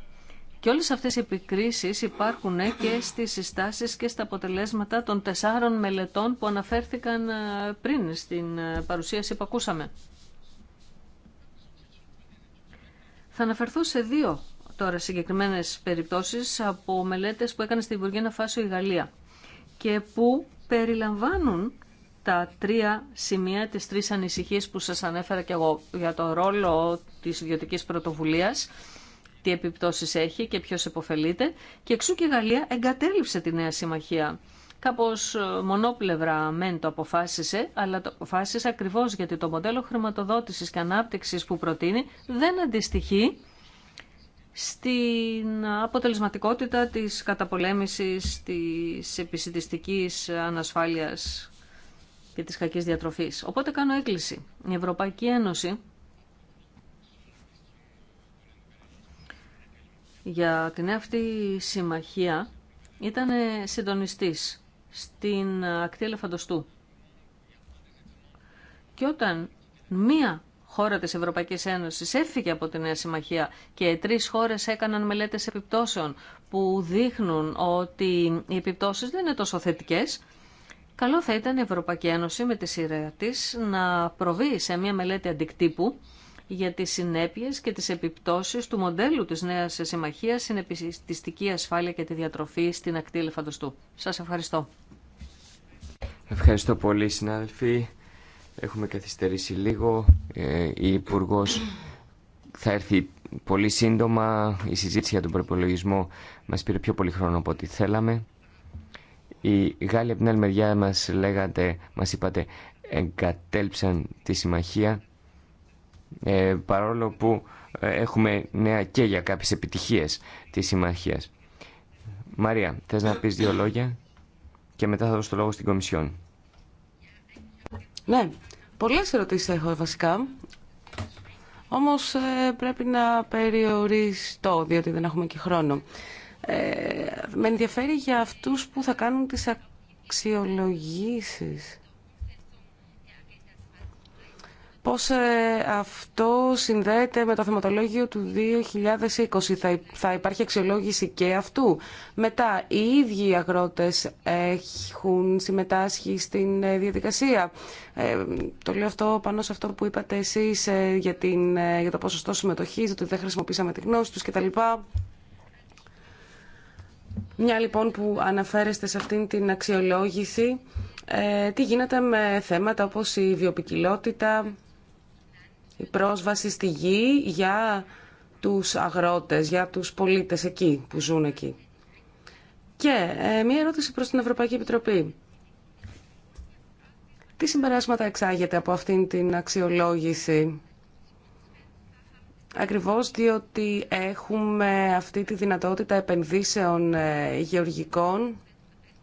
Και όλες αυτές οι επικρίσεις υπάρχουν ε, και στις συστάσεις και στα αποτελέσματα των τεσσάρων μελετών που αναφέρθηκαν ε, πριν στην παρουσίαση που ακούσαμε. Θα αναφερθώ σε δύο τώρα συγκεκριμένε περιπτώσει από μελέτες που έκανε στην Υπουργένα Φάσο η Γαλλία και που περιλαμβάνουν τα τρία σημεία, τι τρεις ανησυχίε που σας ανέφερα και εγώ για το ρόλο της ιδιωτικής πρωτοβουλίας, τι επιπτώσεις έχει και ποιος επωφελείται και εξού και η Γαλλία εγκατέλειψε τη Νέα Συμμαχία Κάπως ε, μονόπλευρα μεν το αποφάσισε, αλλά το αποφάσισε ακριβώς γιατί το μοντέλο χρηματοδότησης και ανάπτυξης που προτείνει δεν αντιστοιχεί στην αποτελεσματικότητα της καταπολέμησης της επισητιστικής ανασφάλειας και της κακής διατροφής. Οπότε κάνω έκκληση. Η Ευρωπαϊκή Ένωση για την αυτή συμμαχία ήταν συντονιστής στην ακτή Ελεφαντοστού. Και όταν μία χώρα της Ευρωπαϊκής Ένωσης έφυγε από τη Νέα Συμμαχία και τρεις χώρες έκαναν μελέτες επιπτώσεων που δείχνουν ότι οι επιπτώσεις δεν είναι τόσο θετικές, καλό θα ήταν η Ευρωπαϊκή Ένωση με τη σειρά της να προβεί σε μία μελέτη αντικτύπου για τις συνέπειες και τις επιπτώσεις του μοντέλου της νέας συμμαχίας στην επιστηστική ασφάλεια και τη διατροφή στην ακτή ελεφαντοστού. Σας ευχαριστώ. Ευχαριστώ πολύ συνάδελφοι. Έχουμε καθυστερήσει λίγο. Ε, η υπουργό θα έρθει πολύ σύντομα. Η συζήτηση για τον προπολογισμό μας πήρε πιο πολύ χρόνο από ό,τι θέλαμε. Οι Γάλλοι από την άλλη μεριά μας λέγατε, μας είπατε, «εγκατέλψαν τη συμμαχία. Ε, παρόλο που ε, έχουμε νέα και για κάποιες επιτυχίες της συμμαχίας. Μαρία, θες να πεις δύο λόγια και μετά θα δώσω το λόγο στην Κομισιόν. Ναι, πολλές ερωτήσεις έχω βασικά. Όμως ε, πρέπει να περιοριστώ, διότι δεν έχουμε και χρόνο. με ενδιαφέρει για αυτούς που θα κάνουν τις αξιολογήσεις πώς ε, αυτό συνδέεται με το θεματολόγιο του 2020. Θα υπάρχει αξιολόγηση και αυτού. Μετά, οι ίδιοι οι αγρότες έχουν συμμετάσχει στην ε, διαδικασία. Ε, το λέω αυτό πάνω σε αυτό που είπατε εσείς για, την, για το ποσοστό συμμετοχής, ότι δεν χρησιμοποίησαμε τη γνώση τους κτλ. Μια λοιπόν που αναφέρεστε σε αυτήν την αξιολόγηση, τι γίνεται με θέματα όπως η βιοπικιλότητα, η πρόσβαση στη γη για τους αγρότες, για τους πολίτες εκεί που ζουν εκεί. Και ε, μία ερώτηση προς την Ευρωπαϊκή Επιτροπή. Τι συμπεράσματα εξάγεται από αυτήν την αξιολόγηση Ακριβώς διότι έχουμε αυτή τη δυνατότητα επενδύσεων ε, γεωργικών,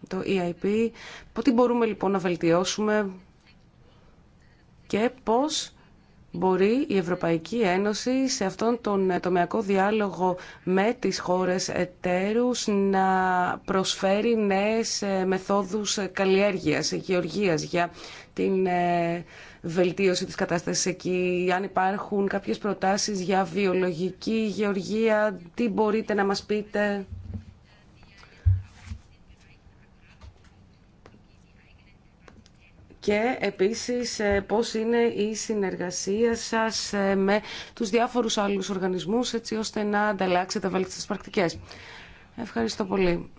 το EIP. Τι μπορούμε λοιπόν να βελτιώσουμε και πώς μπορεί η Ευρωπαϊκή Ένωση σε αυτόν τον τομεακό διάλογο με τις χώρες εταίρους να προσφέρει νέες ε, μεθόδους ε, καλλιέργειας, γεωργίας για την ε, βελτίωση της κατάστασης εκεί, αν υπάρχουν κάποιες προτάσεις για βιολογική γεωργία, τι μπορείτε να μας πείτε. και επίσης ε, πώς είναι η συνεργασία σας ε, με τους διάφορους άλλους οργανισμούς έτσι ώστε να ανταλλάξετε τις πρακτικές. Ευχαριστώ πολύ.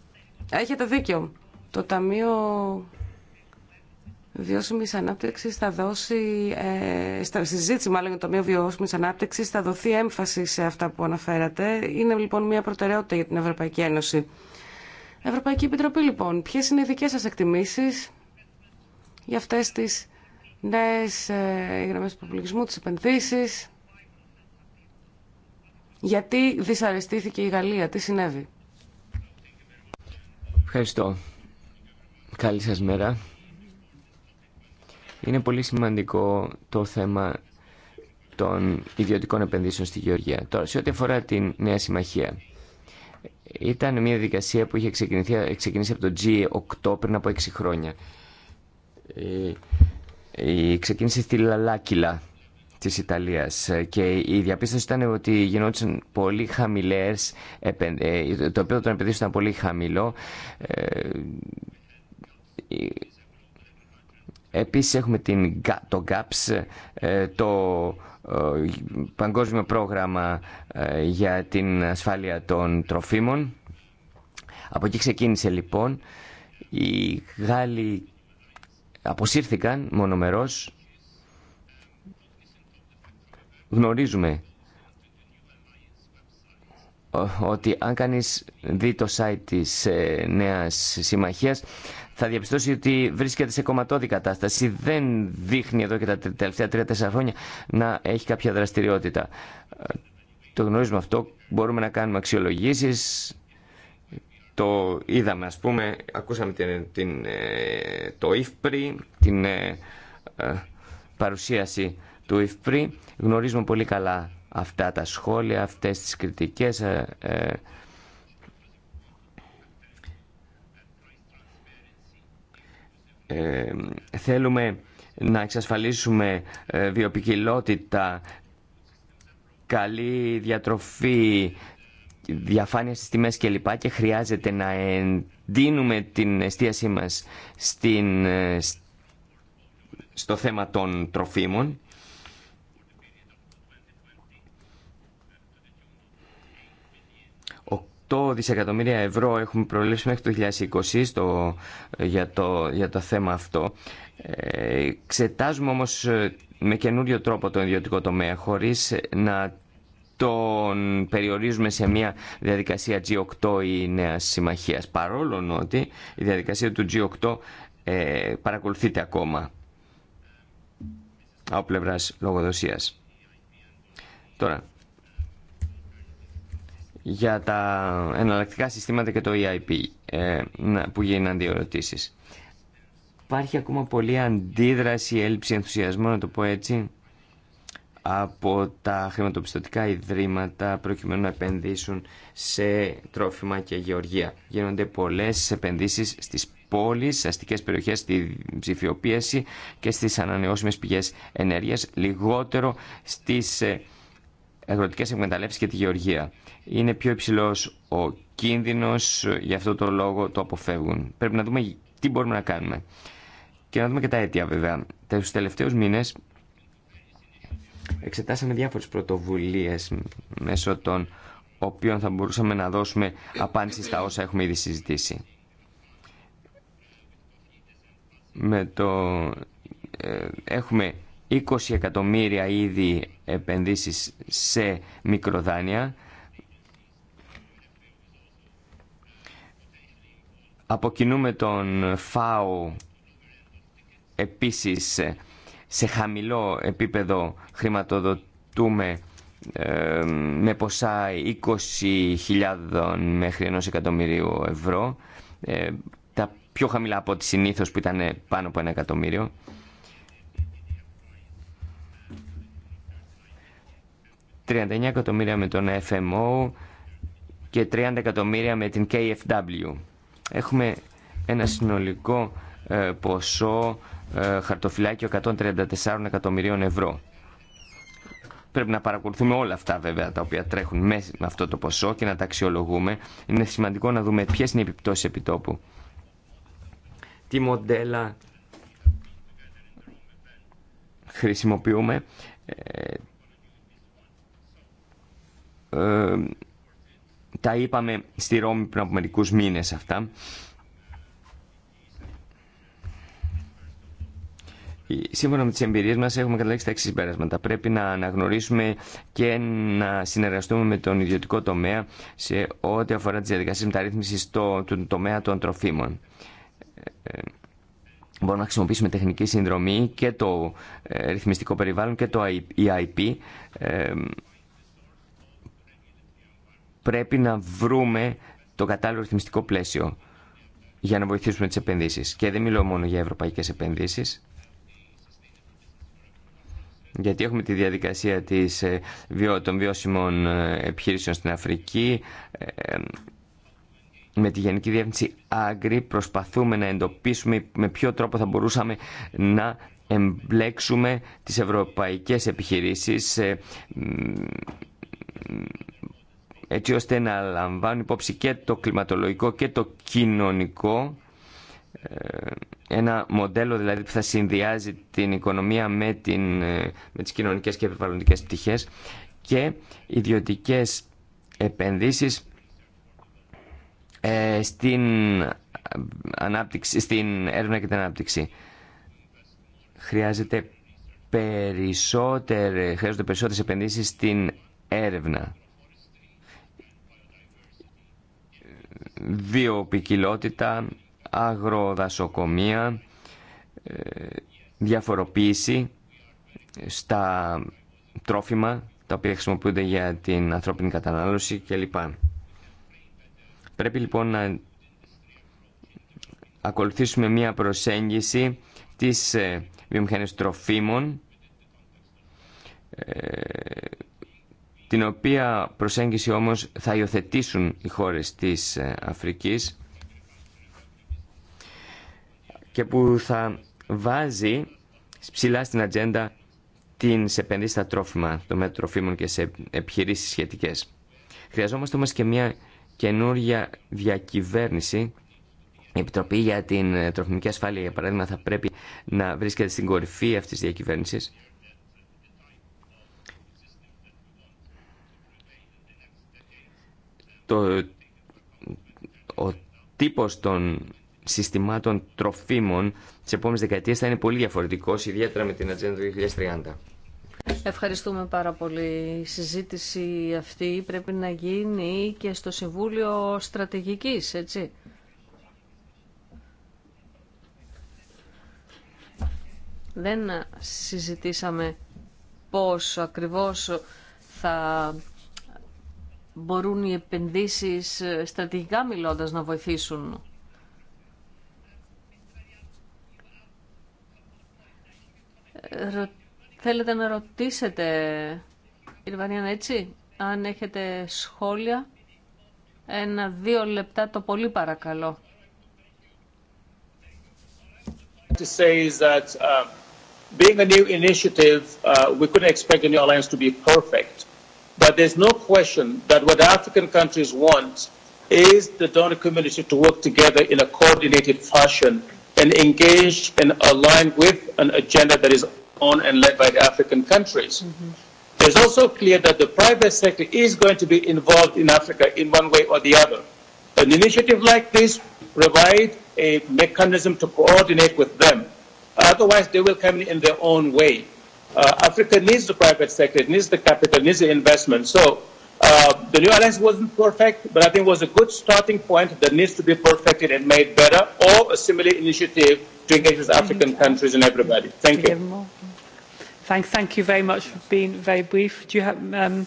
Έχετε δίκιο. Το Ταμείο βιώσιμη ανάπτυξη. θα δώσει, ε, στη συζήτηση μάλλον για το Ταμείο βιώσιμη Ανάπτυξης θα δοθεί έμφαση σε αυτά που αναφέρατε. Είναι λοιπόν μια προτεραιότητα για την Ευρωπαϊκή Ένωση. Ευρωπαϊκή Επιτροπή λοιπόν, ποιες είναι οι δικέ σας εκτιμήσεις για αυτές τις νέες ε, γραμμές του προπολογισμού, τις επενδύσεις. Γιατί δυσαρεστήθηκε η Γαλλία, τι συνέβη. Ευχαριστώ. Καλή σας μέρα. Είναι πολύ σημαντικό το θέμα των ιδιωτικών επενδύσεων στη Γεωργία. Τώρα, σε ό,τι αφορά την Νέα Συμμαχία, ήταν μια δικασία που είχε ξεκινήσει, ξεκινήσει από το G8 πριν από 6 χρόνια. Ε, ξεκίνησε στη Λαλάκυλα της Ιταλίας ε, και η διαπίστωση ήταν ότι γινόντουσαν πολύ χαμηλές ε, το οποίο των επενδύσεων ήταν πολύ χαμηλό Επίσης έχουμε την, το GAPS, το παγκόσμιο πρόγραμμα για την ασφάλεια των τροφίμων. Από εκεί ξεκίνησε λοιπόν. η Γάλλη αποσύρθηκαν μονομερός. Γνωρίζουμε ότι αν κανείς δει το site της ε, Νέας Συμμαχίας θα διαπιστώσει ότι βρίσκεται σε κομματώδη κατάσταση. Δεν δείχνει εδώ και τα τελευταία τρία-τέσσερα χρόνια να έχει κάποια δραστηριότητα. Ε, το γνωρίζουμε αυτό. Μπορούμε να κάνουμε αξιολογήσεις, το είδαμε, ας πούμε, ακούσαμε την, την, ε, το IFPRI, την ε, ε, παρουσίαση του ΙΦΠΡΙ. Γνωρίζουμε πολύ καλά αυτά τα σχόλια, αυτές τις κριτικές. θέλουμε να εξασφαλίσουμε βιοπικιλότητα, καλή διατροφή, διαφάνεια στις τιμές λοιπά Και χρειάζεται να εντείνουμε την εστίασή μας στην, ε, στο θέμα των τροφίμων. Το δισεκατομμύρια ευρώ έχουμε προβλέψει μέχρι το 2020 στο, για, το, για το θέμα αυτό. Ε, ξετάζουμε όμως ε, με καινούριο τρόπο το ιδιωτικό τομέα χωρίς να τον περιορίζουμε σε μια διαδικασία G8 ή νέα συμμαχία. Παρόλο ότι η διαδικασία του G8 ε, παρακολουθείται ακόμα από πλευρά λογοδοσία. Τώρα, για τα εναλλακτικά συστήματα και το EIP, ε, που γίναν δύο ερωτήσει. Υπάρχει ακόμα πολλή αντίδραση, έλλειψη ενθουσιασμού, να το πω έτσι, από τα χρηματοπιστωτικά ιδρύματα προκειμένου να επενδύσουν σε τρόφιμα και γεωργία. Γίνονται πολλές επενδύσεις στις πόλεις, στις αστικές περιοχές, στη ψηφιοποίηση και στις ανανεώσιμες πηγές ενέργειας, λιγότερο στις ε, αγροτικές εκμετάλλευσει και τη γεωργία. Είναι πιο υψηλός ο κίνδυνος, ε, γι' αυτό το λόγο το αποφεύγουν. Πρέπει να δούμε τι μπορούμε να κάνουμε. Και να δούμε και τα αίτια βέβαια. Τους τελευταίους μήνες εξετάσαμε διάφορες πρωτοβουλίες μέσω των οποίων θα μπορούσαμε να δώσουμε απάντηση στα όσα έχουμε ήδη συζητήσει. Με το, ε, έχουμε 20 εκατομμύρια ήδη επενδύσεις σε μικροδάνεια. Αποκινούμε τον ΦΑΟ επίσης σε χαμηλό επίπεδο χρηματοδοτούμε ε, με ποσά 20.000 μέχρι 1 εκατομμυρίου ευρώ. Ε, τα πιο χαμηλά από ό,τι συνήθως που ήταν πάνω από 1 εκατομμύριο. ...39 εκατομμύρια με τον FMO και 30 εκατομμύρια με την KFW. Έχουμε ένα συνολικό ε, ποσό ε, χαρτοφυλάκιο 134 εκατομμυρίων ευρώ. Πρέπει να παρακολουθούμε όλα αυτά βέβαια τα οποία τρέχουν μέσα με αυτό το ποσό και να τα αξιολογούμε. Είναι σημαντικό να δούμε ποιες είναι οι επιπτώσεις επιτόπου. Τι μοντέλα χρησιμοποιούμε. Ε, ε τα είπαμε στη Ρώμη πριν από μερικούς μήνες αυτά. Σύμφωνα με τι εμπειρίε μα έχουμε καταλήξει τα εξή συμπέρασματα. Πρέπει να αναγνωρίσουμε και να συνεργαστούμε με τον ιδιωτικό τομέα σε ό,τι αφορά τι διαδικασίες μεταρρύθμισης του τομέα των τροφίμων. Ε, μπορούμε να χρησιμοποιήσουμε τεχνική συνδρομή και το ε, ρυθμιστικό περιβάλλον και το EIP. E ε, πρέπει να βρούμε το κατάλληλο ρυθμιστικό πλαίσιο για να βοηθήσουμε τις επενδύσεις. Και δεν μιλώ μόνο για ευρωπαϊκές επενδύσεις γιατί έχουμε τη διαδικασία της, ε, των βιώσιμων ε, επιχειρήσεων στην Αφρική. Ε, με τη Γενική Διεύθυνση Άγκρη προσπαθούμε να εντοπίσουμε με ποιο τρόπο θα μπορούσαμε να εμπλέξουμε τις ευρωπαϊκές επιχειρήσεις έτσι ώστε να λαμβάνουν υπόψη και το κλιματολογικό και το κοινωνικό ε, ένα μοντέλο δηλαδή που θα συνδυάζει την οικονομία με, την, ε, με τις κοινωνικές και επιβαλλοντικές πτυχές και ιδιωτικές επενδύσεις ε, στην, ανάπτυξη, στην έρευνα και την ανάπτυξη. Χρειάζεται περισσότερε, χρειάζονται περισσότερες επενδύσεις στην έρευνα. Βιοποικιλότητα, αγροδασοκομεία, ε, διαφοροποίηση στα τρόφιμα τα οποία χρησιμοποιούνται για την ανθρώπινη κατανάλωση κλπ. Πρέπει λοιπόν να ακολουθήσουμε μία προσέγγιση της ε, βιομηχανίας τροφίμων ε, την οποία προσέγγιση όμως θα υιοθετήσουν οι χώρες της Αφρικής και που θα βάζει ψηλά στην ατζέντα την επενδύσει στα τρόφιμα, το μέτρο τροφίμων και σε επιχειρήσεις σχετικές. Χρειαζόμαστε όμως και μια καινούργια διακυβέρνηση. Η Επιτροπή για την ε, Τροφιμική Ασφάλεια, για παράδειγμα, θα πρέπει να βρίσκεται στην κορυφή αυτής της διακυβέρνησης. Το, ο τύπος των συστημάτων τροφίμων τι επόμενε δεκαετίες θα είναι πολύ διαφορετικός, ιδιαίτερα με την Ατζέντα 2030. Ευχαριστούμε πάρα πολύ. Η συζήτηση αυτή πρέπει να γίνει και στο Συμβούλιο Στρατηγικής, έτσι. Δεν συζητήσαμε πώς ακριβώς θα μπορούν οι επενδύσεις στρατηγικά μιλώντας να βοηθήσουν Θέλετε να ρωτήσετε, κύριε έτσι, αν έχετε σχόλια. Ένα-δύο λεπτά το πολύ παρακαλώ. To say is that being a new initiative, uh, we couldn't expect the new alliance to be perfect. But there's no question that what African countries want is the donor community to work together in a coordinated fashion and engaged and aligned with an agenda that is owned and led by the African countries. It is also clear that the private sector is going to be involved in Africa in one way or the other. An initiative like this provide a mechanism to coordinate with them. Otherwise, they will come in their own way. Africa needs the private sector, it needs the capital, needs the investment. So the new alliance wasn't perfect, but I think it was a good starting point that needs to be perfected and made better, or a similar initiative to engage with African countries and everybody. Thank you. Thanks, thank you very much for being very brief. Do you have, um,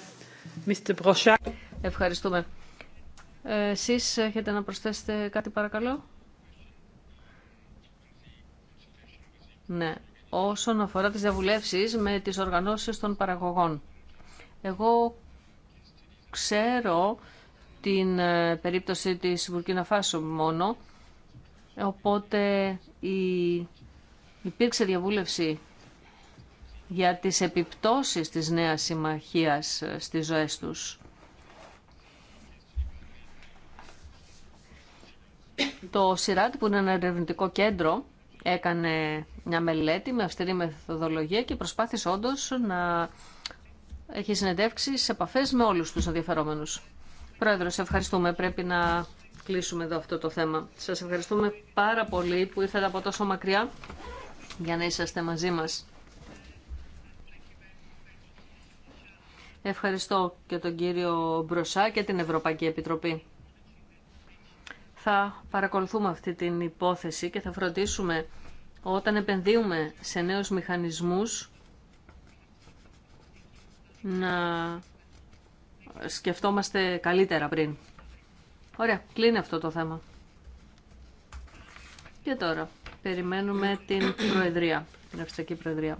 Mr. Brochat? Ευχαριστούμε. Ε, εσείς έχετε να προσθέσετε κάτι παρακαλώ. Ναι. Όσον αφορά τις διαβουλεύσεις με τις οργανώσεις των παραγωγών. Εγώ ξέρω την ε, περίπτωση της Βουρκίνα Φάσο μόνο, οπότε η... υπήρξε διαβούλευση για τις επιπτώσεις της νέας συμμαχίας ε, στις ζωές τους. Το ΣΥΡΑΤ που είναι ένα ερευνητικό κέντρο έκανε μια μελέτη με αυστηρή μεθοδολογία και προσπάθησε όντως να έχει σε επαφέ με όλους τους ενδιαφερόμενους. Πρόεδρος, ευχαριστούμε. Πρέπει να κλείσουμε εδώ αυτό το θέμα. Σας ευχαριστούμε πάρα πολύ που ήρθατε από τόσο μακριά για να είσαστε μαζί μας. Ευχαριστώ και τον κύριο Μπροσά και την Ευρωπαϊκή Επιτροπή. Θα παρακολουθούμε αυτή την υπόθεση και θα φροντίσουμε όταν επενδύουμε σε νέους μηχανισμούς να σκεφτόμαστε καλύτερα πριν. Ωραία, κλείνει αυτό το θέμα. Και τώρα, περιμένουμε την Προεδρία, την Αυστριακή Προεδρία.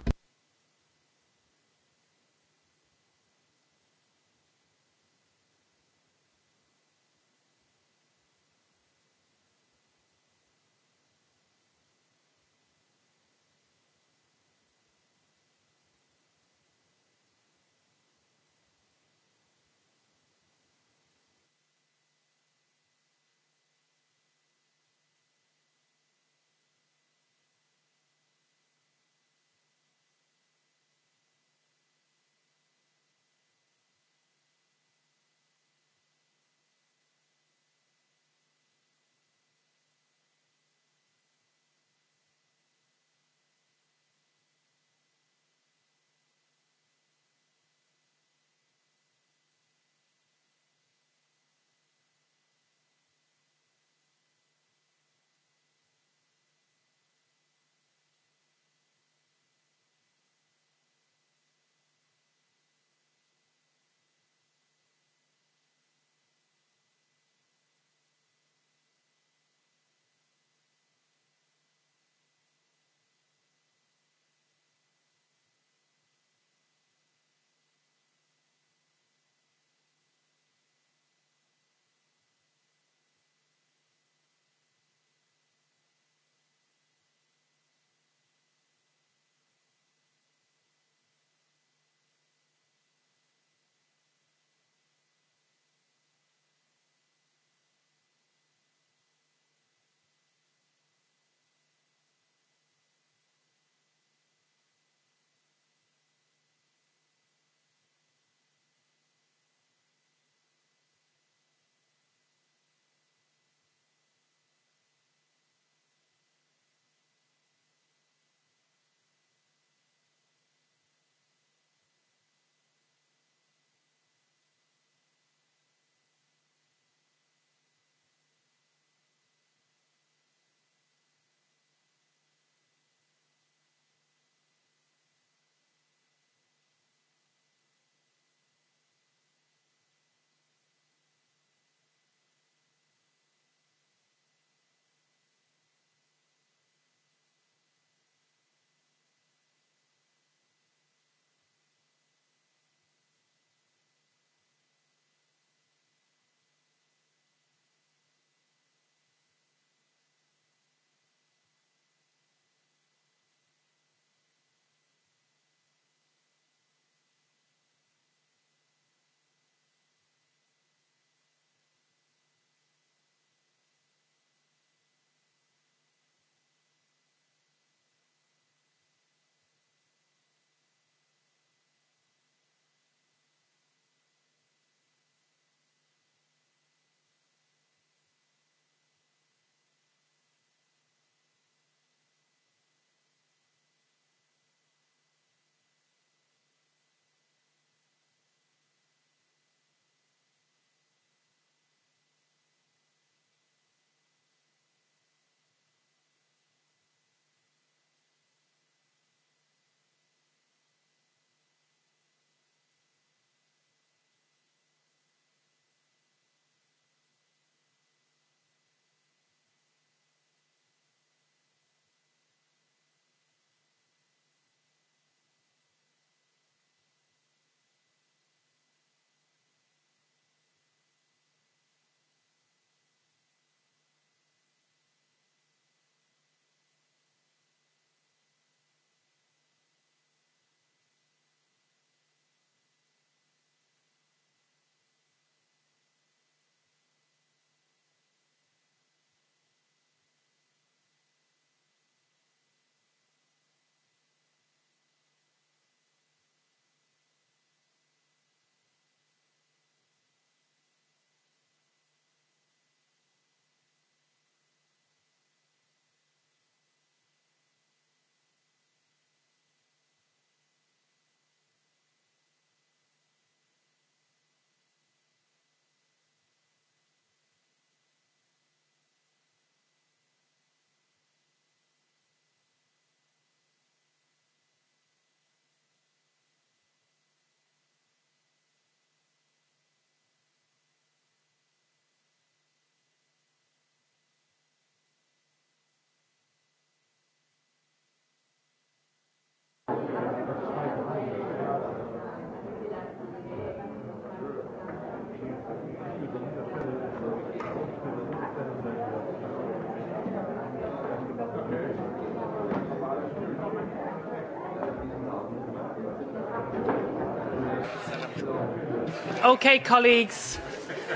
Okay, colleagues.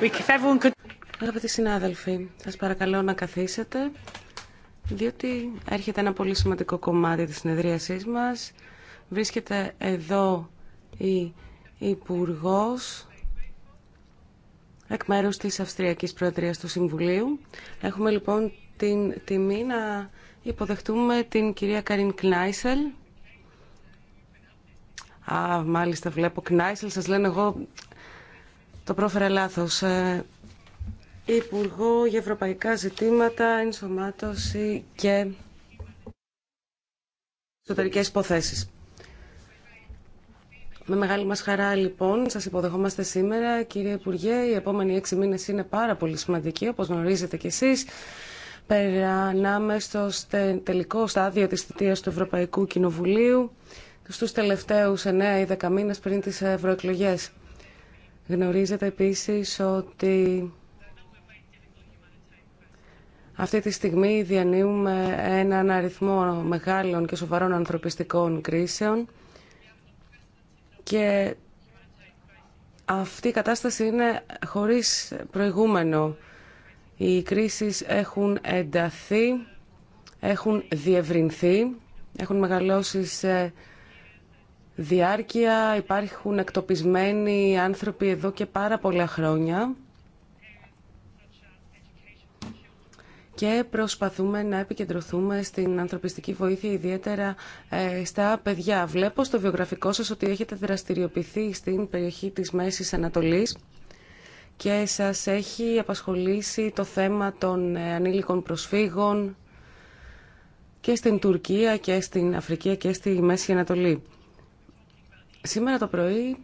We, if everyone could... Αγαπητοί συνάδελφοι, σας παρακαλώ να καθίσετε, διότι έρχεται ένα πολύ σημαντικό κομμάτι της συνεδρίασής μας. Βρίσκεται εδώ η υπουργό εκ μέρους της Αυστριακής Προεδρίας του Συμβουλίου. Έχουμε λοιπόν την τιμή να υποδεχτούμε την κυρία Καρίν Κνάισελ, Α, μάλιστα βλέπω Κνάισελ, σας λένε εγώ το πρόφερα λάθος. Ε, Υπουργό για Ευρωπαϊκά Ζητήματα, Ενσωμάτωση και Εσωτερικές Υποθέσεις. Με μεγάλη μας χαρά λοιπόν σας υποδεχόμαστε σήμερα κύριε Υπουργέ. Οι επόμενοι έξι μήνες είναι πάρα πολύ σημαντικοί όπως γνωρίζετε κι εσείς. Περνάμε στο τελικό στάδιο της θητείας του Ευρωπαϊκού Κοινοβουλίου στους τελευταίους 9 ή 10 μήνες πριν τις ευρωεκλογές. Γνωρίζετε επίσης ότι αυτή τη στιγμή διανύουμε έναν αριθμό μεγάλων και σοβαρών ανθρωπιστικών κρίσεων και αυτή η κατάσταση είναι χωρίς προηγούμενο. Οι κρίσεις έχουν ενταθεί, έχουν διευρυνθεί, έχουν μεγαλώσει σε διάρκεια. Υπάρχουν εκτοπισμένοι άνθρωποι εδώ και πάρα πολλά χρόνια και προσπαθούμε να επικεντρωθούμε στην ανθρωπιστική βοήθεια, ιδιαίτερα ε, στα παιδιά. Βλέπω στο βιογραφικό σας ότι έχετε δραστηριοποιηθεί στην περιοχή της Μέσης Ανατολής και σας έχει απασχολήσει το θέμα των ε, ανήλικων προσφύγων και στην Τουρκία και στην Αφρική και στη Μέση Ανατολή. Σήμερα το πρωί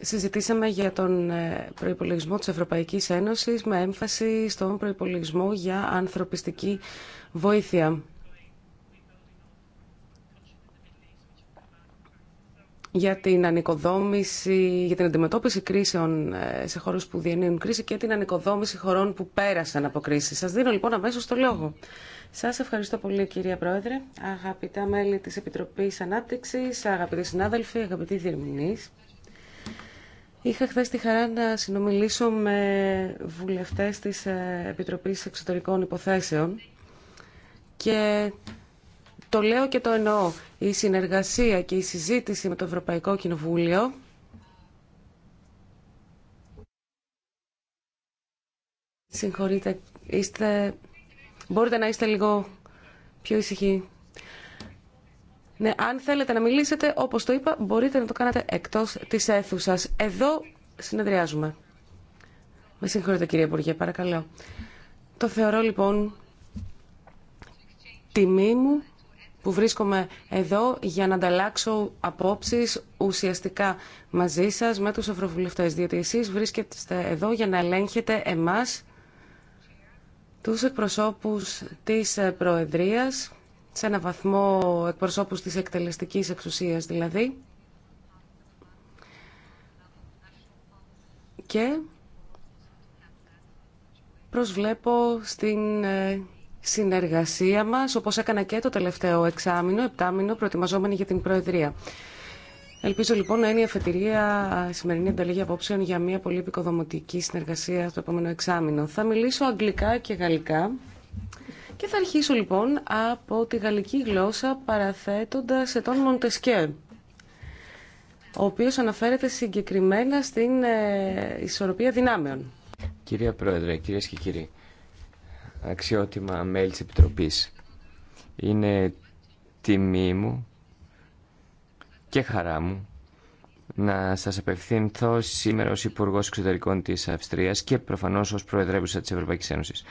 συζητήσαμε για τον ε, προϋπολογισμό της Ευρωπαϊκής Ένωσης με έμφαση στον προϋπολογισμό για ανθρωπιστική βοήθεια. για την ανοικοδόμηση, για την αντιμετώπιση κρίσεων ε, σε χώρους που διανύουν κρίση και την ανοικοδόμηση χωρών που πέρασαν από κρίση. Σας δίνω λοιπόν αμέσως το λόγο. Σας ευχαριστώ πολύ κυρία Πρόεδρε, αγαπητά μέλη της Επιτροπής Ανάπτυξης, αγαπητοί συνάδελφοι, αγαπητοί διερμηνείς. Είχα χθε τη χαρά να συνομιλήσω με βουλευτές της ε, Επιτροπής Εξωτερικών Υποθέσεων και το λέω και το εννοώ. Η συνεργασία και η συζήτηση με το Ευρωπαϊκό Κοινοβούλιο Συγχωρείτε, είστε Μπορείτε να είστε λίγο πιο ησυχοί. Ναι, αν θέλετε να μιλήσετε, όπως το είπα, μπορείτε να το κάνετε εκτός της αίθουσας. Εδώ συνεδριάζουμε. Με συγχωρείτε κύριε Υπουργέ, παρακαλώ. Το θεωρώ λοιπόν τιμή μου που βρίσκομαι εδώ για να ανταλλάξω απόψεις ουσιαστικά μαζί σας με τους ευρωβουλευτές, διότι εσείς βρίσκεστε εδώ για να ελέγχετε εμάς τους εκπροσώπους της ε, Προεδρίας, σε ένα βαθμό εκπροσώπους της εκτελεστικής εξουσίας δηλαδή, και προσβλέπω στην ε, συνεργασία μας, όπως έκανα και το τελευταίο εξάμηνο, επτάμηνο, προετοιμαζόμενοι για την Προεδρία. Ελπίζω λοιπόν να είναι η αφετηρία η σημερινή ανταλλαγή απόψεων για μια πολύ επικοδομητική συνεργασία στο επόμενο εξάμεινο. Θα μιλήσω αγγλικά και γαλλικά και θα αρχίσω λοιπόν από τη γαλλική γλώσσα παραθέτοντας τον Μοντεσκέ ο οποίος αναφέρεται συγκεκριμένα στην ε, ισορροπία δυνάμεων. Κυρία Πρόεδρε, κυρίες και κύριοι, αξιότιμα μέλη της Επιτροπής, είναι τιμή μου και χαρά μου να σας απευθυνθώ σήμερα ως Υπουργός Εξωτερικών της Αυστρίας και προφανώς ως Προεδρεύουσα της Ευρωπαϊκής Ένωσης.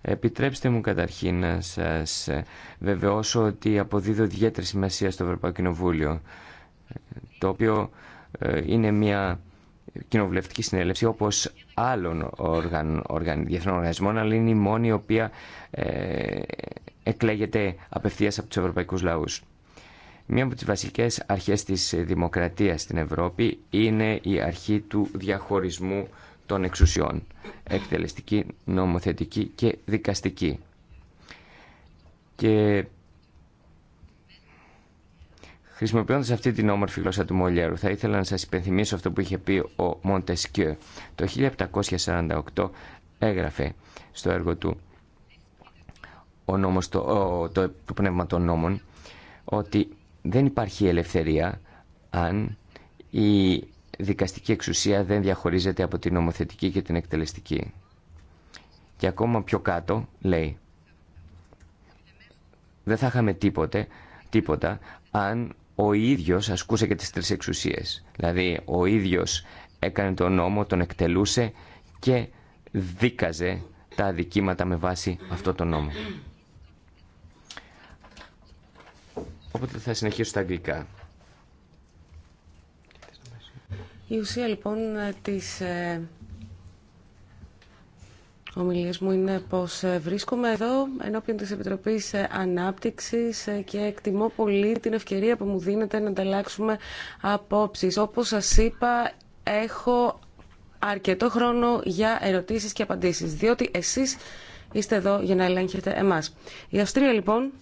Επιτρέψτε μου καταρχήν να σας βεβαιώσω ότι αποδίδω ιδιαίτερη σημασία στο Ευρωπαϊκό Κοινοβούλιο, το οποίο ε, είναι μια κοινοβουλευτική συνέλευση όπως άλλων οργαν, οργαν, διεθνών οργανισμών, αλλά είναι η μόνη η οποία ε, εκλέγεται απευθείας από τους ευρωπαϊκούς λαούς. Μία από τις βασικές αρχές της ε, δημοκρατίας στην Ευρώπη είναι η αρχή του διαχωρισμού των εξουσιών, εκτελεστική, νομοθετική και δικαστική. Και χρησιμοποιώντας αυτή την όμορφη γλώσσα του Μολιέρου, θα ήθελα να σας υπενθυμίσω αυτό που είχε πει ο Μοντεσκιό. Το 1748 έγραφε στο έργο του ο νόμος, το, το, το πνεύμα των νόμων ότι δεν υπάρχει ελευθερία αν η δικαστική εξουσία δεν διαχωρίζεται από την νομοθετική και την εκτελεστική. Και ακόμα πιο κάτω λέει δεν θα είχαμε τίποτε, τίποτα αν ο ίδιος ασκούσε και τις τρεις εξουσίες. Δηλαδή ο ίδιος έκανε τον νόμο, τον εκτελούσε και δίκαζε τα αδικήματα με βάση αυτό τον νόμο. Οπότε θα συνεχίσω στα αγγλικά. Η ουσία λοιπόν της ε, ομιλίας μου είναι πως ε, βρίσκομαι εδώ ενώπιον της Επιτροπής ε, Ανάπτυξης και εκτιμώ πολύ την ευκαιρία που μου δίνεται να ανταλλάξουμε απόψεις. Όπως σας είπα, έχω αρκετό χρόνο για ερωτήσεις και απαντήσεις, διότι εσείς είστε εδώ για να ελέγχετε εμάς. Η Αυστρία λοιπόν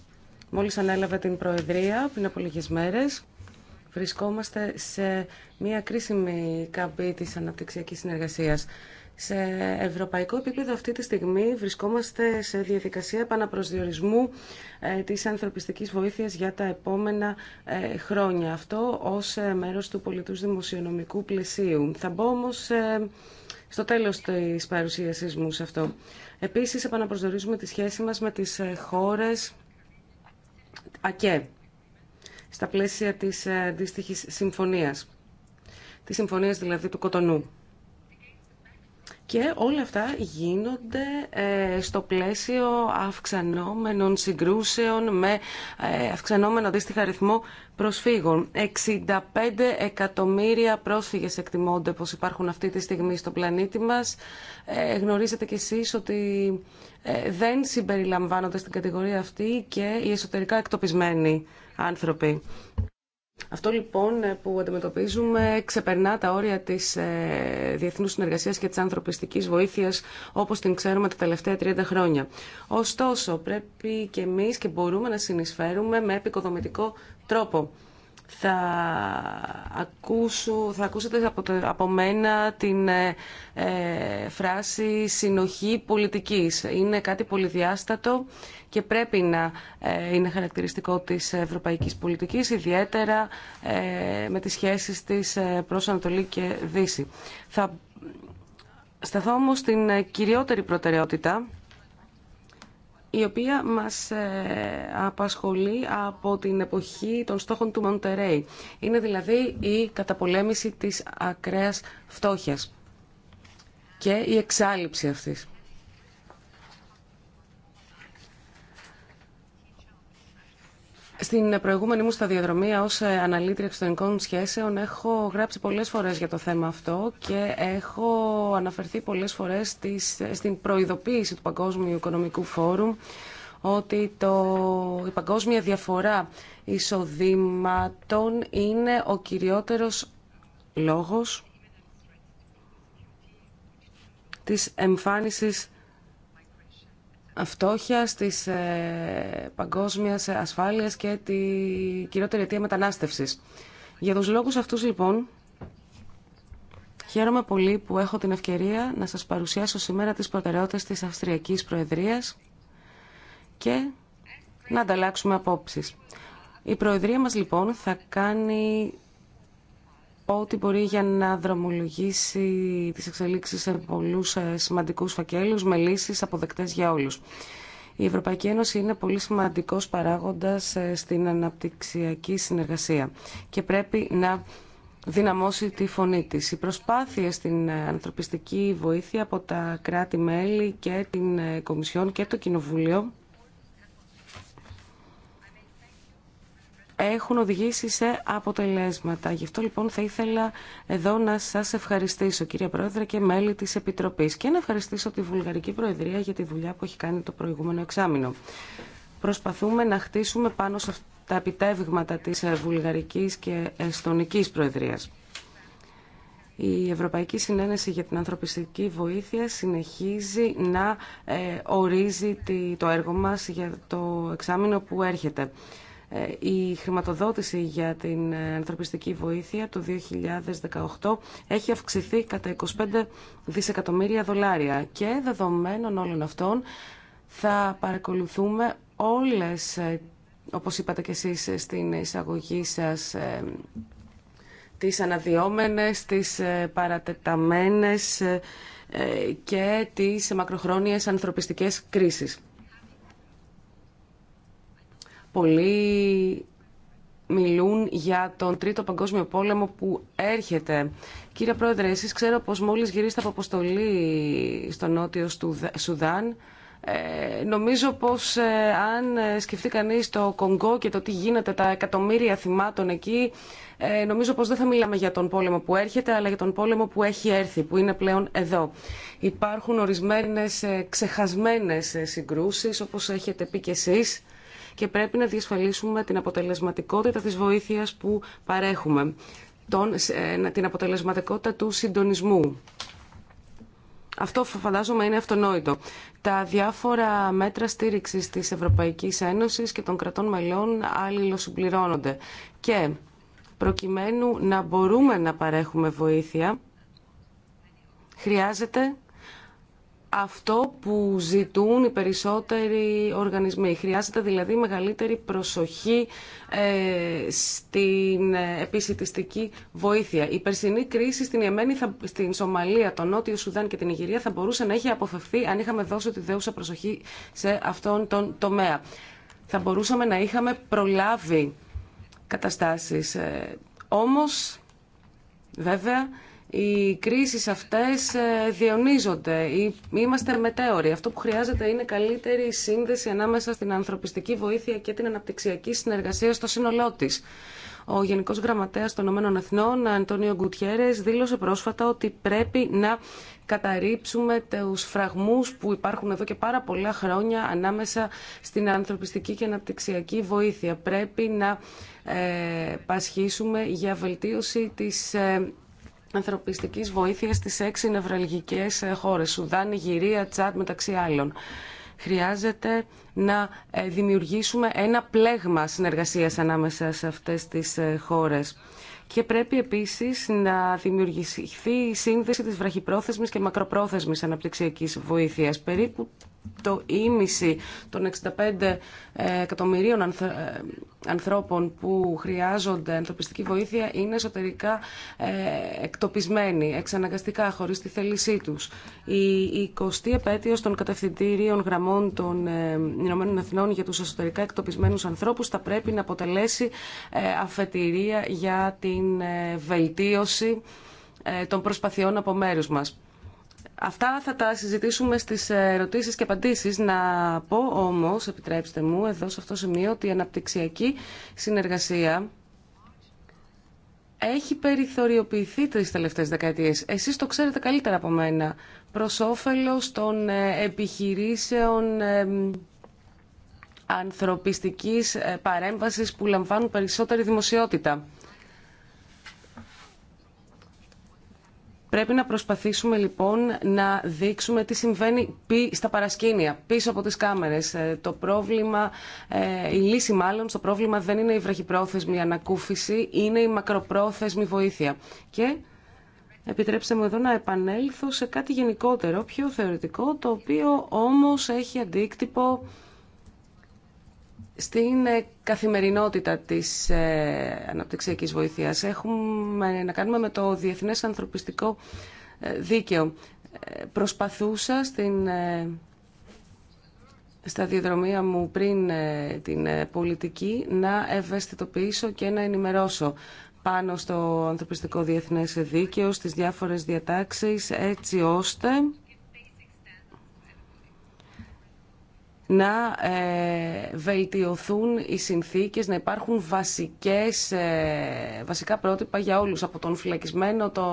Μόλις ανέλαβε την Προεδρία πριν από λίγες μέρες, βρισκόμαστε σε μια κρίσιμη καμπή της αναπτυξιακής συνεργασίας. Σε ευρωπαϊκό επίπεδο αυτή τη στιγμή βρισκόμαστε σε διαδικασία επαναπροσδιορισμού ε, της ανθρωπιστικής βοήθειας για τα επόμενα ε, χρόνια. Αυτό ως ε, μέρος του πολιτούς δημοσιονομικού πλαισίου. Θα μπω όμως στο τέλος της παρουσίασής μου σε αυτό. Επίσης επαναπροσδιορίζουμε τη σχέση μας με τις χώρες ΑΚΕ στα πλαίσια της ε, αντίστοιχη συμφωνίας. Της συμφωνία δηλαδή του Κοτονού. Και όλα αυτά γίνονται ε, στο πλαίσιο αυξανόμενων συγκρούσεων με ε, αυξανόμενο αντίστοιχα αριθμό προσφύγων. 65 εκατομμύρια πρόσφυγες εκτιμώνται πως υπάρχουν αυτή τη στιγμή στο πλανήτη μας. Ε, γνωρίζετε κι εσείς ότι δεν συμπεριλαμβάνονται στην κατηγορία αυτή και οι εσωτερικά εκτοπισμένοι άνθρωποι. Αυτό λοιπόν ε, που αντιμετωπίζουμε ξεπερνά τα όρια της ε, διεθνούς συνεργασία και της ανθρωπιστικής βοήθειας όπως την ξέρουμε τα τελευταία 30 χρόνια. Ωστόσο πρέπει και εμείς και μπορούμε να συνεισφέρουμε με επικοδομητικό τρόπο θα, ακούσω, θα ακούσετε από, μένα την ε, ε, φράση «συνοχή πολιτικής». Είναι κάτι πολυδιάστατο και πρέπει να ε, είναι χαρακτηριστικό της ευρωπαϊκής πολιτικής, ιδιαίτερα ε, με τις σχέσεις της προς Ανατολή και Δύση. Θα σταθώ όμως στην κυριότερη προτεραιότητα η οποία μας ε, απασχολεί από την εποχή των στόχων του Μοντερέι. Είναι δηλαδή η καταπολέμηση της ακραίας φτώχειας και η εξάλληψη αυτής. Στην προηγούμενη μου σταδιοδρομία ως ε, αναλύτρια εξωτερικών σχέσεων έχω γράψει πολλές φορές για το θέμα αυτό και έχω αναφερθεί πολλές φορές στην προειδοποίηση του Παγκόσμιου Οικονομικού Φόρουμ ότι το, η παγκόσμια διαφορά εισοδήματων είναι ο κυριότερος λόγος της εμφάνισης φτώχεια, της ε, παγκόσμιας ασφάλειας και τη κυριότερη αιτία μετανάστευση. Για τους λόγους αυτούς λοιπόν, χαίρομαι πολύ που έχω την ευκαιρία να σας παρουσιάσω σήμερα τις προτεραιότητε της Αυστριακής Προεδρίας και να ανταλλάξουμε απόψεις. Η Προεδρία μας λοιπόν θα κάνει ό,τι μπορεί για να δρομολογήσει τις εξελίξεις σε πολλούς ε, σημαντικούς φακέλους με λύσεις αποδεκτές για όλους. Η Ευρωπαϊκή Ένωση είναι πολύ σημαντικός παράγοντας ε, στην αναπτυξιακή συνεργασία και πρέπει να δυναμώσει τη φωνή της. Οι προσπάθειες στην ε, ανθρωπιστική βοήθεια από τα κράτη-μέλη και την Κομισιόν και το Κοινοβούλιο έχουν οδηγήσει σε αποτελέσματα. Γι' αυτό λοιπόν θα ήθελα εδώ να σας ευχαριστήσω κυρία Πρόεδρε και μέλη της Επιτροπής και να ευχαριστήσω τη Βουλγαρική Προεδρία για τη δουλειά που έχει κάνει το προηγούμενο εξάμεινο. Προσπαθούμε να χτίσουμε πάνω σε τα επιτεύγματα της Βουλγαρικής και Εστονικής Προεδρίας. Η Ευρωπαϊκή Συνένεση για την Ανθρωπιστική Βοήθεια συνεχίζει να ε, ορίζει το έργο μας για το εξάμεινο που έρχεται. Ε, η χρηματοδότηση για την ε, ανθρωπιστική βοήθεια το 2018 έχει αυξηθεί κατά 25 δισεκατομμύρια δολάρια και δεδομένων όλων αυτών θα παρακολουθούμε όλες, ε, όπως είπατε και εσείς στην εισαγωγή σας, τις αναδυόμενες, τις παρατεταμένες και τις μακροχρόνιες ανθρωπιστικές κρίσεις. Πολλοί μιλούν για τον Τρίτο Παγκόσμιο Πόλεμο που έρχεται. Κύριε Πρόεδρε, εσείς ξέρω πως μόλις γυρίστε από αποστολή στο νότιο Σουδάν. Ε, νομίζω πως ε, αν ε, σκεφτεί κανείς το Κονγκό και το τι γίνεται, τα εκατομμύρια θυμάτων εκεί, ε, νομίζω πως δεν θα μιλάμε για τον πόλεμο που έρχεται, αλλά για τον πόλεμο που έχει έρθει, που είναι πλέον εδώ. Υπάρχουν ορισμένες ε, ξεχασμένες συγκρούσεις, όπως έχετε πει κι εσείς και πρέπει να διασφαλίσουμε την αποτελεσματικότητα της βοήθειας που παρέχουμε, τον, την αποτελεσματικότητα του συντονισμού. Αυτό φαντάζομαι είναι αυτονόητο. Τα διάφορα μέτρα στήριξης της Ευρωπαϊκής Ένωσης και των κρατών μελών αλληλοσυμπληρώνονται. Και προκειμένου να μπορούμε να παρέχουμε βοήθεια, χρειάζεται αυτό που ζητούν οι περισσότεροι οργανισμοί. Χρειάζεται δηλαδή μεγαλύτερη προσοχή ε, στην ε, επισητιστική βοήθεια. Η περσινή κρίση στην Ιεμένη, στην Σομαλία, τον Νότιο Σουδάν και την Ιγυρία θα μπορούσε να έχει αποφευθεί αν είχαμε δώσει τη δέουσα προσοχή σε αυτόν τον τομέα. Θα μπορούσαμε να είχαμε προλάβει καταστάσεις. Ε, όμως, βέβαια, οι κρίσεις αυτές ε, διονίζονται ή είμαστε μετέωροι. Αυτό που χρειάζεται είναι καλύτερη σύνδεση ανάμεσα στην ανθρωπιστική βοήθεια και την αναπτυξιακή συνεργασία στο σύνολό τη. Ο Γενικός Γραμματέας των Ηνωμένων Εθνών, Αντώνιο Γκουτιέρες, δήλωσε πρόσφατα ότι πρέπει να καταρρύψουμε τους φραγμούς που υπάρχουν εδώ και πάρα πολλά χρόνια ανάμεσα στην ανθρωπιστική και αναπτυξιακή βοήθεια. Πρέπει να ε, πασχίσουμε για βελτίωση της ε, ανθρωπιστικής βοήθειας στις έξι νευραλγικές ε, χώρες, Σουδάν, Ιγυρία, Τσάτ μεταξύ άλλων. Χρειάζεται να ε, δημιουργήσουμε ένα πλέγμα συνεργασίας ανάμεσα σε αυτές τις ε, χώρες. Και πρέπει επίσης να δημιουργηθεί η σύνδεση της βραχυπρόθεσμης και μακροπρόθεσμης αναπτυξιακής βοήθειας. Περίπου το ίμιση των 65 ε, εκατομμυρίων ε, ανθρώπων που χρειάζονται ανθρωπιστική βοήθεια είναι εσωτερικά ε, εκτοπισμένοι, εξαναγκαστικά, χωρίς τη θέλησή τους. Η 20η επέτειος των κατευθυντήριων γραμμών των Ηνωμένων Εθνών για τους εσωτερικά εκτοπισμένους ανθρώπους θα πρέπει να αποτελέσει αφετηρία για την βελτίωση των προσπαθειών από μέρους μας. Αυτά θα τα συζητήσουμε στις ε, ερωτήσει και απαντήσεις. Να πω όμως, επιτρέψτε μου, εδώ σε αυτό το σημείο, ότι η αναπτυξιακή συνεργασία έχει περιθωριοποιηθεί τις τελευταίες δεκαετίες. Εσείς το ξέρετε καλύτερα από μένα. Προς όφελος των ε, επιχειρήσεων ανθρωπιστικής ε, παρέμβασης που λαμβάνουν περισσότερη δημοσιότητα. Πρέπει να προσπαθήσουμε λοιπόν να δείξουμε τι συμβαίνει στα παρασκήνια, πίσω από τις κάμερες. Ε, το πρόβλημα, ε, η λύση μάλλον στο πρόβλημα δεν είναι η βραχυπρόθεσμη ανακούφιση, είναι η μακροπρόθεσμη βοήθεια. Και επιτρέψτε μου εδώ να επανέλθω σε κάτι γενικότερο, πιο θεωρητικό, το οποίο όμως έχει αντίκτυπο στην ε, καθημερινότητα της ε, αναπτυξιακής βοήθειας έχουμε να κάνουμε με το Διεθνές Ανθρωπιστικό ε, Δίκαιο. Προσπαθούσα στην στα διαδρομία μου πριν την πολιτική να ευαισθητοποιήσω και να ενημερώσω πάνω στο ανθρωπιστικό διεθνές δίκαιο, στις διάφορες διατάξεις, έτσι ώστε να ε, βελτιωθούν οι συνθήκες, να υπάρχουν βασικές, ε, βασικά πρότυπα για όλους, από τον φυλακισμένο το,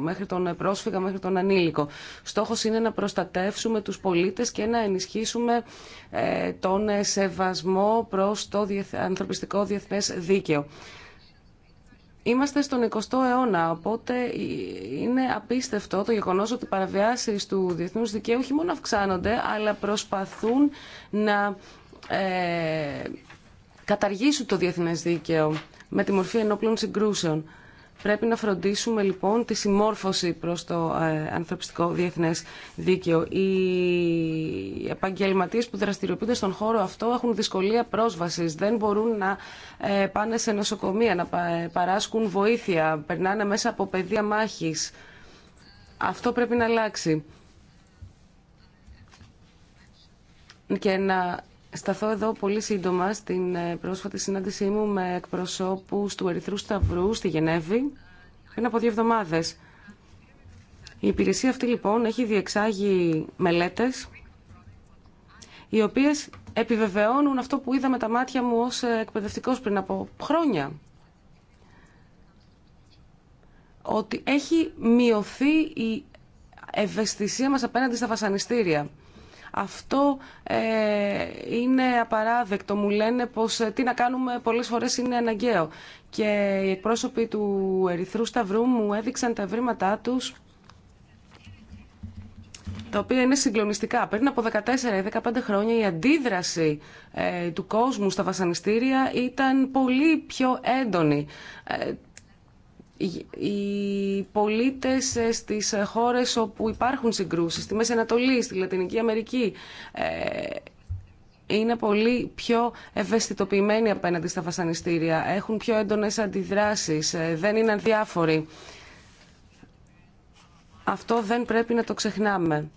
μέχρι τον πρόσφυγα, μέχρι τον ανήλικο. Στόχος είναι να προστατεύσουμε τους πολίτες και να ενισχύσουμε ε, τον σεβασμό προς το ανθρωπιστικό διεθνές δίκαιο. Είμαστε στον 20ο αιώνα, οπότε είναι απίστευτο το γεγονός ότι οι παραβιάσεις του διεθνούς δικαίου όχι μόνο αυξάνονται, αλλά προσπαθούν να ε, καταργήσουν το διεθνές δίκαιο με τη μορφή ενόπλων συγκρούσεων. Πρέπει να φροντίσουμε λοιπόν τη συμμόρφωση προς το ε, ανθρωπιστικό διεθνές δίκαιο. Οι επαγγελματίες που δραστηριοποιούνται στον χώρο αυτό έχουν δυσκολία πρόσβασης, δεν μπορούν να ε, πάνε σε νοσοκομεία, να ε, παράσκουν βοήθεια, περνάνε μέσα από πεδία μάχης. Αυτό πρέπει να αλλάξει. Και να σταθώ εδώ πολύ σύντομα στην ε, πρόσφατη συνάντησή μου με εκπροσώπους του Ερυθρού Σταυρού στη Γενέβη πριν από δύο εβδομάδες. Η υπηρεσία αυτή λοιπόν έχει διεξάγει μελέτες οι οποίες επιβεβαιώνουν αυτό που είδα με τα μάτια μου ως ε, εκπαιδευτικό πριν από χρόνια. Ότι έχει μειωθεί η ευαισθησία μας απέναντι στα βασανιστήρια. Αυτό ε, είναι απαράδεκτο. Μου λένε πως ε, τι να κάνουμε πολλές φορές είναι αναγκαίο. Και οι εκπρόσωποι του Ερυθρού Σταυρού μου έδειξαν τα βρήματά τους τα οποία είναι συγκλονιστικά. Πριν από 14 ή 15 χρόνια η αντίδραση ε, του κόσμου στα βασανιστήρια ήταν πολύ πιο έντονη. Ε, οι πολίτες στις χώρες όπου υπάρχουν συγκρούσεις, στη Μέση Ανατολή, στη Λατινική Αμερική, ε, είναι πολύ πιο ευαισθητοποιημένοι απέναντι στα βασανιστήρια, έχουν πιο έντονες αντιδράσεις, ε, δεν είναι αδιάφοροι. Αυτό δεν πρέπει να το ξεχνάμε.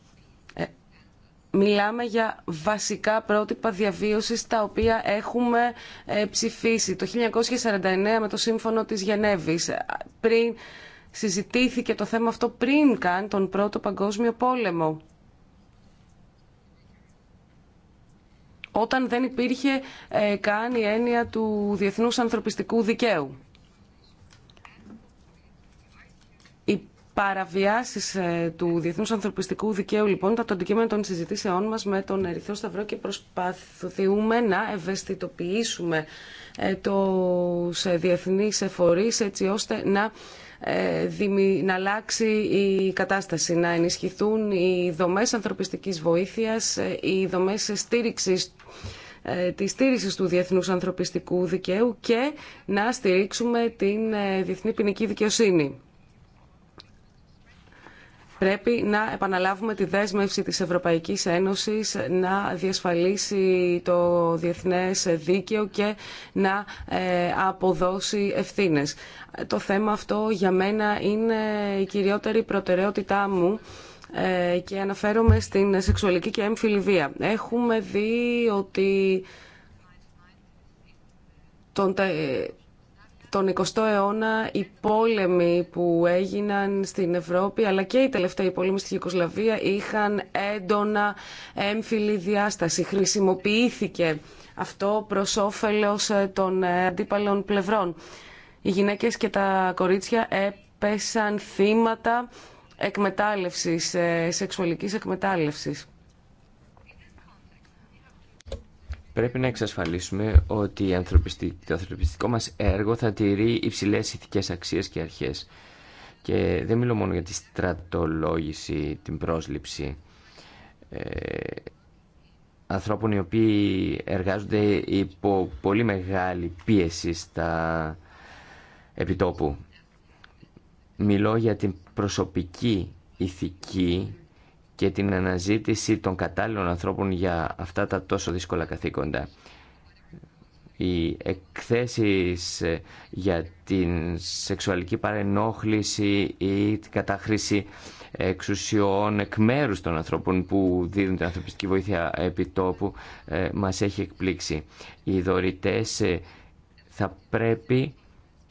Μιλάμε για βασικά πρότυπα διαβίωσης τα οποία έχουμε ε, ψηφίσει το 1949 με το Σύμφωνο της Γενέβης. Πριν συζητήθηκε το θέμα αυτό πριν καν τον Πρώτο Παγκόσμιο Πόλεμο. Όταν δεν υπήρχε ε, καν η έννοια του διεθνούς ανθρωπιστικού δικαίου. Παραβιάσεις ε, του διεθνούς ανθρωπιστικού δικαίου λοιπόν τα το αντικείμενο των συζητήσεών μα με τον Ερυθρό Σταυρό και προσπαθούμε να ευαισθητοποιήσουμε ε, τους ε, διεθνεί εφορεί έτσι ώστε να να αλλάξει η κατάσταση, να ενισχυθούν οι δομές ανθρωπιστικής βοήθειας, οι δομές στήριξης τη στήριξη του διεθνούς ανθρωπιστικού δικαίου και να στηρίξουμε την διεθνή ποινική δικαιοσύνη. Πρέπει να επαναλάβουμε τη δέσμευση της Ευρωπαϊκής Ένωσης να διασφαλίσει το διεθνές δίκαιο και να ε, αποδώσει ευθύνες. Το θέμα αυτό για μένα είναι η κυριότερη προτεραιότητά μου ε, και αναφέρομαι στην σεξουαλική και έμφυλη βία. Έχουμε δει ότι τον τον 20ο αιώνα οι πόλεμοι που έγιναν στην Ευρώπη αλλά και οι τελευταίοι πόλεμοι στη Γεκοσλαβία είχαν έντονα έμφυλη διάσταση. Χρησιμοποιήθηκε αυτό προς όφελος ε, των ε, αντίπαλων πλευρών. Οι γυναίκες και τα κορίτσια έπεσαν θύματα εκμετάλλευσης, ε, σεξουαλικής εκμετάλλευσης. Πρέπει να εξασφαλίσουμε ότι το ανθρωπιστικό μας έργο θα τηρεί υψηλές ηθικές αξίες και αρχές. Και δεν μιλώ μόνο για τη στρατολόγηση, την πρόσληψη ε, ανθρώπων οι οποίοι εργάζονται υπό πολύ μεγάλη πίεση στα επιτόπου. Μιλώ για την προσωπική ηθική και την αναζήτηση των κατάλληλων ανθρώπων για αυτά τα τόσο δύσκολα καθήκοντα. Οι εκθέσεις ε, για την σεξουαλική παρενόχληση ή την κατάχρηση εξουσιών εκ μέρους των ανθρώπων που δίνουν την ανθρωπιστική βοήθεια επί τόπου ε, μας έχει εκπλήξει. Οι δωρητές ε, θα πρέπει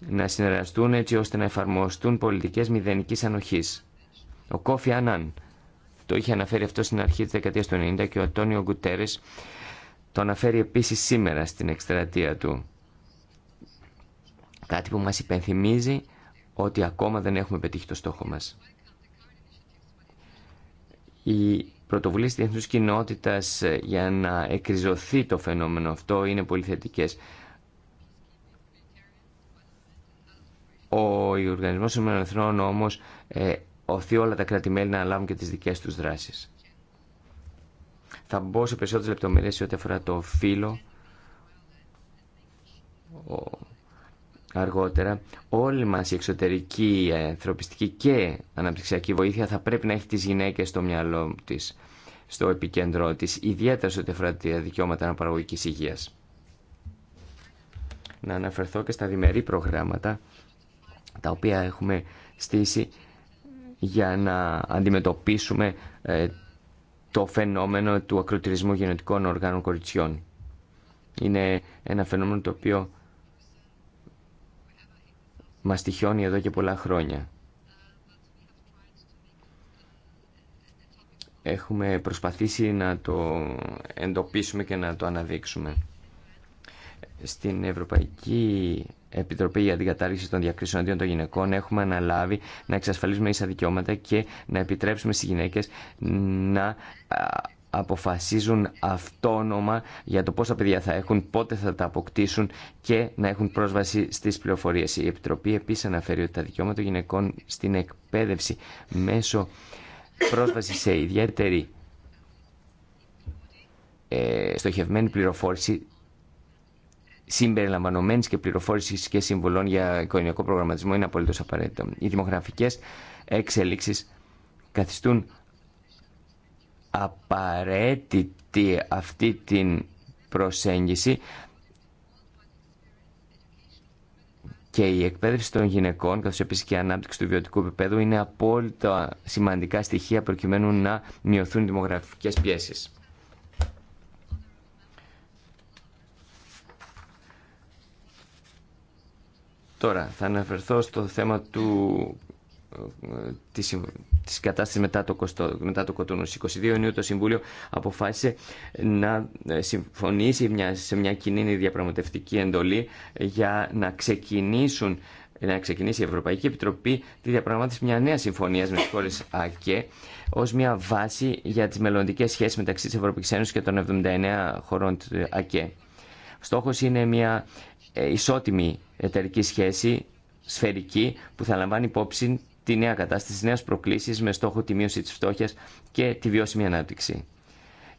να συνεργαστούν έτσι ώστε να εφαρμοστούν πολιτικές μηδενικής ανοχής. Ο Κόφι Ανάν το είχε αναφέρει αυτό στην αρχή της δεκαετίας του 90 και ο Αντώνιο Γκουτέρες το αναφέρει επίσης σήμερα στην εκστρατεία του. Κάτι που μας υπενθυμίζει ότι ακόμα δεν έχουμε πετύχει το στόχο μας. Η πρωτοβουλίε της διεθνούς κοινότητα για να εκριζωθεί το φαινόμενο αυτό είναι πολύ θετικέ. Ο Οργανισμό των Εθνών όμως ε, οθεί όλα τα κράτη-μέλη να αναλάβουν και τι δικέ του δράσει. Θα μπω σε περισσότερε λεπτομέρειε σε ό,τι αφορά το φύλλο αργότερα. Όλη μα η εξωτερική, η ανθρωπιστική και αναπτυξιακή βοήθεια θα πρέπει να έχει τι γυναίκε στο μυαλό τη στο επικέντρό τη, ιδιαίτερα σε ό,τι αφορά τα δικαιώματα αναπαραγωγική υγεία. Να αναφερθώ και στα διμερεί προγράμματα τα οποία έχουμε στήσει για να αντιμετωπίσουμε ε, το φαινόμενο του ακροτηρισμού γενετικών οργάνων κοριτσιών. Είναι ένα φαινόμενο το οποίο μας τυχιώνει εδώ και πολλά χρόνια. Έχουμε προσπαθήσει να το εντοπίσουμε και να το αναδείξουμε. Στην Ευρωπαϊκή Επιτροπή για την Κατάργηση των Διακρίσεων Αντίον των Γυναικών έχουμε αναλάβει να εξασφαλίσουμε ίσα δικαιώματα και να επιτρέψουμε στις γυναίκες να αποφασίζουν αυτόνομα για το πόσα παιδιά θα έχουν, πότε θα τα αποκτήσουν και να έχουν πρόσβαση στις πληροφορίες. Η Επιτροπή επίσης αναφέρει ότι τα δικαιώματα των γυναικών στην εκπαίδευση μέσω πρόσβαση σε ιδιαίτερη ε, στοχευμένη πληροφόρηση συμπεριλαμβανομένη και πληροφόρηση και συμβουλών για οικογενειακό προγραμματισμό είναι απολύτω απαραίτητο. Οι δημογραφικέ εξελίξει καθιστούν απαραίτητη αυτή την προσέγγιση και η εκπαίδευση των γυναικών, καθώς επίσης και η ανάπτυξη του βιωτικού επίπεδου, είναι απόλυτα σημαντικά στοιχεία προκειμένου να μειωθούν οι δημογραφικές πιέσεις. Τώρα, θα αναφερθώ στο θέμα του, ε, της, της κατάστασης μετά το, κοστό, μετά το κοτόνο. Στις 22 Ιουνίου το Συμβούλιο αποφάσισε να ε, συμφωνήσει μια, σε μια κοινή διαπραγματευτική εντολή για να ξεκινήσουν ξεκινήσει η Ευρωπαϊκή Επιτροπή τη διαπραγμάτευση μια νέα συμφωνία με τι χώρε ΑΚΕ ω μια βάση για τι μελλοντικέ σχέσει μεταξύ τη Ευρωπαϊκή Ένωση και των 79 χωρών ΑΚΕ. Στόχο είναι μια ε, ισότιμη εταιρική σχέση σφαιρική που θα λαμβάνει υπόψη τη νέα κατάσταση, τι νέε προκλήσει με στόχο τη μείωση τη φτώχεια και τη βιώσιμη ανάπτυξη.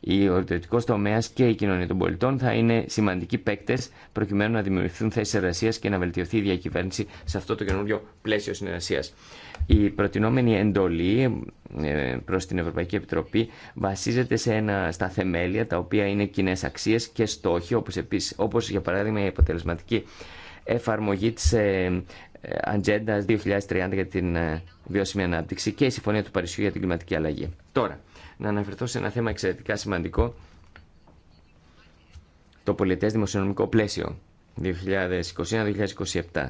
Ο ιδιωτικό τομέα και η κοινωνία των πολιτών θα είναι σημαντικοί παίκτε προκειμένου να δημιουργηθούν θέσει εργασία και να βελτιωθεί η διακυβέρνηση σε αυτό το καινούριο πλαίσιο συνεργασία. Η προτινόμενη εντολή ε, προ την Ευρωπαϊκή Επιτροπή βασίζεται σε ένα, στα θεμέλια τα οποία είναι κοινέ αξίε και στόχοι, όπω για παράδειγμα η αποτελεσματική εφαρμογή της Ατζέντα ε, ε, 2030 για την ε, βιώσιμη ανάπτυξη και η Συμφωνία του Παρισιού για την κλιματική αλλαγή. Τώρα, να αναφερθώ σε ένα θέμα εξαιρετικά σημαντικό, το πολιτε δημοσιονομικο δημοσιονομικό πλαίσιο 2021-2027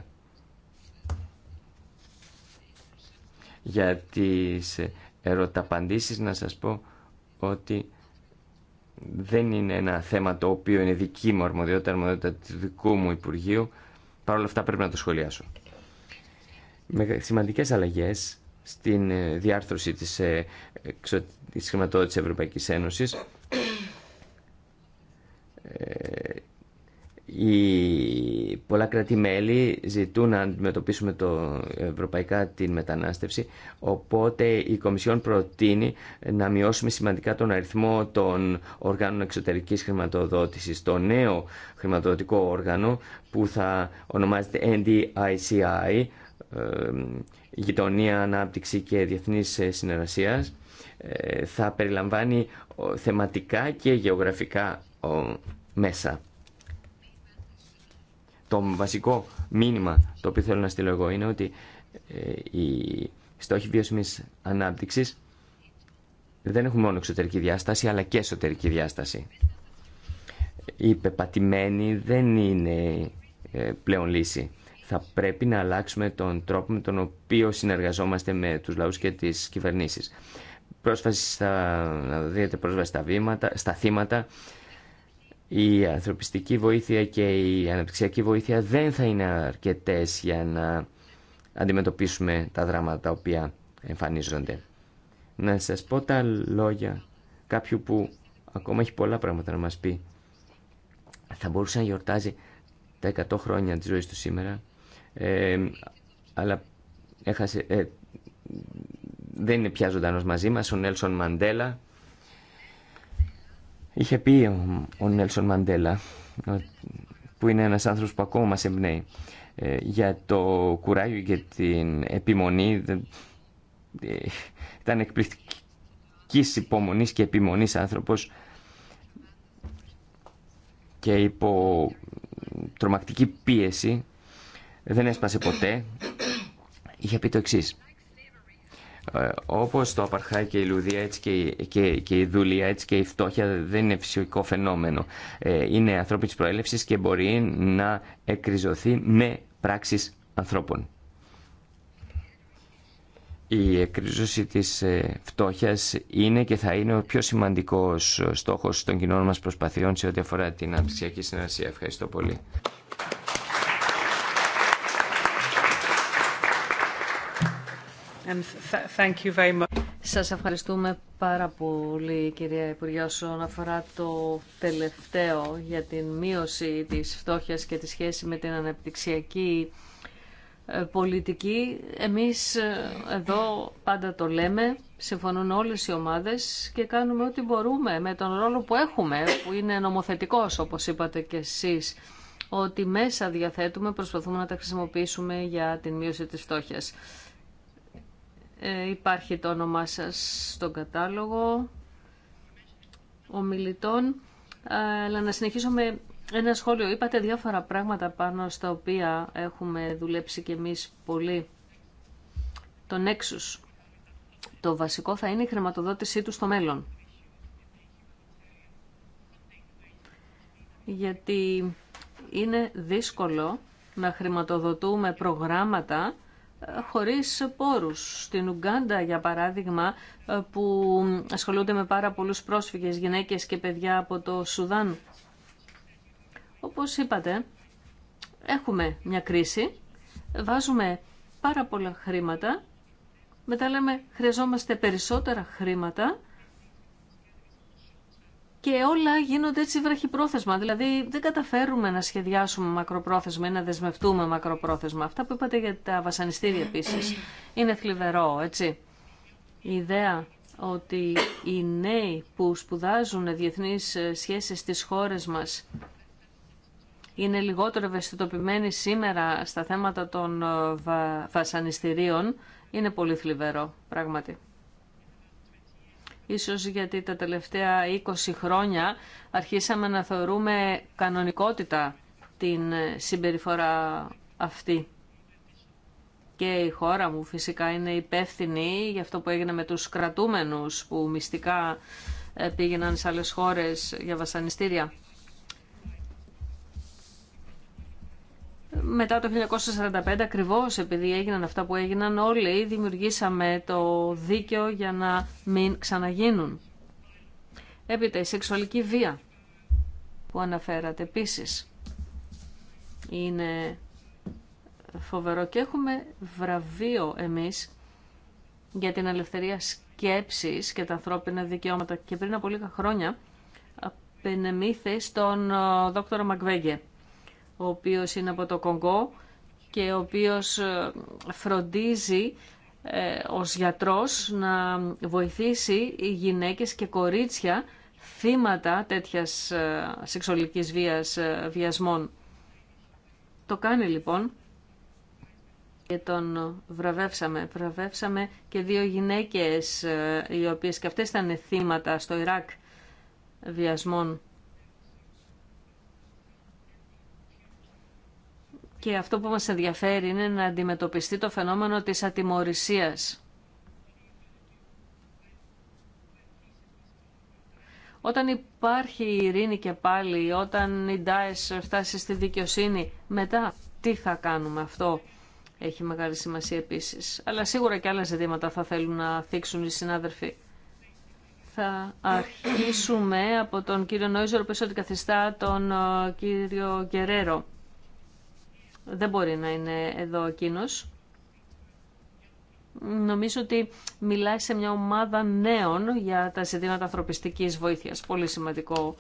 για τις ερωταπαντήσεις να σας πω ότι δεν είναι ένα θέμα το οποίο είναι δική μου αρμοδιότητα, αρμοδιότητα του δικού μου Υπουργείου Παρ' όλα αυτά πρέπει να το σχολιάσω. Με σημαντικές αλλαγές στην ε, διάρθρωση της, ε, της Ευρωπαϊκή Ευρωπαϊκής Ένωσης ε, η Πολλά κράτη-μέλη ζητούν να αντιμετωπίσουμε το ευρωπαϊκά την μετανάστευση, οπότε η Κομισιόν προτείνει να μειώσουμε σημαντικά τον αριθμό των οργάνων εξωτερικής χρηματοδότησης. Το νέο χρηματοδοτικό όργανο που θα ονομάζεται NDICI, ε, Γειτονία, Ανάπτυξη και διεθνή συνεργασία, ε, θα περιλαμβάνει θεματικά και γεωγραφικά μέσα το βασικό μήνυμα το οποίο θέλω να στείλω εγώ είναι ότι ε, οι στόχοι βιώσιμη ανάπτυξη δεν έχουν μόνο εξωτερική διάσταση αλλά και εσωτερική διάσταση. Η πεπατημένη δεν είναι ε, πλέον λύση. Θα πρέπει να αλλάξουμε τον τρόπο με τον οποίο συνεργαζόμαστε με τους λαούς και τις κυβερνήσεις. Πρόσφαση στα, να δείτε πρόσβαση στα, βήματα, στα θύματα, η ανθρωπιστική βοήθεια και η αναπτυξιακή βοήθεια δεν θα είναι αρκετές για να αντιμετωπίσουμε τα δράματα τα οποία εμφανίζονται. Να σας πω τα λόγια κάποιου που ακόμα έχει πολλά πράγματα να μας πει. Θα μπορούσε να γιορτάζει τα 100 χρόνια της ζωής του σήμερα, ε, αλλά έχασε, ε, δεν είναι πια ζωντανός μαζί μας, ο Νέλσον Μαντέλα, Είχε πει ο Νέλσον Μαντέλα, που είναι ένας άνθρωπος που ακόμα μας εμπνέει, ε, για το κουράγιο και την επιμονή. Ε, ήταν εκπληκτικής υπομονής και επιμονής άνθρωπος και υπό τρομακτική πίεση δεν έσπασε ποτέ. Είχε πει το εξής. Ε, όπως το απαρχάει και η λουδία έτσι και, και, η δουλεία έτσι και η φτώχεια δεν είναι φυσικό φαινόμενο. Ε, είναι ανθρώπινη προέλευσης και μπορεί να εκριζωθεί με πράξεις ανθρώπων. Η εκρίζωση της ε, φτώχειας είναι και θα είναι ο πιο σημαντικός στόχος των κοινών μας προσπαθειών σε ό,τι αφορά την αναπτυξιακή συνεργασία. Ευχαριστώ πολύ. Σας ευχαριστούμε πάρα πολύ κυρία Υπουργέ όσον αφορά το τελευταίο για την μείωση της φτώχειας και τη σχέση με την αναπτυξιακή ε, πολιτική. Εμείς ε, εδώ πάντα το λέμε, συμφωνούν όλες οι ομάδες και κάνουμε ό,τι μπορούμε με τον ρόλο που έχουμε, που είναι νομοθετικός όπως είπατε και εσείς ότι μέσα διαθέτουμε, προσπαθούμε να τα χρησιμοποιήσουμε για την μείωση της φτώχειας. Ε, υπάρχει το όνομά σας στον κατάλογο ομιλητών. Ε, αλλά να συνεχίσω με ένα σχόλιο. Είπατε διάφορα πράγματα πάνω στα οποία έχουμε δουλέψει κι εμείς πολύ. τον Nexus. Το βασικό θα είναι η χρηματοδότησή του στο μέλλον. Γιατί είναι δύσκολο να χρηματοδοτούμε προγράμματα χωρίς πόρους. Στην Ουγκάντα, για παράδειγμα, ε, που ασχολούνται με πάρα πολλούς πρόσφυγες, γυναίκες και παιδιά από το Σουδάν. Όπως είπατε, έχουμε μια κρίση, βάζουμε πάρα πολλά χρήματα, μετά λέμε χρειαζόμαστε περισσότερα χρήματα και όλα γίνονται έτσι βραχυπρόθεσμα. Δηλαδή δεν καταφέρουμε να σχεδιάσουμε μακροπρόθεσμα ή να δεσμευτούμε μακροπρόθεσμα. Αυτά που είπατε για τα βασανιστήρια επίση είναι θλιβερό, έτσι. Η ιδέα ότι οι νέοι που σπουδάζουν διεθνείς σχέσεις στις χώρες μας είναι λιγότερο ευαισθητοποιημένοι σήμερα στα θέματα των ε, βασανιστήριων είναι πολύ θλιβερό, πράγματι. Ίσως γιατί τα τελευταία 20 χρόνια αρχίσαμε να θεωρούμε κανονικότητα την ε, συμπεριφορά αυτή. Και η χώρα μου φυσικά είναι υπεύθυνη για αυτό που έγινε με τους κρατούμενους που μυστικά ε, πήγαιναν σε άλλες χώρες για βασανιστήρια. Μετά το 1945 ακριβώς επειδή έγιναν αυτά που έγιναν όλοι δημιουργήσαμε το δίκαιο για να μην ξαναγίνουν. Έπειτα η σεξουαλική βία που αναφέρατε επίσης είναι φοβερό και έχουμε βραβείο εμείς για την ελευθερία σκέψης και τα ανθρώπινα δικαιώματα και πριν από λίγα χρόνια απενεμήθη στον ε, δόκτωρο Μακβέγγε ο οποίος είναι από το Κονγκό και ο οποίος ε, φροντίζει ε, ως γιατρός να βοηθήσει οι γυναίκες και κορίτσια θύματα τέτοιας ε, σεξουαλικής βίας, βιασμών. Το κάνει λοιπόν και τον βραβεύσαμε. Βραβεύσαμε και δύο γυναίκες οι οποίες και αυτές ήταν θύματα στο Ιράκ βιασμών. και αυτό που μας ενδιαφέρει είναι να αντιμετωπιστεί το φαινόμενο της ατιμορρησίας. Όταν υπάρχει η ειρήνη και πάλι, όταν η Ντάες φτάσει στη δικαιοσύνη, μετά τι θα κάνουμε αυτό έχει μεγάλη σημασία επίσης. Αλλά σίγουρα και άλλα ζητήματα θα θέλουν να θίξουν οι συνάδελφοι. Θα αρχίσουμε από τον κύριο Νόιζορ, ο οποίος καθιστά τον ε, κύριο Γκερέρο δεν μπορεί να είναι εδώ εκείνο. Νομίζω ότι μιλάει σε μια ομάδα νέων για τα ζητήματα ανθρωπιστική βοήθειας. Πολύ σημαντικό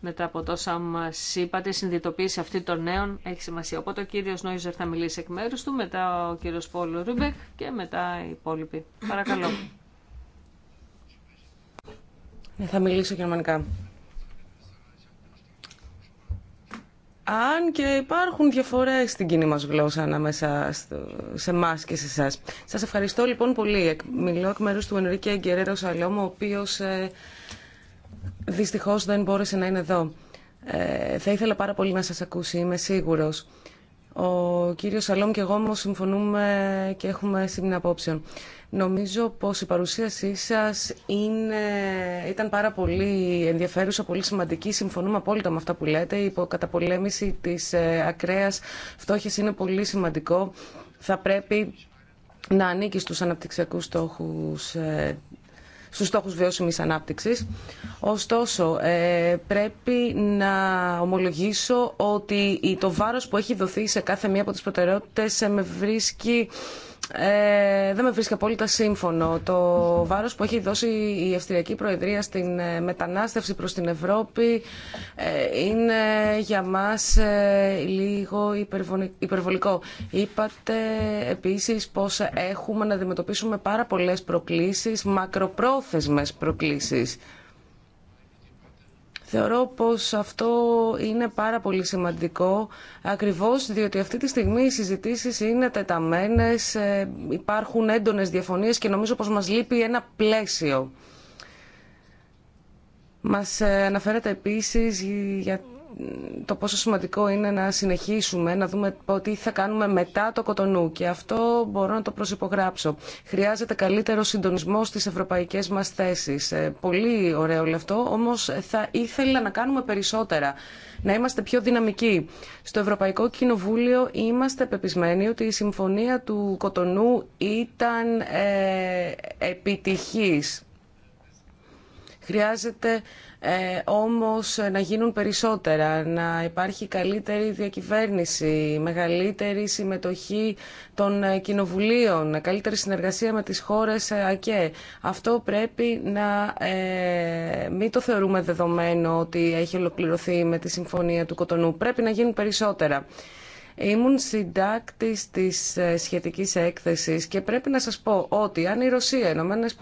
μετά από τόσα μα είπατε, η συνειδητοποίηση αυτή των νέων έχει σημασία. Οπότε ο κύριος Νόιζερ θα μιλήσει εκ μέρου του, μετά ο κύριο Πόλο Ρούμπεκ και μετά οι υπόλοιποι. Παρακαλώ. Ναι, θα μιλήσω γερμανικά. αν και υπάρχουν διαφορές στην κοινή μας γλώσσα ανάμεσα σε εμά και σε εσά. Σας ευχαριστώ λοιπόν πολύ. Μιλώ εκ μέρους του Ενρίκη Γκερέρο Σαλόμου, ο οποίος ε, δυστυχώς δεν μπόρεσε να είναι εδώ. Ε, θα ήθελα πάρα πολύ να σας ακούσει, είμαι σίγουρος. Ο κύριο Σαλόμ και εγώ συμφωνούμε και έχουμε σύμφωνα απόψεων. Νομίζω πως η παρουσίασή σας ήταν πάρα πολύ ενδιαφέρουσα, πολύ σημαντική. Συμφωνούμε απόλυτα με αυτά που λέτε. Η καταπολέμηση της ε, ακραίας φτώχειας είναι πολύ σημαντικό. Θα πρέπει να ανήκει στους αναπτυξιακούς στόχους ε, στους στόχους βιώσιμης ανάπτυξης. Ωστόσο, ε, πρέπει να ομολογήσω ότι το βάρος που έχει δοθεί σε κάθε μία από τις προτεραιότητες ε, με βρίσκει ε, δεν με βρίσκει απόλυτα σύμφωνο. Το βάρος που έχει δώσει η Αυστριακή Προεδρία στην ε, μετανάστευση προ την Ευρώπη ε, είναι για μας λίγο υπερβολικό. Είπατε επίση πως έχουμε να αντιμετωπίσουμε πάρα πολλές προκλήσεις, μακροπρόθεσμες προκλήσεις. Θεωρώ πως αυτό είναι πάρα πολύ σημαντικό, ακριβώς διότι αυτή τη στιγμή οι συζητήσεις είναι τεταμένες, ε, υπάρχουν έντονες διαφωνίες και νομίζω πως μας λείπει ένα πλαίσιο. Μας ε, αναφέρεται επίσης για το πόσο σημαντικό είναι να συνεχίσουμε, να δούμε τι θα κάνουμε μετά το κοτονού. Και αυτό μπορώ να το προσυπογράψω. Χρειάζεται καλύτερο συντονισμό στις ευρωπαϊκές μας θέσεις. Ε, πολύ ωραίο όλο αυτό, όμως θα ήθελα να κάνουμε περισσότερα, να είμαστε πιο δυναμικοί. Στο Ευρωπαϊκό Κοινοβούλιο είμαστε πεπισμένοι ότι η συμφωνία του κοτονού ήταν ε, επιτυχής. Χρειάζεται ε, όμως ε, να γίνουν περισσότερα, να υπάρχει καλύτερη διακυβέρνηση, μεγαλύτερη συμμετοχή των ε, κοινοβουλίων, καλύτερη συνεργασία με τις χώρες ε, ΑΚΕ. Αυτό πρέπει να ε, μην το θεωρούμε δεδομένο ότι έχει ολοκληρωθεί με τη Συμφωνία του Κοτονού. Πρέπει να γίνουν περισσότερα. Ήμουν συντάκτης της σχετικής έκθεσης και πρέπει να σας πω ότι αν η Ρωσία, οι Ηνωμένες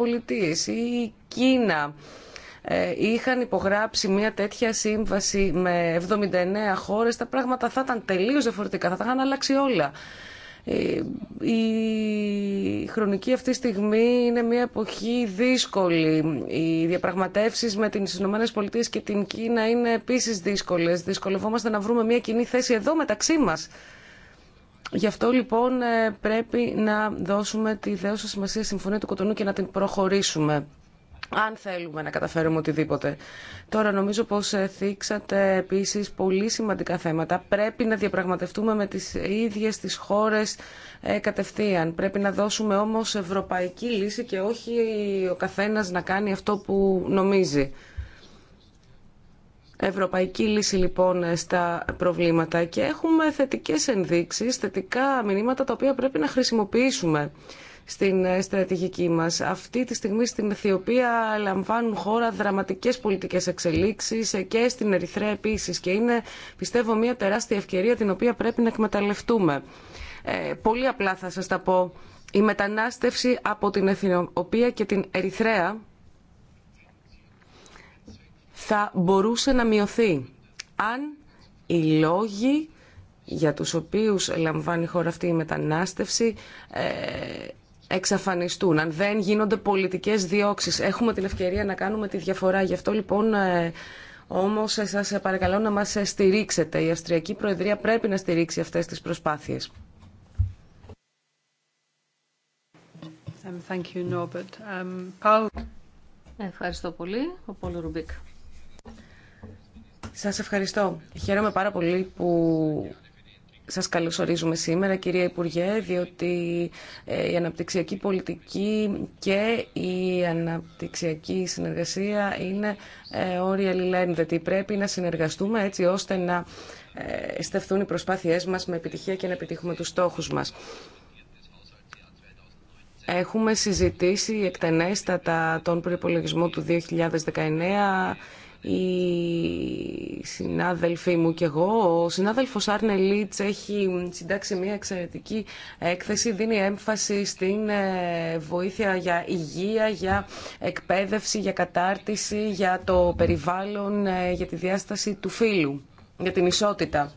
η Κίνα ε, είχαν υπογράψει μια τέτοια σύμβαση με 79 χώρες, τα πράγματα θα ήταν τελείως διαφορετικά, θα τα είχαν αλλάξει όλα. Ε, η χρονική αυτή στιγμή είναι μια εποχή δύσκολη. Οι διαπραγματεύσεις με τις ΗΠΑ και την Κίνα είναι επίσης δύσκολες. Δυσκολευόμαστε να βρούμε μια κοινή θέση εδώ μεταξύ μας. Γι' αυτό λοιπόν ε, πρέπει να δώσουμε τη δέωσα σημασία συμφωνία του Κοτονού και να την προχωρήσουμε αν θέλουμε να καταφέρουμε οτιδήποτε. Τώρα νομίζω πως ε, θίξατε επίσης πολύ σημαντικά θέματα. Πρέπει να διαπραγματευτούμε με τις ίδιες τις χώρες ε, κατευθείαν. Πρέπει να δώσουμε όμως ευρωπαϊκή λύση και όχι ο καθένας να κάνει αυτό που νομίζει. Ευρωπαϊκή λύση λοιπόν ε, στα προβλήματα και έχουμε θετικές ενδείξεις, θετικά μηνύματα τα οποία πρέπει να χρησιμοποιήσουμε στην ε, στρατηγική μας. Αυτή τη στιγμή στην Αιθιοπία λαμβάνουν χώρα δραματικές πολιτικές εξελίξεις ε, και στην Ερυθρέα επίσης και είναι πιστεύω μια τεράστια ευκαιρία την οποία πρέπει να εκμεταλλευτούμε. Ε, πολύ απλά θα σας τα πω. Η μετανάστευση από την Αιθιοπία και την Ερυθρέα θα μπορούσε να μειωθεί αν οι λόγοι για τους οποίους λαμβάνει η χώρα αυτή η μετανάστευση ε, εξαφανιστούν, αν δεν γίνονται πολιτικές διώξεις. Έχουμε την ευκαιρία να κάνουμε τη διαφορά. Γι' αυτό λοιπόν ε, όμως ε, σας παρακαλώ να μας ε, στηρίξετε. Η Αυστριακή Προεδρία πρέπει να στηρίξει αυτές τις προσπάθειες. Um, um, ευχαριστώ πολύ. Ο Πόλο Ρουμπίκ. Σας ευχαριστώ. Χαίρομαι πάρα πολύ που σας καλωσορίζουμε σήμερα, κυρία Υπουργέ, διότι ε, η αναπτυξιακή πολιτική και η αναπτυξιακή συνεργασία είναι ε, όρια αλληλένδετη. Πρέπει να συνεργαστούμε έτσι ώστε να ε, στεφθούν οι προσπάθειές μας με επιτυχία και να επιτύχουμε τους στόχους μας. Έχουμε συζητήσει εκτενέστατα τον προϋπολογισμό του 2019 οι συνάδελφοί μου και εγώ. Ο συνάδελφος Άρνε Λίτς έχει συντάξει μια εξαιρετική έκθεση, δίνει έμφαση στην ε, βοήθεια για υγεία, για εκπαίδευση, για κατάρτιση, για το περιβάλλον, ε, για τη διάσταση του φίλου, για την ισότητα.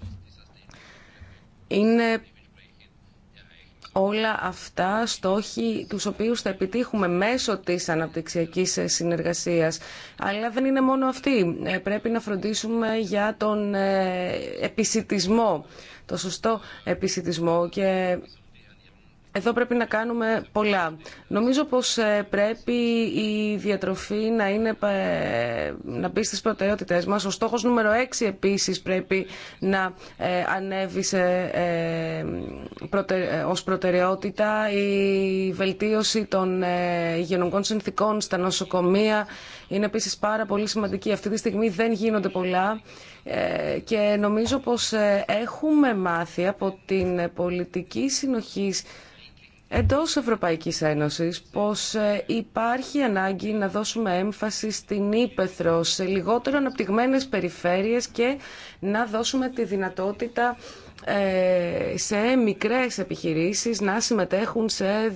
Είναι όλα αυτά στόχοι τους οποίους θα επιτύχουμε μέσω της αναπτυξιακής συνεργασίας. Αλλά δεν είναι μόνο αυτή. Ε, πρέπει να φροντίσουμε για τον ε, επισητισμό, το σωστό επισητισμό και εδώ πρέπει να κάνουμε πολλά. Νομίζω πως ε, πρέπει η διατροφή να, είναι, ε, να μπει στις προτεραιότητες μας. Ο στόχος νούμερο 6 επίσης πρέπει να ε, ανέβει σε, ως προτεραιότητα. Η βελτίωση των υγειονομικών συνθήκων στα νοσοκομεία είναι επίσης πάρα πολύ σημαντική. Αυτή τη στιγμή δεν γίνονται πολλά και νομίζω πως έχουμε μάθει από την πολιτική συνοχής εντός Ευρωπαϊκής Ένωσης πως ε, υπάρχει ανάγκη να δώσουμε έμφαση στην ύπεθρο σε λιγότερο αναπτυγμένες περιφέρειες και να δώσουμε τη δυνατότητα ε, σε μικρές επιχειρήσεις να συμμετέχουν σε ε,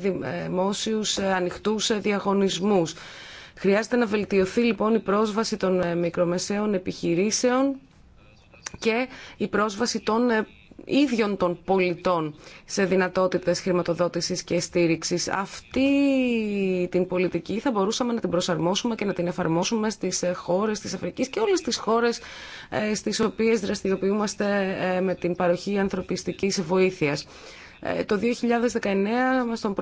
δημόσιους ανοιχτούς διαγωνισμούς. Χρειάζεται να βελτιωθεί λοιπόν η πρόσβαση των μικρομεσαίων επιχειρήσεων και η πρόσβαση των ίδιων των πολιτών σε δυνατότητες χρηματοδότησης και στήριξης. Αυτή την πολιτική θα μπορούσαμε να την προσαρμόσουμε και να την εφαρμόσουμε στις ε, χώρες της Αφρικής και όλες τις χώρες ε, στις οποίες δραστηριοποιούμαστε ε, με την παροχή ανθρωπιστικής βοήθειας. Ε, το 2019 στον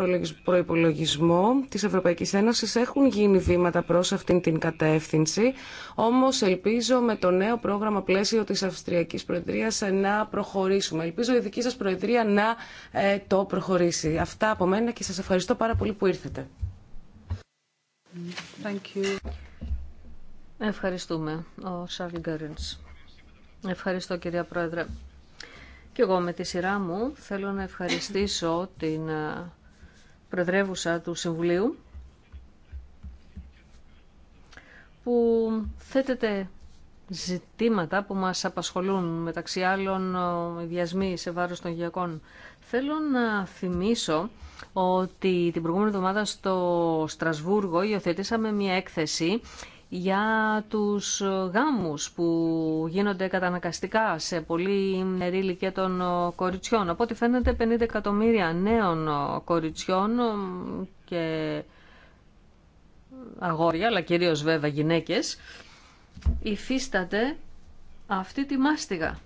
προπολογισμό της Ευρωπαϊκής Ένωσης έχουν γίνει βήματα προς αυτήν την κατεύθυνση, όμως ελπίζω με το νέο πρόγραμμα πλαίσιο της Αυστριακής Προεδρίας να προχωρήσουμε. Ελπίζω η δική σας Προεδρία να ε, το προχωρήσει. Αυτά από μένα και σας ευχαριστώ πάρα πολύ που ήρθετε. Thank you. Ευχαριστούμε, ο Σάρλ Ευχαριστώ, κυρία Πρόεδρε. Και εγώ με τη σειρά μου θέλω να ευχαριστήσω την ε, Προεδρεύουσα του Συμβουλίου που θέτεται ζητήματα που μας απασχολούν μεταξύ άλλων οι σε βάρος των γιακών. Θέλω να θυμίσω ότι την προηγούμενη εβδομάδα στο Στρασβούργο υιοθετήσαμε μια έκθεση για τους γάμους που γίνονται κατανακαστικά σε πολύ νερή και των κοριτσιών. Από ό,τι φαίνεται 50 εκατομμύρια νέων κοριτσιών και αγόρια, αλλά κυρίως βέβαια γυναίκες, υφίσταται αυτή τη μάστιγα.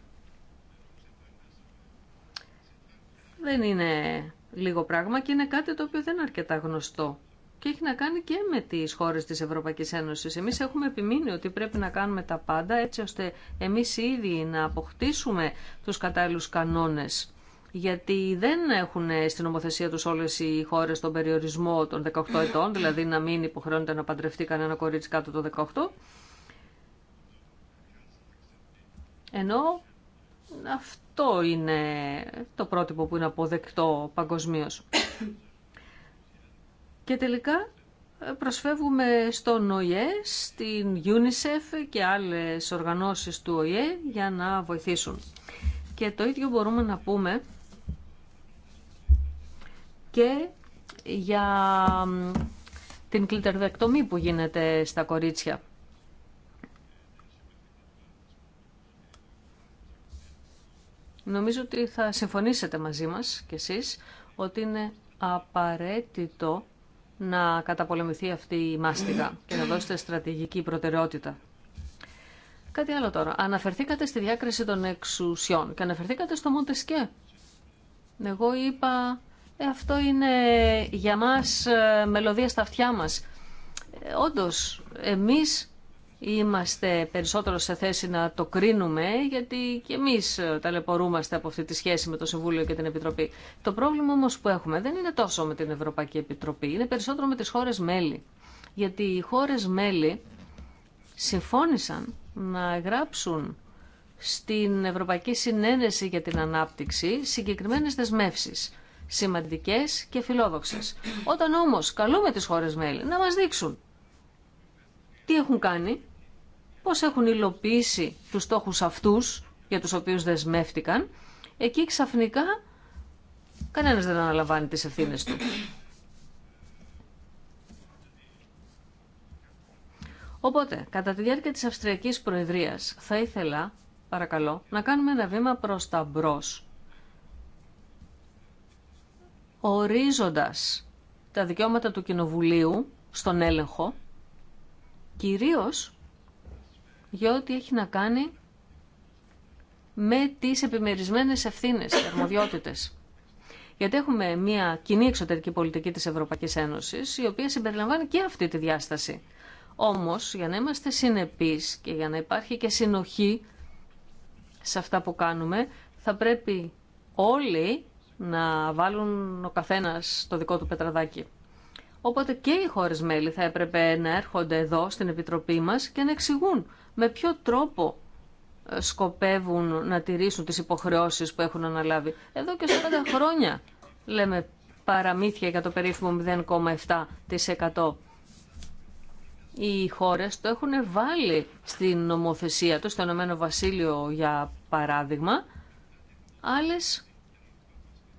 Δεν είναι λίγο πράγμα και είναι κάτι το οποίο δεν είναι αρκετά γνωστό και έχει να κάνει και με τις χώρες της Ευρωπαϊκή Ένωση. Εμείς έχουμε επιμείνει ότι πρέπει να κάνουμε τα πάντα έτσι ώστε εμείς ίδιοι να αποκτήσουμε τους κατάλληλου κανόνες γιατί δεν έχουν στην ομοθεσία τους όλες οι χώρες τον περιορισμό των 18 ετών, δηλαδή να μην υποχρεώνεται να παντρευτεί κανένα κορίτσι κάτω των 18. Ενώ αυτό είναι το πρότυπο που είναι αποδεκτό παγκοσμίω. Και τελικά ε, προσφεύγουμε στον ΟΗΕ, στην UNICEF και άλλες οργανώσεις του ΟΗΕ για να βοηθήσουν. Και το ίδιο μπορούμε να πούμε και για την κλιτερδεκτομή που γίνεται στα κορίτσια. Νομίζω ότι θα συμφωνήσετε μαζί μας κι εσείς ότι είναι απαραίτητο να καταπολεμηθεί αυτή η μάστιγα και να δώσετε στρατηγική προτεραιότητα. Κάτι άλλο τώρα. Αναφερθήκατε στη διάκριση των εξουσιών και αναφερθήκατε στο Μοντεσκέ. Εγώ είπα, «Ε, αυτό είναι για μας ε, μελωδία στα αυτιά μας. Ε, όντως, εμείς είμαστε περισσότερο σε θέση να το κρίνουμε, γιατί και εμείς ταλαιπωρούμαστε από αυτή τη σχέση με το Συμβούλιο και την Επιτροπή. Το πρόβλημα όμως που έχουμε δεν είναι τόσο με την Ευρωπαϊκή Επιτροπή, είναι περισσότερο με τις χώρες μέλη. Γιατί οι χώρες μέλη συμφώνησαν να γράψουν στην Ευρωπαϊκή Συνένεση για την Ανάπτυξη συγκεκριμένες δεσμεύσεις σημαντικές και φιλόδοξες. Όταν όμως καλούμε τις χώρες μέλη να μας δείξουν τι έχουν κάνει πώς έχουν υλοποιήσει τους στόχους αυτούς για τους οποίους δεσμεύτηκαν, εκεί ξαφνικά κανένας δεν αναλαμβάνει τις ευθύνες του. Οπότε, κατά τη διάρκεια της Αυστριακής Προεδρίας, θα ήθελα, παρακαλώ, να κάνουμε ένα βήμα προς τα μπρος, ορίζοντας τα δικαιώματα του Κοινοβουλίου στον έλεγχο, κυρίως για ό,τι έχει να κάνει με τις επιμερισμένες ευθύνες και αρμοδιότητες. Γιατί έχουμε μια κοινή εξωτερική πολιτική της Ευρωπαϊκής Ένωσης, η οποία συμπεριλαμβάνει και αυτή τη διάσταση. Όμως, για να είμαστε συνεπείς και για να υπάρχει και συνοχή σε αυτά που κάνουμε, θα πρέπει όλοι να βάλουν ο καθένας το δικό του πετραδάκι. Οπότε και οι χώρες μέλη θα έπρεπε να έρχονται εδώ στην Επιτροπή μας και να εξηγούν με ποιο τρόπο ε, σκοπεύουν να τηρήσουν τις υποχρεώσεις που έχουν αναλάβει. Εδώ και 40 χρόνια λέμε παραμύθια για το περίφημο 0,7%. Οι χώρες το έχουν βάλει στην νομοθεσία του, στο Ηνωμένο Βασίλειο για παράδειγμα, άλλες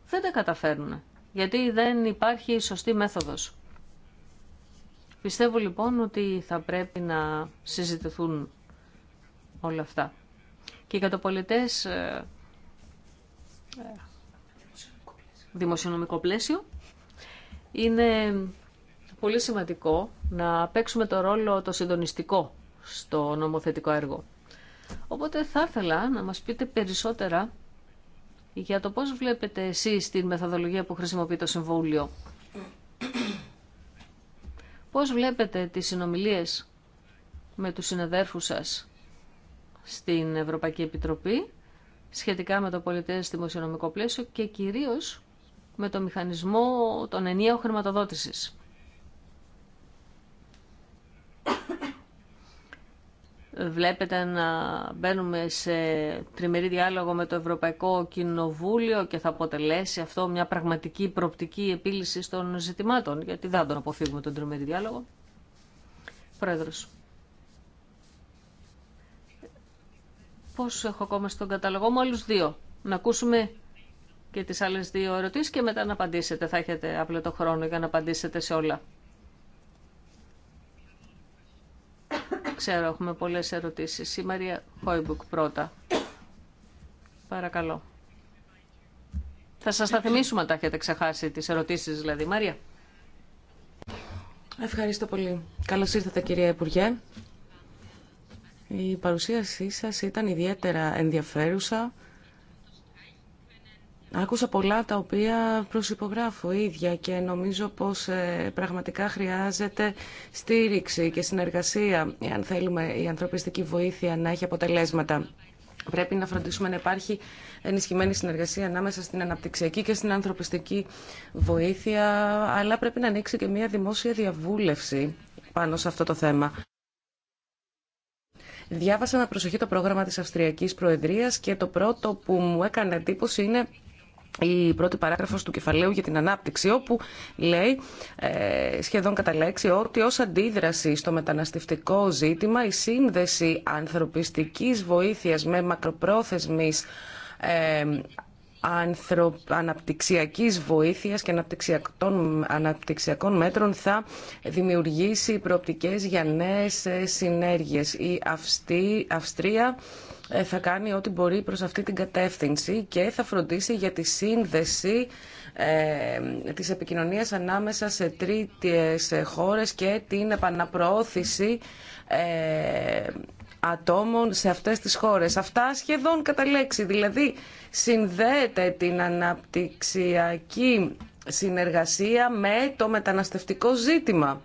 δεν τα καταφέρνουν, γιατί δεν υπάρχει σωστή μέθοδος. Πιστεύω λοιπόν ότι θα πρέπει να συζητηθούν όλα αυτά. Και για το πολιτές ε, ε, δημοσιονομικό πλαίσιο είναι πολύ σημαντικό να παίξουμε το ρόλο το συντονιστικό στο νομοθετικό έργο. Οπότε θα ήθελα να μας πείτε περισσότερα για το πώς βλέπετε εσείς την μεθοδολογία που χρησιμοποιεί το Συμβούλιο. Πώς βλέπετε τις συνομιλίες με τους συναδέρφους σας στην Ευρωπαϊκή Επιτροπή σχετικά με το πολιτές δημοσιονομικό πλαίσιο και κυρίως με το μηχανισμό των ενιαίων χρηματοδότησης. Βλέπετε να μπαίνουμε σε τριμερή διάλογο με το Ευρωπαϊκό Κοινοβούλιο και θα αποτελέσει αυτό μια πραγματική προπτική επίλυση των ζητημάτων, γιατί δεν τον αποφύγουμε τον τριμερή διάλογο. Πρόεδρος. Πώς έχω ακόμα στον καταλογό μου άλλους δύο. Να ακούσουμε και τις άλλες δύο ερωτήσεις και μετά να απαντήσετε. Θα έχετε απλό το χρόνο για να απαντήσετε σε όλα. Ξέρω, έχουμε πολλές ερωτήσεις. Η Μαρία Χόιμπουκ πρώτα. Παρακαλώ. Θα σας τα θυμίσουμε τα έχετε ξεχάσει τις ερωτήσεις δηλαδή. Μαρία. Ευχαριστώ πολύ. Καλώς ήρθατε κυρία Υπουργέ. Η παρουσίασή σας ήταν ιδιαίτερα ενδιαφέρουσα. Άκουσα πολλά τα οποία προσυπογράφω ίδια και νομίζω πως ε, πραγματικά χρειάζεται στήριξη και συνεργασία αν θέλουμε η ανθρωπιστική βοήθεια να έχει αποτελέσματα. Πρέπει να φροντίσουμε να υπάρχει ενισχυμένη συνεργασία ανάμεσα στην αναπτυξιακή και στην ανθρωπιστική βοήθεια, αλλά πρέπει να ανοίξει και μια δημόσια διαβούλευση πάνω σε αυτό το θέμα. Διάβασα με προσοχή το πρόγραμμα της Αυστριακής Προεδρίας και το πρώτο που μου έκανε εντύπωση είναι η πρώτη παράγραφος του κεφαλαίου για την ανάπτυξη, όπου λέει ε, σχεδόν κατά λέξη ότι ως αντίδραση στο μεταναστευτικό ζήτημα η σύνδεση ανθρωπιστικής βοήθειας με μακροπρόθεσμης ε, αναπτυξιακής βοήθειας και αναπτυξιακών... μέτρων θα δημιουργήσει προοπτικές για νέες ε, συνέργειες. Η Αυστρία ε, θα κάνει ό,τι μπορεί προς αυτή την κατεύθυνση και θα φροντίσει για τη σύνδεση ε, της επικοινωνίας ανάμεσα σε τρίτες ε, χώρες και την επαναπροώθηση ατόμων σε αυτές τις χώρες. Αυτά σχεδόν κατά λέξη, δηλαδή συνδέεται την αναπτυξιακή συνεργασία με το μεταναστευτικό ζήτημα.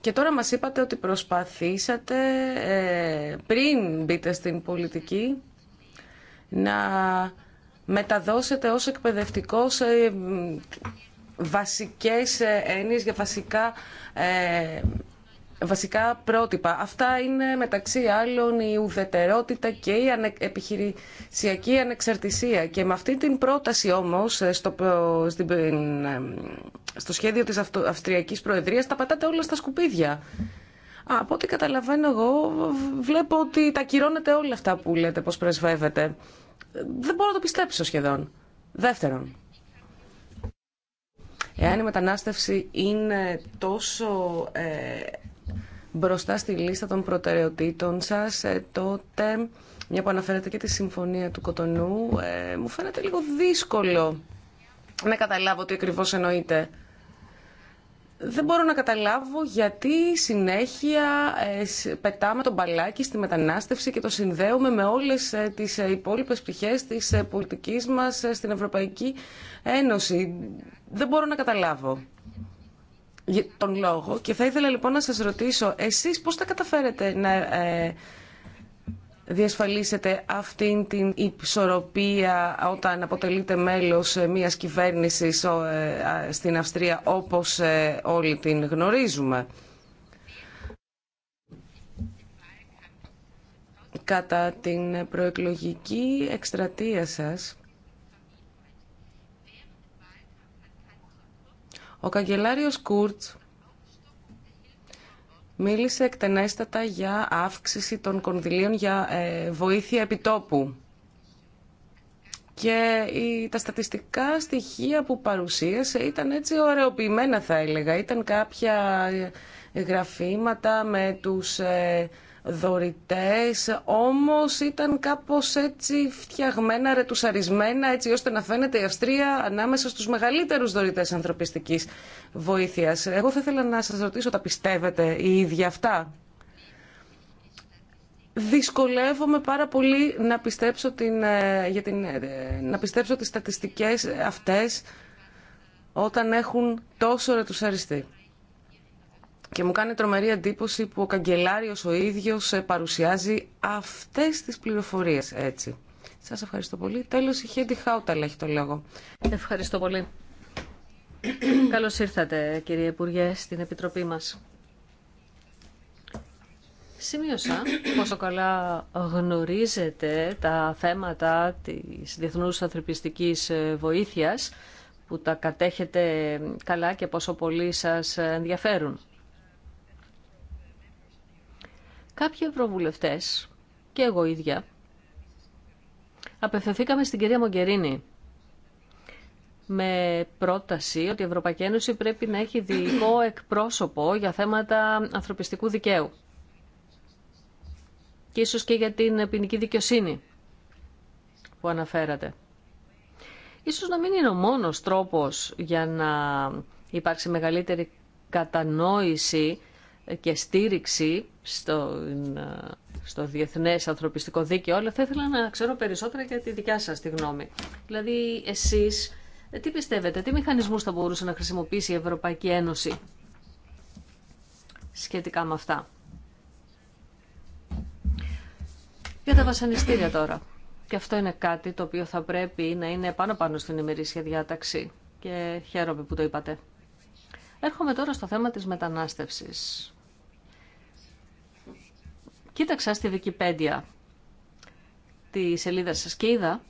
Και τώρα μας είπατε ότι προσπαθήσατε ε, πριν μπείτε στην πολιτική να μεταδώσετε ως εκπαιδευτικό σε βασικές ε, έννοιες για βασικά ε, βασικά πρότυπα. Αυτά είναι μεταξύ άλλων η ουδετερότητα και η επιχειρησιακή ανεξαρτησία. Και με αυτή την πρόταση όμως ε, στο, στο σχέδιο της Αυστριακής Προεδρίας τα πατάτε όλα στα σκουπίδια. Από ό,τι καταλαβαίνω εγώ βλέπω ότι τα κυρώνετε όλα αυτά που λέτε πως πρεσβεύετε. Δεν μπορώ να το πιστέψω σχεδόν. Δεύτερον, εάν η μετανάστευση είναι τόσο ε, μπροστά στη λίστα των προτεραιοτήτων σας, ε, τότε, μια που αναφέρετε και τη Συμφωνία του Κοτονού, ε, μου φαίνεται λίγο δύσκολο να καταλάβω τι ακριβώς εννοείται. Δεν μπορώ να καταλάβω γιατί συνέχεια ε, πετάμε τον μπαλάκι στη μετανάστευση και το συνδέουμε με όλες τις υπόλοιπες πτυχές της πολιτικής μας στην Ευρωπαϊκή Ένωση. Δεν μπορώ να καταλάβω τον λόγο και θα ήθελα λοιπόν να σας ρωτήσω εσείς πώς θα καταφέρετε να ε, διασφαλίσετε αυτήν την ισορροπία όταν αποτελείτε μέλος ε, μιας κυβέρνησης ε, στην Αυστρία όπως όλοι την γνωρίζουμε. Κατά την προεκλογική εκστρατεία σας Ο καγκελάριος Κούρτς μίλησε εκτενέστατα για αύξηση των κονδυλίων για ε, βοήθεια επιτόπου. Και τα στατιστικά στοιχεία που παρουσίασε ήταν έτσι ωραιοποιημένα θα έλεγα. Ήταν κάποια ε, γραφήματα με τους ε, δωρητές, όμως ήταν κάπως έτσι φτιαγμένα, ρετουσαρισμένα, έτσι ώστε να φαίνεται η Αυστρία ανάμεσα στους μεγαλύτερους δωρητές ανθρωπιστικής βοήθειας. Εγώ θα ήθελα να σας ρωτήσω, τα πιστεύετε οι ίδιοι αυτά. Δυσκολεύομαι πάρα πολύ να πιστέψω, την, ε, για την, ε, να πιστέψω τις στατιστικές αυτές όταν έχουν τόσο ρετουσαριστεί. Και μου κάνει τρομερή εντύπωση που ο καγκελάριος ο ίδιος ε, παρουσιάζει αυτές τις πληροφορίες έτσι. Σας ευχαριστώ πολύ. Τέλος η Χέντι Χάουταλ έχει το λόγο. Ευχαριστώ πολύ. Καλώς ήρθατε κύριε Υπουργέ στην Επιτροπή μας. Σημείωσα πόσο καλά γνωρίζετε τα θέματα της διεθνούς ανθρωπιστικής ε, βοήθειας που τα κατέχετε καλά και πόσο πολύ σας ενδιαφέρουν. Κάποιοι ευρωβουλευτές και εγώ ίδια απευθυνθήκαμε στην κυρία Μογκερίνη με πρόταση ότι η Ευρωπαϊκή Ένωση πρέπει να έχει διοικό εκπρόσωπο για θέματα ανθρωπιστικού δικαίου και ίσως και για την ποινική δικαιοσύνη που αναφέρατε. Ίσως να μην είναι ο μόνος τρόπος για να υπάρξει μεγαλύτερη κατανόηση και στήριξη στο, ε, στο Διεθνές Ανθρωπιστικό Δίκαιο, αλλά θα ήθελα να ξέρω περισσότερα για τη δικιά σας τη γνώμη. Δηλαδή, εσείς ε, τι πιστεύετε, τι μηχανισμούς θα μπορούσε να χρησιμοποιήσει η Ευρωπαϊκή Ένωση σχετικά με αυτά. Για τα βασανιστήρια τώρα. Και αυτό είναι κάτι το οποίο θα πρέπει να είναι πάνω πάνω στην ημερήσια διάταξη. Και χαίρομαι που το είπατε. Έρχομαι τώρα στο θέμα της μετανάστευσης. Κοίταξα στη Wikipedia τη σελίδα σας και είδα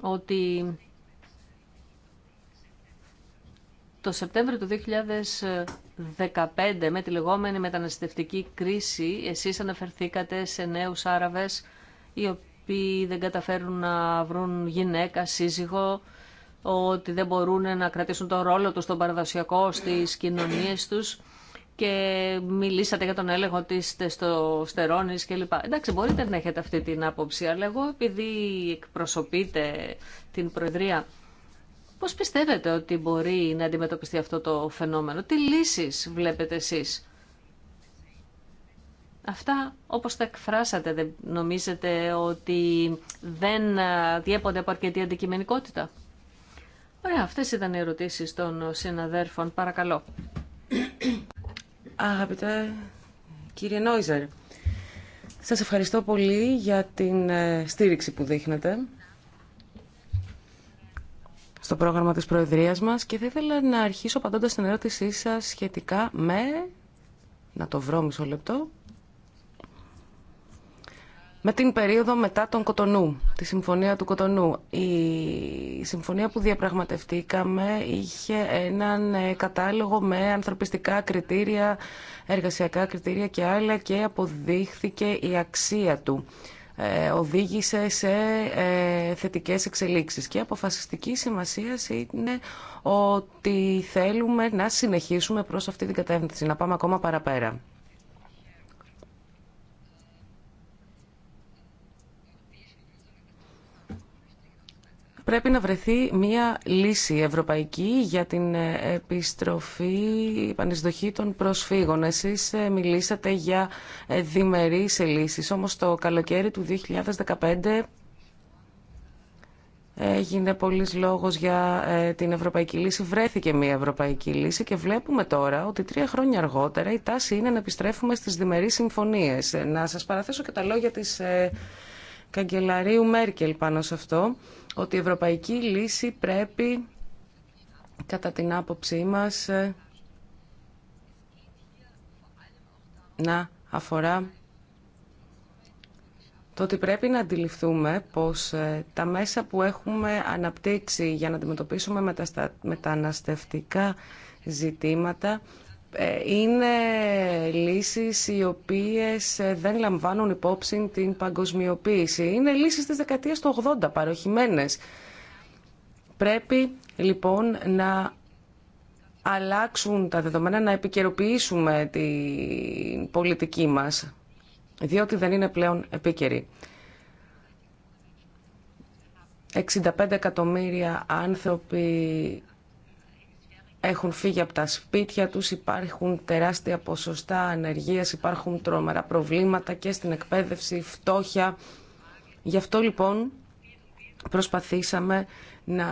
ότι το Σεπτέμβριο του 2015 με τη λεγόμενη μεταναστευτική κρίση εσείς αναφερθήκατε σε νέους Άραβες οι οποίοι δεν καταφέρουν να βρουν γυναίκα, σύζυγο, ότι δεν μπορούν να κρατήσουν το ρόλο τους στον παραδοσιακό στις κοινωνίες τους και μιλήσατε για τον έλεγχο της τεστοστερόνη κλπ. Εντάξει, μπορείτε να έχετε αυτή την άποψη, αλλά εγώ επειδή εκπροσωπείτε την Προεδρία, πώς πιστεύετε ότι μπορεί να αντιμετωπιστεί αυτό το φαινόμενο, τι λύσεις βλέπετε εσεί. Αυτά όπως τα εκφράσατε, δεν νομίζετε ότι δεν διέπονται από αρκετή αντικειμενικότητα. Ωραία, αυτές ήταν οι ερωτήσεις των συναδέρφων. Παρακαλώ. *coughs* Αγαπητέ κύριε Νόιζερ, σας ευχαριστώ πολύ για την ε, στήριξη που δείχνετε στο πρόγραμμα της Προεδρίας μας και θα ήθελα να αρχίσω απαντώντας την ερώτησή σας σχετικά με, να το βρω μισό λεπτό, με την περίοδο μετά τον Κοτονού, τη Συμφωνία του Κοτονού. Η συμφωνία που διαπραγματευτήκαμε είχε έναν ε, κατάλογο με ανθρωπιστικά κριτήρια, εργασιακά κριτήρια και άλλα και αποδείχθηκε η αξία του. Ε, οδήγησε σε ε, θετικές εξελίξεις και αποφασιστική σημασία είναι ότι θέλουμε να συνεχίσουμε προς αυτή την κατεύθυνση, να πάμε ακόμα παραπέρα. Πρέπει να βρεθεί μια λύση ευρωπαϊκή για την επιστροφή, πανεσδοχή των προσφύγων. Εσείς ε, μιλήσατε για ε, διμερείς λύσεις, όμως το καλοκαίρι του 2015 έγινε πολλής λόγος για ε, την ευρωπαϊκή λύση. Βρέθηκε μια ευρωπαϊκή λύση και βλέπουμε τώρα ότι τρία χρόνια αργότερα η τάση είναι να επιστρέφουμε στις διμερείς συμφωνίες. Να σας παραθέσω και τα λόγια της καγκελαρίου Μέρκελ πάνω σε αυτό, ότι η ευρωπαϊκή λύση πρέπει, κατά την άποψή μας, ε, να αφορά το ότι πρέπει να αντιληφθούμε πως ε, τα μέσα που έχουμε αναπτύξει για να αντιμετωπίσουμε μεταναστευτικά ζητήματα ε, είναι λύσεις οι οποίες ε, δεν λαμβάνουν υπόψη την παγκοσμιοποίηση. Είναι λύσεις της δεκαετίας του 80 παροχημένες. Πρέπει λοιπόν να αλλάξουν τα δεδομένα, να επικαιροποιήσουμε την πολιτική μας, διότι δεν είναι πλέον επίκαιρη. 65 εκατομμύρια άνθρωποι έχουν φύγει από τα σπίτια τους, υπάρχουν τεράστια ποσοστά ανεργίας, υπάρχουν τρόμερα προβλήματα και στην εκπαίδευση, φτώχεια. Γι' αυτό λοιπόν προσπαθήσαμε να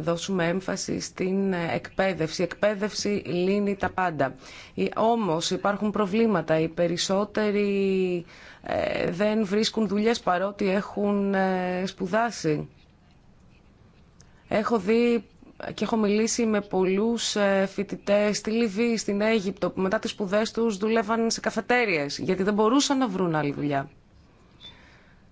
δώσουμε έμφαση στην εκπαίδευση. Η εκπαίδευση λύνει τα πάντα. Ε, όμως υπάρχουν προβλήματα. Οι περισσότεροι ε, δεν βρίσκουν δουλειές παρότι έχουν ε, σπουδάσει. Έχω δει και έχω μιλήσει με πολλούς ε, φοιτητέ στη Λιβύη, στην Αίγυπτο που μετά τι σπουδέ τους δουλεύαν σε καφετέριες γιατί δεν μπορούσαν να βρουν άλλη δουλειά.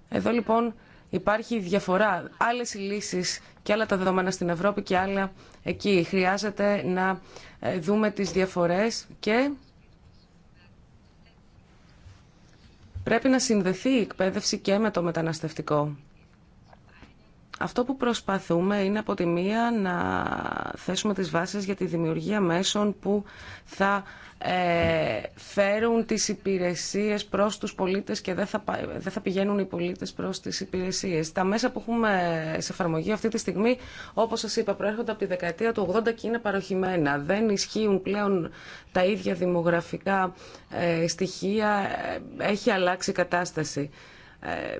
Εδώ λοιπόν υπάρχει διαφορά. άλλε οι λύσεις και άλλα τα δεδομένα στην Ευρώπη και άλλα εκεί. Χρειάζεται να ε, δούμε τις διαφορές και πρέπει να συνδεθεί η εκπαίδευση και με το μεταναστευτικό. Αυτό που προσπαθούμε είναι από τη μία να θέσουμε τις βάσεις για τη δημιουργία μέσων που θα ε, φέρουν τις υπηρεσίες προς τους πολίτες και δεν θα, δεν θα πηγαίνουν οι πολίτες προς τις υπηρεσίες. Τα μέσα που έχουμε σε εφαρμογή αυτή τη στιγμή, όπως σας είπα, προέρχονται από τη δεκαετία του 80 και είναι παροχημένα. Δεν ισχύουν πλέον τα ίδια δημογραφικά ε, στοιχεία. Ε, έχει αλλάξει η κατάσταση. Ε,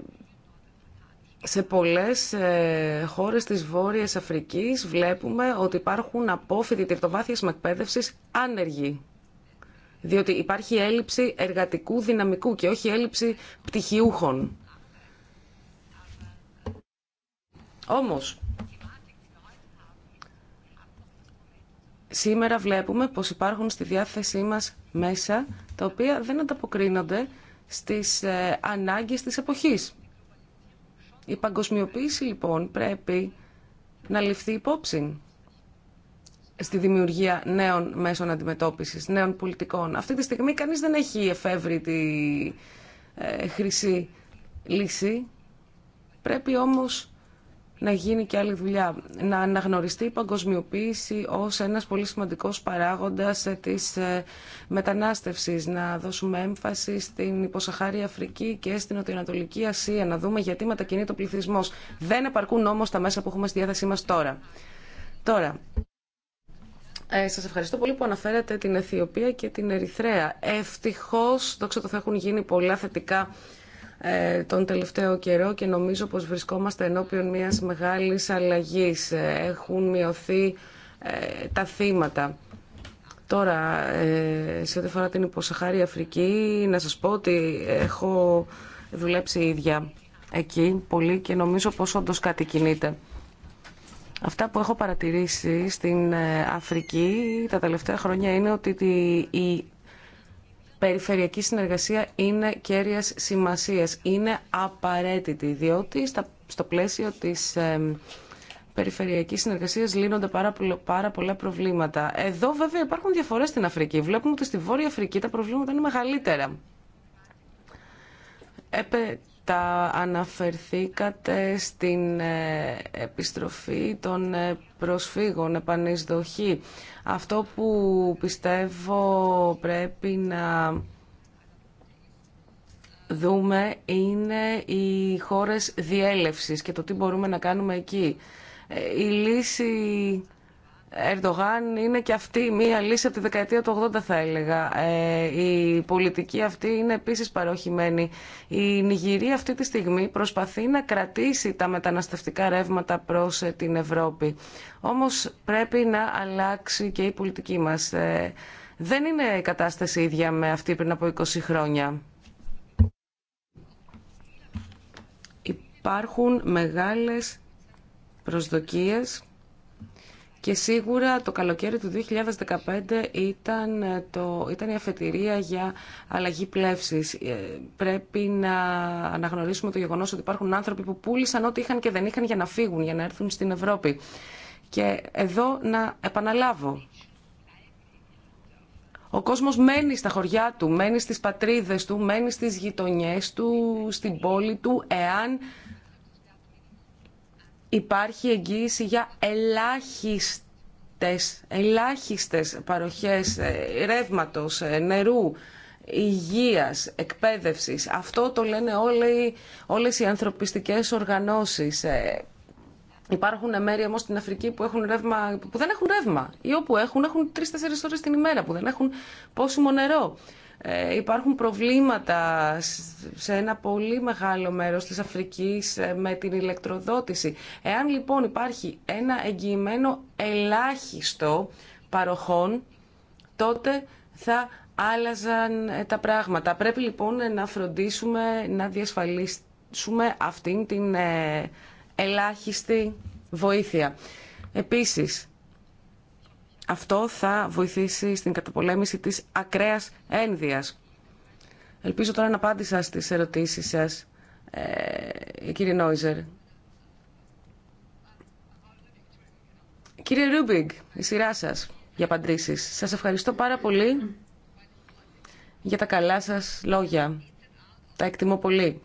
σε πολλές ε, χώρες της Βόρειας Αφρικής βλέπουμε ότι υπάρχουν απόφοιτοι με εκπαίδευση άνεργοι. Διότι υπάρχει έλλειψη εργατικού δυναμικού και όχι έλλειψη πτυχιούχων. Όμως, σήμερα βλέπουμε πως υπάρχουν στη διάθεσή μας μέσα τα οποία δεν ανταποκρίνονται στις ε, ανάγκες της εποχής. Η παγκοσμιοποίηση λοιπόν πρέπει να ληφθεί υπόψη στη δημιουργία νέων μέσων αντιμετώπισης, νέων πολιτικών. Αυτή τη στιγμή κανείς δεν έχει εφεύρει τη ε, χρυσή λύση. Πρέπει όμως να γίνει και άλλη δουλειά. Να αναγνωριστεί η παγκοσμιοποίηση ως ένας πολύ σημαντικός παράγοντας της ε, μετανάστευσης. Να δώσουμε έμφαση στην υποσαχάρη Αφρική και στην Νοτιοανατολική Ασία. Να δούμε γιατί μετακινεί το πληθυσμός. Δεν επαρκούν όμως τα μέσα που έχουμε στη διάθεσή μας τώρα. Τώρα, ε, σας ευχαριστώ πολύ που αναφέρατε την Αιθιοπία και την Ερυθρέα. Ευτυχώς, δόξα το θα έχουν γίνει πολλά θετικά ε, τον τελευταίο καιρό και νομίζω πως βρισκόμαστε ενώπιον μιας μεγάλης αλλαγής. Ε, έχουν μειωθεί ε, τα θύματα. Τώρα, σε ό,τι αφορά την υποσαχάρη Αφρική, να σας πω ότι έχω δουλέψει ίδια εκεί πολύ και νομίζω πως όντως κάτι κινείται. Αυτά που έχω παρατηρήσει στην Αφρική τα τελευταία χρόνια είναι ότι η περιφερειακή συνεργασία είναι κέρια σημασίας. Είναι απαραίτητη, διότι στο πλαίσιο της περιφερειακής συνεργασίας λύνονται πάρα, πάρα πολλά προβλήματα. Εδώ βέβαια υπάρχουν διαφορές στην Αφρική. Βλέπουμε ότι στη Βόρεια Αφρική τα προβλήματα είναι μεγαλύτερα τα αναφερθήκατε στην ε, επιστροφή των ε, προσφύγων, επανεισδοχή. Αυτό που πιστεύω πρέπει να δούμε είναι οι χώρες διέλευσης και το τι μπορούμε να κάνουμε εκεί. Ε, η λύση Ερντογάν είναι και αυτή μία λύση από τη δεκαετία του 80 θα έλεγα. Ε, η πολιτική αυτή είναι επίσης παροχημένη. Η Νιγηρία αυτή τη στιγμή προσπαθεί να κρατήσει τα μεταναστευτικά ρεύματα προς ε, την Ευρώπη. Όμως πρέπει να αλλάξει και η πολιτική μας. Ε, δεν είναι η κατάσταση ίδια με αυτή πριν από 20 χρόνια. Υπάρχουν μεγάλες προσδοκίες και σίγουρα το καλοκαίρι του 2015 ήταν, ε, το, ήταν η αφετηρία για αλλαγή πλεύσης. Ε, πρέπει να αναγνωρίσουμε το γεγονός ότι υπάρχουν άνθρωποι που πούλησαν ό,τι είχαν και δεν είχαν για να φύγουν, για να έρθουν στην Ευρώπη. Και εδώ να επαναλάβω. Ο κόσμος μένει στα χωριά του, μένει στις πατρίδες του, μένει στις γειτονιές του, στην πόλη του, εάν υπάρχει εγγύηση για ελάχιστες, ελάχιστες παροχές ε, ρεύματος, ε, νερού, υγείας, εκπαίδευσης. Αυτό το λένε όλοι, όλες οι ανθρωπιστικές οργανώσεις. Ε, υπάρχουν μέρη όμω στην Αφρική που, έχουν ρεύμα, που δεν έχουν ρεύμα ή όπου έχουν, έχουν τρει-τέσσερι ώρε την ημέρα που δεν έχουν πόσιμο νερό. Ε, υπάρχουν προβλήματα σε ένα πολύ μεγάλο μέρος της Αφρικής ε, με την ηλεκτροδότηση. Εάν λοιπόν υπάρχει ένα εγγυημένο ελάχιστο παροχών, τότε θα άλλαζαν ε, τα πράγματα. Πρέπει λοιπόν να φροντίσουμε να διασφαλίσουμε αυτήν την ελάχιστη βοήθεια. Επίσης, αυτό θα βοηθήσει στην καταπολέμηση της ακραίας ένδυας. Ελπίζω τώρα να απάντησα στις ερωτήσεις σας, ε, κύριε Νόιζερ. Κύριε Ρούμπιγκ, η σειρά σας για απαντήσεις. Σας ευχαριστώ πάρα πολύ για τα καλά σας λόγια. Τα εκτιμώ πολύ.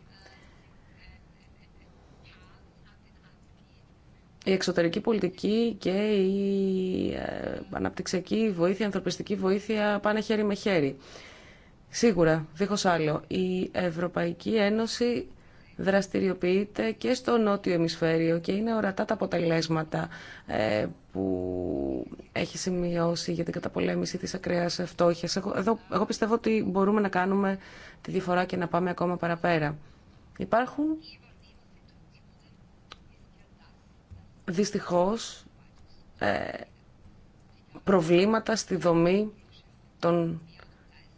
η εξωτερική πολιτική και η ε, αναπτυξιακή βοήθεια, η ανθρωπιστική βοήθεια πάνε χέρι με χέρι. Σίγουρα, δίχως άλλο, η Ευρωπαϊκή Ένωση δραστηριοποιείται και στο νότιο ημισφαίριο και είναι ορατά τα αποτελέσματα ε, που έχει σημειώσει για την καταπολέμηση της ακραίας φτώχειας. Εγώ, εδώ, εγώ πιστεύω ότι μπορούμε να κάνουμε τη διαφορά και να πάμε ακόμα παραπέρα. Υπάρχουν δυστυχώς ε, προβλήματα στη δομή των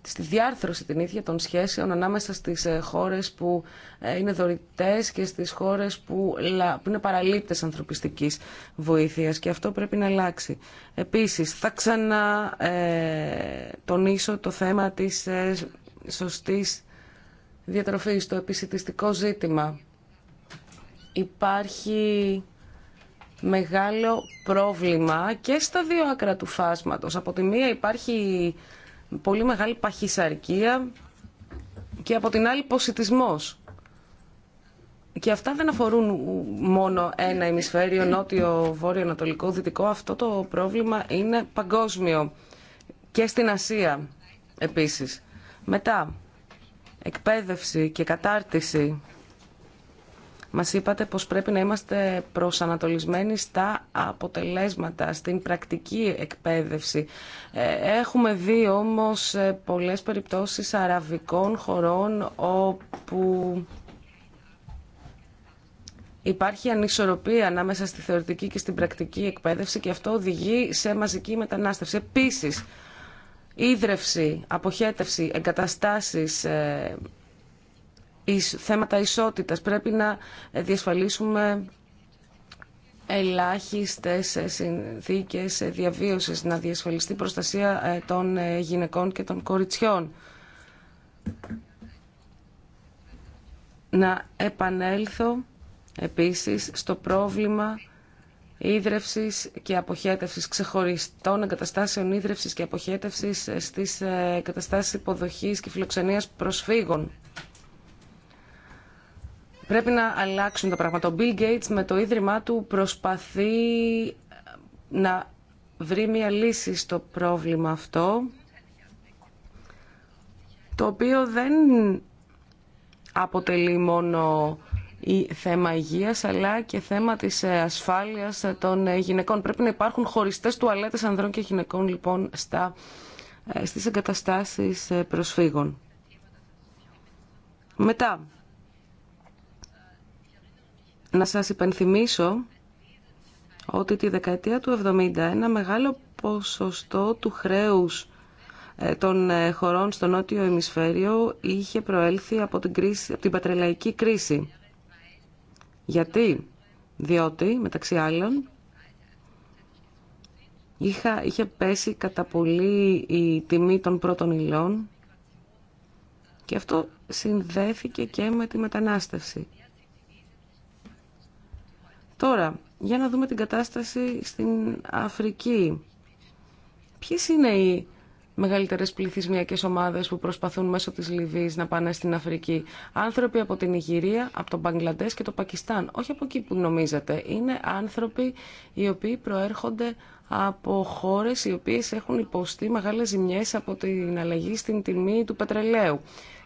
στη διάρθρωση την ίδια των σχέσεων ανάμεσα στις ε, χώρες που ε, είναι δωρητές και στις χώρες που είναι παραλήπτες ανθρωπιστικής βοήθειας και αυτό πρέπει να αλλάξει. Επίσης, θα ξανά ε, τονίσω το θέμα της ε, σωστής διατροφής, το επισητιστικό ζήτημα. Υπάρχει μεγάλο πρόβλημα και στα δύο άκρα του φάσματος. Από τη μία υπάρχει πολύ μεγάλη παχυσαρκία και από την άλλη ποσιτισμός. Και αυτά δεν αφορούν μόνο ένα ημισφαίριο, νότιο, βόρειο, ανατολικό, δυτικό. Αυτό το πρόβλημα είναι παγκόσμιο και στην Ασία επίσης. Μετά, εκπαίδευση και κατάρτιση μας είπατε πως πρέπει να είμαστε προσανατολισμένοι στα αποτελέσματα, στην πρακτική εκπαίδευση. Ε, έχουμε δει όμως ε, πολλές περιπτώσεις αραβικών χωρών όπου υπάρχει ανισορροπία ανάμεσα στη θεωρητική και στην πρακτική εκπαίδευση και αυτό οδηγεί σε μαζική μετανάστευση. Επίση, ίδρευση, αποχέτευση, εγκαταστάσει. Ε, θέματα ισότητας. Πρέπει να διασφαλίσουμε ελάχιστες ε, συνθήκες ε, διαβίωσης, να διασφαλιστεί προστασία ε, των γυναικών και των κοριτσιών. Να επανέλθω επίσης στο πρόβλημα ίδρευσης και αποχέτευσης, ξεχωριστών εγκαταστάσεων ίδρευσης και αποχέτευσης στις εγκαταστάσεις υποδοχής και φιλοξενίας προσφύγων. Πρέπει να αλλάξουν τα πράγματα. Ο Bill Gates με το ίδρυμά του προσπαθεί να βρει μια λύση στο πρόβλημα αυτό, το οποίο δεν αποτελεί μόνο η θέμα υγείας, αλλά και θέμα της ε, ασφάλειας ε, των ε, γυναικών. Πρέπει να υπάρχουν χωριστές τουαλέτες ανδρών και γυναικών, λοιπόν, στα, στις εγκαταστάσεις προσφύγων. Μετά, να σας υπενθυμίσω ότι τη δεκαετία του 70 ένα μεγάλο ποσοστό του χρέους ε, των ε, χωρών στο νότιο ημισφαίριο είχε προέλθει από την, κρίση, από την πατρελαϊκή κρίση. Γιατί, διότι μεταξύ άλλων είχα, είχε πέσει κατά πολύ η τιμή των πρώτων υλών και αυτό συνδέθηκε και με τη μετανάστευση. Τώρα, για να δούμε την κατάσταση στην Αφρική. Ποιες είναι οι μεγαλύτερες πληθυσμιακές ομάδες που προσπαθούν μέσω της Λιβύης να πάνε στην Αφρική. Άνθρωποι από την Ιγυρία, από τον Μπαγκλαντές και το Πακιστάν. Όχι από εκεί που νομίζετε. Είναι άνθρωποι οι οποίοι προέρχονται από χώρες οι οποίες έχουν υποστεί μεγάλες ζημιές από την αλλαγή στην τιμή του πετρελαίου.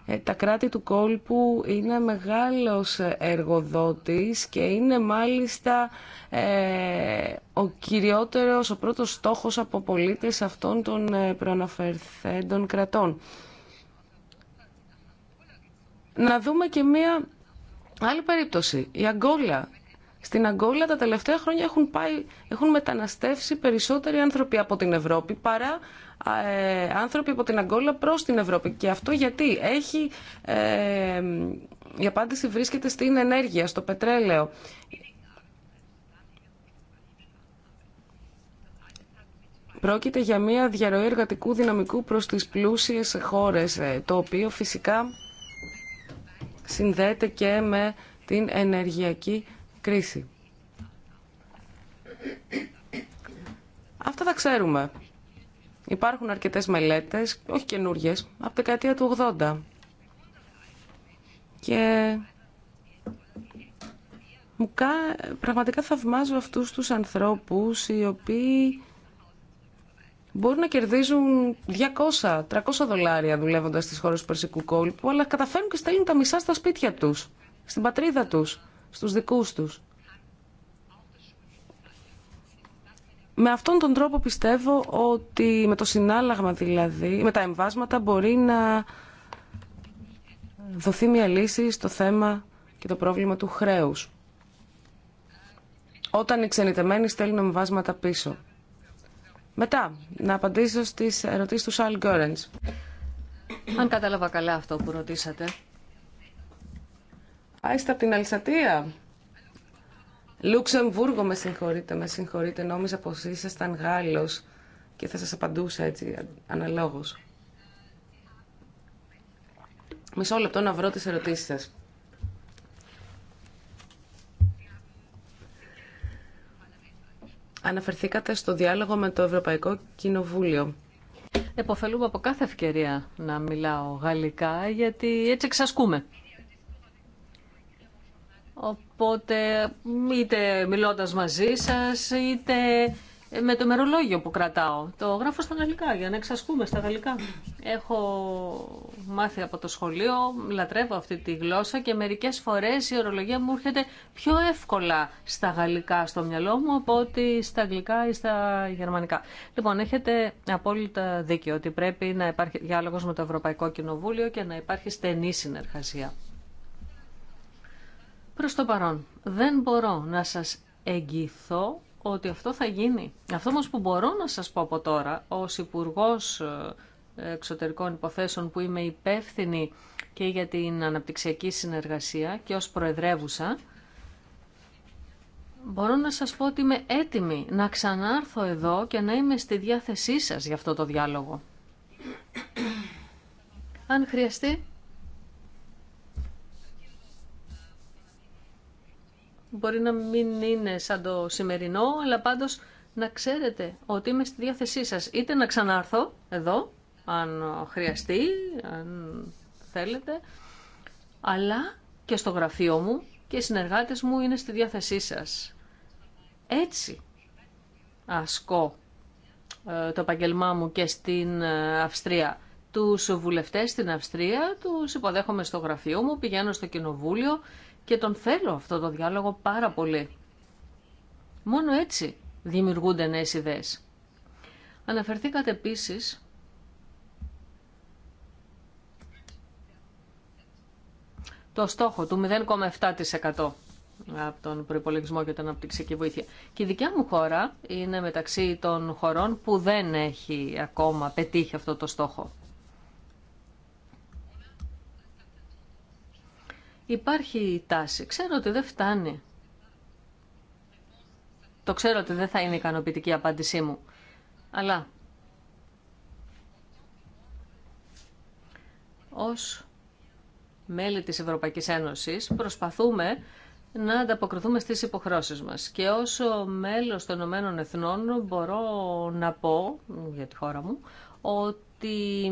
Ε, τα κράτη του κόλπου είναι μεγάλος εργοδότης και είναι μάλιστα ε, ο κυριότερος, ο πρώτος στόχος από πολίτες αυτών των ε, προαναφερθέντων κρατών. Να δούμε και μία άλλη περίπτωση. Η Αγκόλα στην Αγκόλα τα τελευταία χρόνια έχουν, πάει, έχουν μεταναστεύσει περισσότεροι άνθρωποι από την Ευρώπη παρά ε, άνθρωποι από την Αγκόλα προς την Ευρώπη. Και αυτό γιατί έχει, ε, η απάντηση βρίσκεται στην ενέργεια, στο πετρέλαιο. Πρόκειται για μια διαρροή εργατικού δυναμικού προς τις πλούσιες χώρες, ε, το οποίο φυσικά συνδέεται και με την ενεργειακή κρίση. Αυτά τα ξέρουμε. Υπάρχουν αρκετές μελέτες, όχι καινούριε, από την δεκαετία του 80. Και μου κα... πραγματικά θαυμάζω αυτούς τους ανθρώπους οι οποίοι μπορούν να κερδίζουν 200-300 δολάρια δουλεύοντας στις χώρες του Περσικού κόλπου, αλλά καταφέρνουν και στέλνουν τα μισά στα σπίτια τους, στην πατρίδα τους στους δικούς τους. Με αυτόν τον τρόπο πιστεύω ότι με το συνάλλαγμα δηλαδή, με τα εμβάσματα μπορεί να δοθεί μια λύση στο θέμα και το πρόβλημα του χρέους. Όταν οι ξενιτεμένοι στέλνουν εμβάσματα πίσω. Μετά, να απαντήσω στις ερωτήσεις του Σαλ Αν κατάλαβα καλά αυτό που ρωτήσατε, Άιστα από την Αλσατία. Λουξεμβούργο, με συγχωρείτε, με συγχωρείτε. Νόμιζα πως ήσασταν Γάλλος και θα σα απαντούσα έτσι αναλόγω. Μισό λεπτό να βρω τι ερωτήσει σα. Αναφερθήκατε στο διάλογο με το Ευρωπαϊκό Κοινοβούλιο. Εποφελούμε από κάθε ευκαιρία να μιλάω γαλλικά, γιατί έτσι εξασκούμε. Οπότε είτε μιλώντας μαζί σας, είτε με το μερολόγιο που κρατάω. Το γράφω στα γαλλικά για να εξασκούμε στα γαλλικά. Έχω μάθει από το σχολείο, λατρεύω αυτή τη γλώσσα και μερικές φορές η ορολογία μου έρχεται πιο εύκολα στα γαλλικά στο μυαλό μου από ότι στα αγγλικά ή στα γερμανικά. Λοιπόν, έχετε απόλυτα δίκιο ότι πρέπει να υπάρχει διάλογος με το Ευρωπαϊκό Κοινοβούλιο και να υπάρχει στενή συνεργασία. Προς το παρόν, δεν μπορώ να σας εγγυηθώ ότι αυτό θα γίνει. Αυτό όμως που μπορώ να σας πω από τώρα, ως υπουργό ε, Εξωτερικών Υποθέσεων που είμαι υπεύθυνη και για την αναπτυξιακή συνεργασία και ως προεδρεύουσα, μπορώ να σας πω ότι είμαι έτοιμη να ξανάρθω εδώ και να είμαι στη διάθεσή σας για αυτό το διάλογο. Αν χρειαστεί, Μπορεί να μην είναι σαν το σημερινό, αλλά πάντως να ξέρετε ότι είμαι στη διάθεσή σας. Είτε να ξανάρθω εδώ, αν χρειαστεί, αν θέλετε, αλλά και στο γραφείο μου και οι συνεργάτες μου είναι στη διάθεσή σας. Έτσι ασκώ ε, το επαγγελμά μου και στην ε, Αυστρία. του βουλευτές στην Αυστρία του υποδέχομαι στο γραφείο μου, πηγαίνω στο κοινοβούλιο και τον θέλω αυτό το διάλογο πάρα πολύ. Μόνο έτσι δημιουργούνται νέες ιδέες. Αναφερθήκατε επίσης το στόχο του 0,7% από τον προϋπολογισμό και την αναπτυξιακή βοήθεια. Και η δικιά μου χώρα είναι μεταξύ των χωρών που δεν έχει ακόμα πετύχει αυτό το στόχο. Υπάρχει η τάση. Ξέρω ότι δεν φτάνει. Το ξέρω ότι δεν θα είναι ικανοποιητική η απάντησή μου. Αλλά ως μέλη της Ευρωπαϊκής Ένωσης προσπαθούμε να ανταποκριθούμε στις υποχρώσεις μας. Και όσο μέλος των Ηνωμένων Εθνών μπορώ να πω, για τη χώρα μου, ότι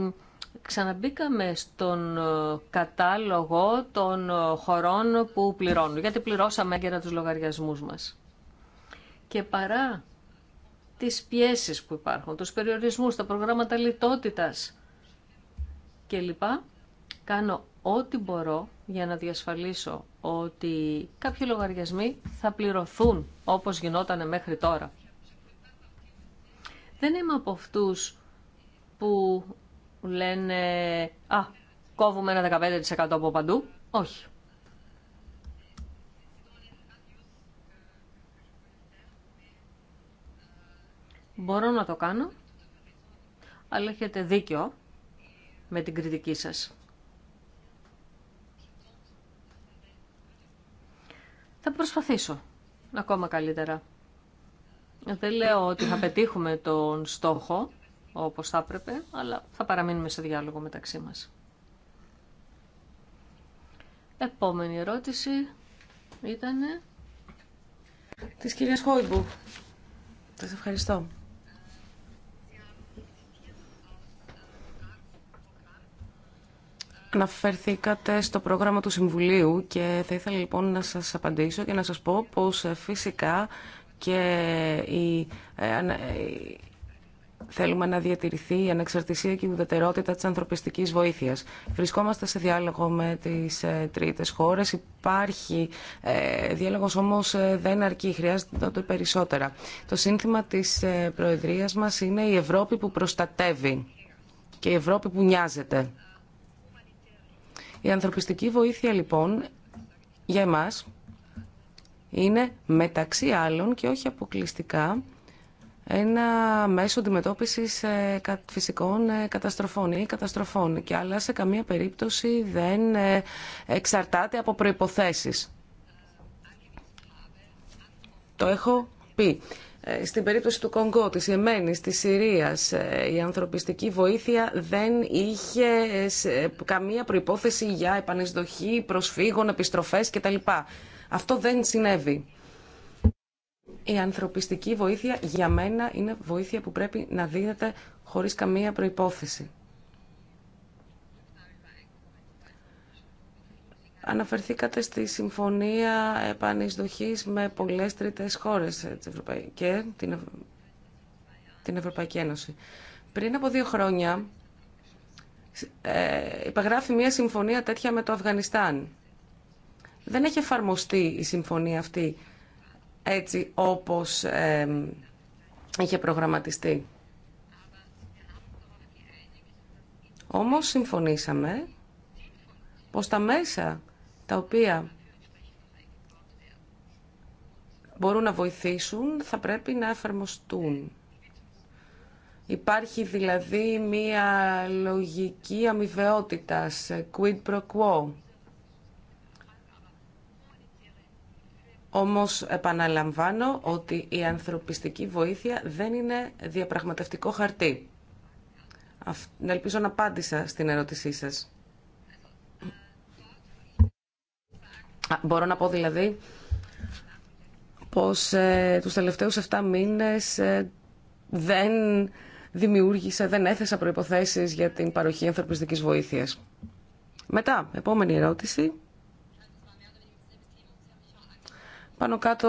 ξαναμπήκαμε στον ε, κατάλογο των ε, χωρών που πληρώνουν, γιατί πληρώσαμε έγκαιρα τους λογαριασμούς μας. Και παρά τις πιέσεις που υπάρχουν, τους περιορισμούς, τα προγράμματα λιτότητας κλπ. Κάνω ό,τι μπορώ για να διασφαλίσω ότι κάποιοι λογαριασμοί θα πληρωθούν όπως γινόταν μέχρι τώρα. Δεν είμαι από αυτούς που λένε «Α, κόβουμε ένα 15% από παντού». Όχι. Μπορώ να το κάνω, αλλά έχετε δίκιο με την κριτική σας. Θα προσπαθήσω ακόμα καλύτερα. Δεν λέω ότι θα πετύχουμε τον στόχο, όπως θα έπρεπε, αλλά θα παραμείνουμε σε διάλογο μεταξύ μας. Επόμενη ερώτηση ήταν της κυρίας Χόιμπου. Σας ευχαριστώ. Αναφερθήκατε στο πρόγραμμα του Συμβουλίου και θα ήθελα λοιπόν να σας απαντήσω και να σας πω πως ε, φυσικά και η ε, Θέλουμε να διατηρηθεί η ανεξαρτησία και η ουδετερότητα της ανθρωπιστικής βοήθειας. Βρισκόμαστε σε διάλογο με τις ε, τρίτες χώρες. Υπάρχει ε, διάλογος, όμως ε, δεν αρκεί. χρειάζεται τότε περισσότερα. Το σύνθημα της Προεδρίας μας είναι η Ευρώπη που προστατεύει και η Ευρώπη που νοιάζεται. Η ανθρωπιστική βοήθεια, λοιπόν, για εμάς είναι μεταξύ άλλων και όχι αποκλειστικά ένα μέσο αντιμετώπιση ε, φυσικών ε, καταστροφών ή καταστροφών και άλλα σε καμία περίπτωση δεν ε, εξαρτάται από προϋποθέσεις. Το έχω πει. Στην περίπτωση του Κονγκό, της Εμένης, της Συρίας, η ανθρωπιστική βοήθεια δεν είχε καμία προϋπόθεση για επανεσδοχή, προσφύγων, επιστροφές κτλ. Αυτό δεν συνέβη. Η ανθρωπιστική βοήθεια για μένα είναι βοήθεια που πρέπει να δίνεται χωρίς καμία προϋπόθεση. Αναφερθήκατε στη συμφωνία επανεισδοχής με πολλές τρίτες χώρες ε, και την Ευρωπαϊκή Ένωση. Πριν από δύο χρόνια ε, υπεγράφει μια συμφωνία τέτοια με το Αφγανιστάν. Δεν έχει εφαρμοστεί η συμφωνία αυτή έτσι όπως είχε προγραμματιστεί. Όμως συμφωνήσαμε πως τα μέσα τα οποία μπορούν να βοηθήσουν θα πρέπει να εφαρμοστούν. Υπάρχει δηλαδή μία λογική αμοιβαιότητας, ε, quid pro quo. Όμως επαναλαμβάνω ότι η ανθρωπιστική βοήθεια δεν είναι διαπραγματευτικό χαρτί. Ελπίζω να απάντησα στην ερώτησή σας. Μπορώ να πω δηλαδή πως ε, τους τελευταίους 7 μήνες ε, δεν δημιούργησα, δεν έθεσα προϋποθέσεις για την παροχή ανθρωπιστικής βοήθειας. Μετά, επόμενη ερώτηση. πάνω κάτω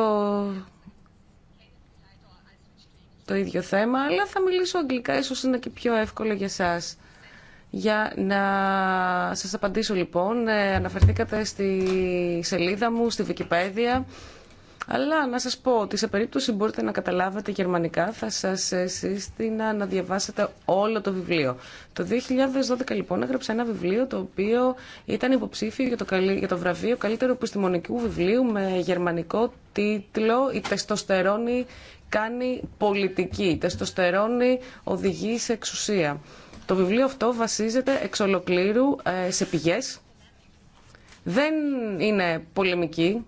το ίδιο θέμα, αλλά θα μιλήσω αγγλικά, ίσως είναι και πιο εύκολο για σας. Για να σας απαντήσω λοιπόν, ε, αναφερθήκατε στη σελίδα μου, στη Wikipedia αλλά να σας πω ότι σε περίπτωση μπορείτε να καταλάβετε γερμανικά θα σας ε, σύστηνα να διαβάσετε όλο το βιβλίο. Το 2012 λοιπόν έγραψα ένα βιβλίο το οποίο ήταν υποψήφιο για το, για το βραβείο καλύτερου επιστημονικού βιβλίου με γερμανικό τίτλο «Η τεστοστερόνη κάνει πολιτική, η τεστοστερόνη οδηγεί σε εξουσία». Το βιβλίο αυτό βασίζεται εξ ολοκλήρου ε, σε πηγές. Δεν είναι πολεμική,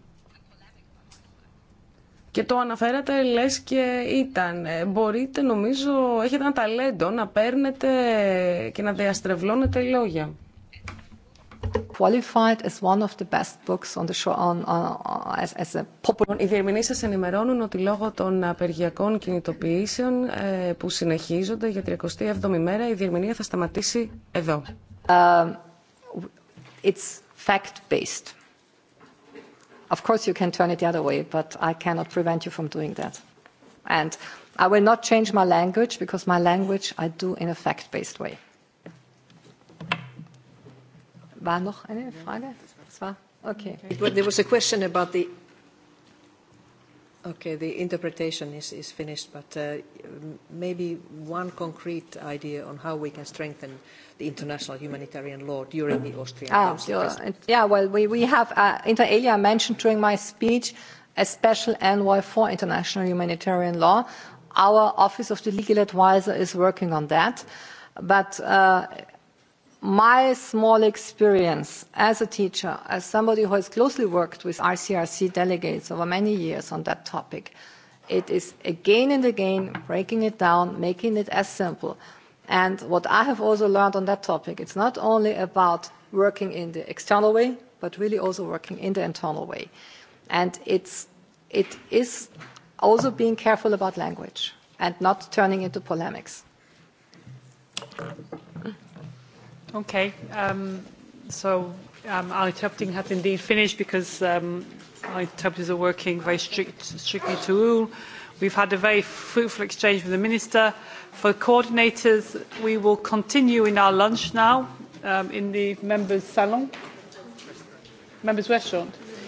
και το αναφέρατε λες και ήταν. Ε, μπορείτε νομίζω, έχετε ένα ταλέντο να παίρνετε και να διαστρεβλώνετε λόγια. Οι διερμηνείς σας ενημερώνουν ότι λόγω των απεργιακών κινητοποιήσεων ε, που συνεχίζονται για 37η μέρα η διερμηνία θα σταματήσει εδώ. Uh, it's fact-based. Of course, you can turn it the other way, but I cannot prevent you from doing that. And I will not change my language because my language I do in a fact-based way. War noch eine Frage? Okay. There was a question about the Okay, the interpretation is, is finished, but uh, maybe one concrete idea on how we can strengthen the international humanitarian law during the Austrian ah, yeah, yeah, well, we, we have, uh, inter alia mentioned during my speech, a special envoy for international humanitarian law. Our Office of the Legal Advisor is working on that, but my small experience as a teacher, as somebody who has closely worked with RCRC delegates over many years on that topic, it is again and again breaking it down, making it as simple. And what I have also learned on that topic, it's not only about working in the external way, but really also working in the internal way. And it's, it is also being careful about language and not turning into polemics. Okay. Um, so um, our interpreting has indeed finished because um, our interpreters are working very strict, strictly to rule. We've had a very fruitful exchange with the Minister. For coordinators, we will continue in our lunch now um, in the members' salon, members' restaurant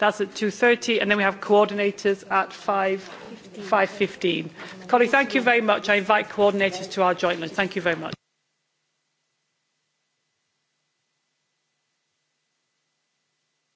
That's at 2.30 and then we have coordinators at 5.15. Colleagues, thank you very much. I invite coordinators to our joint lunch. Thank you very much.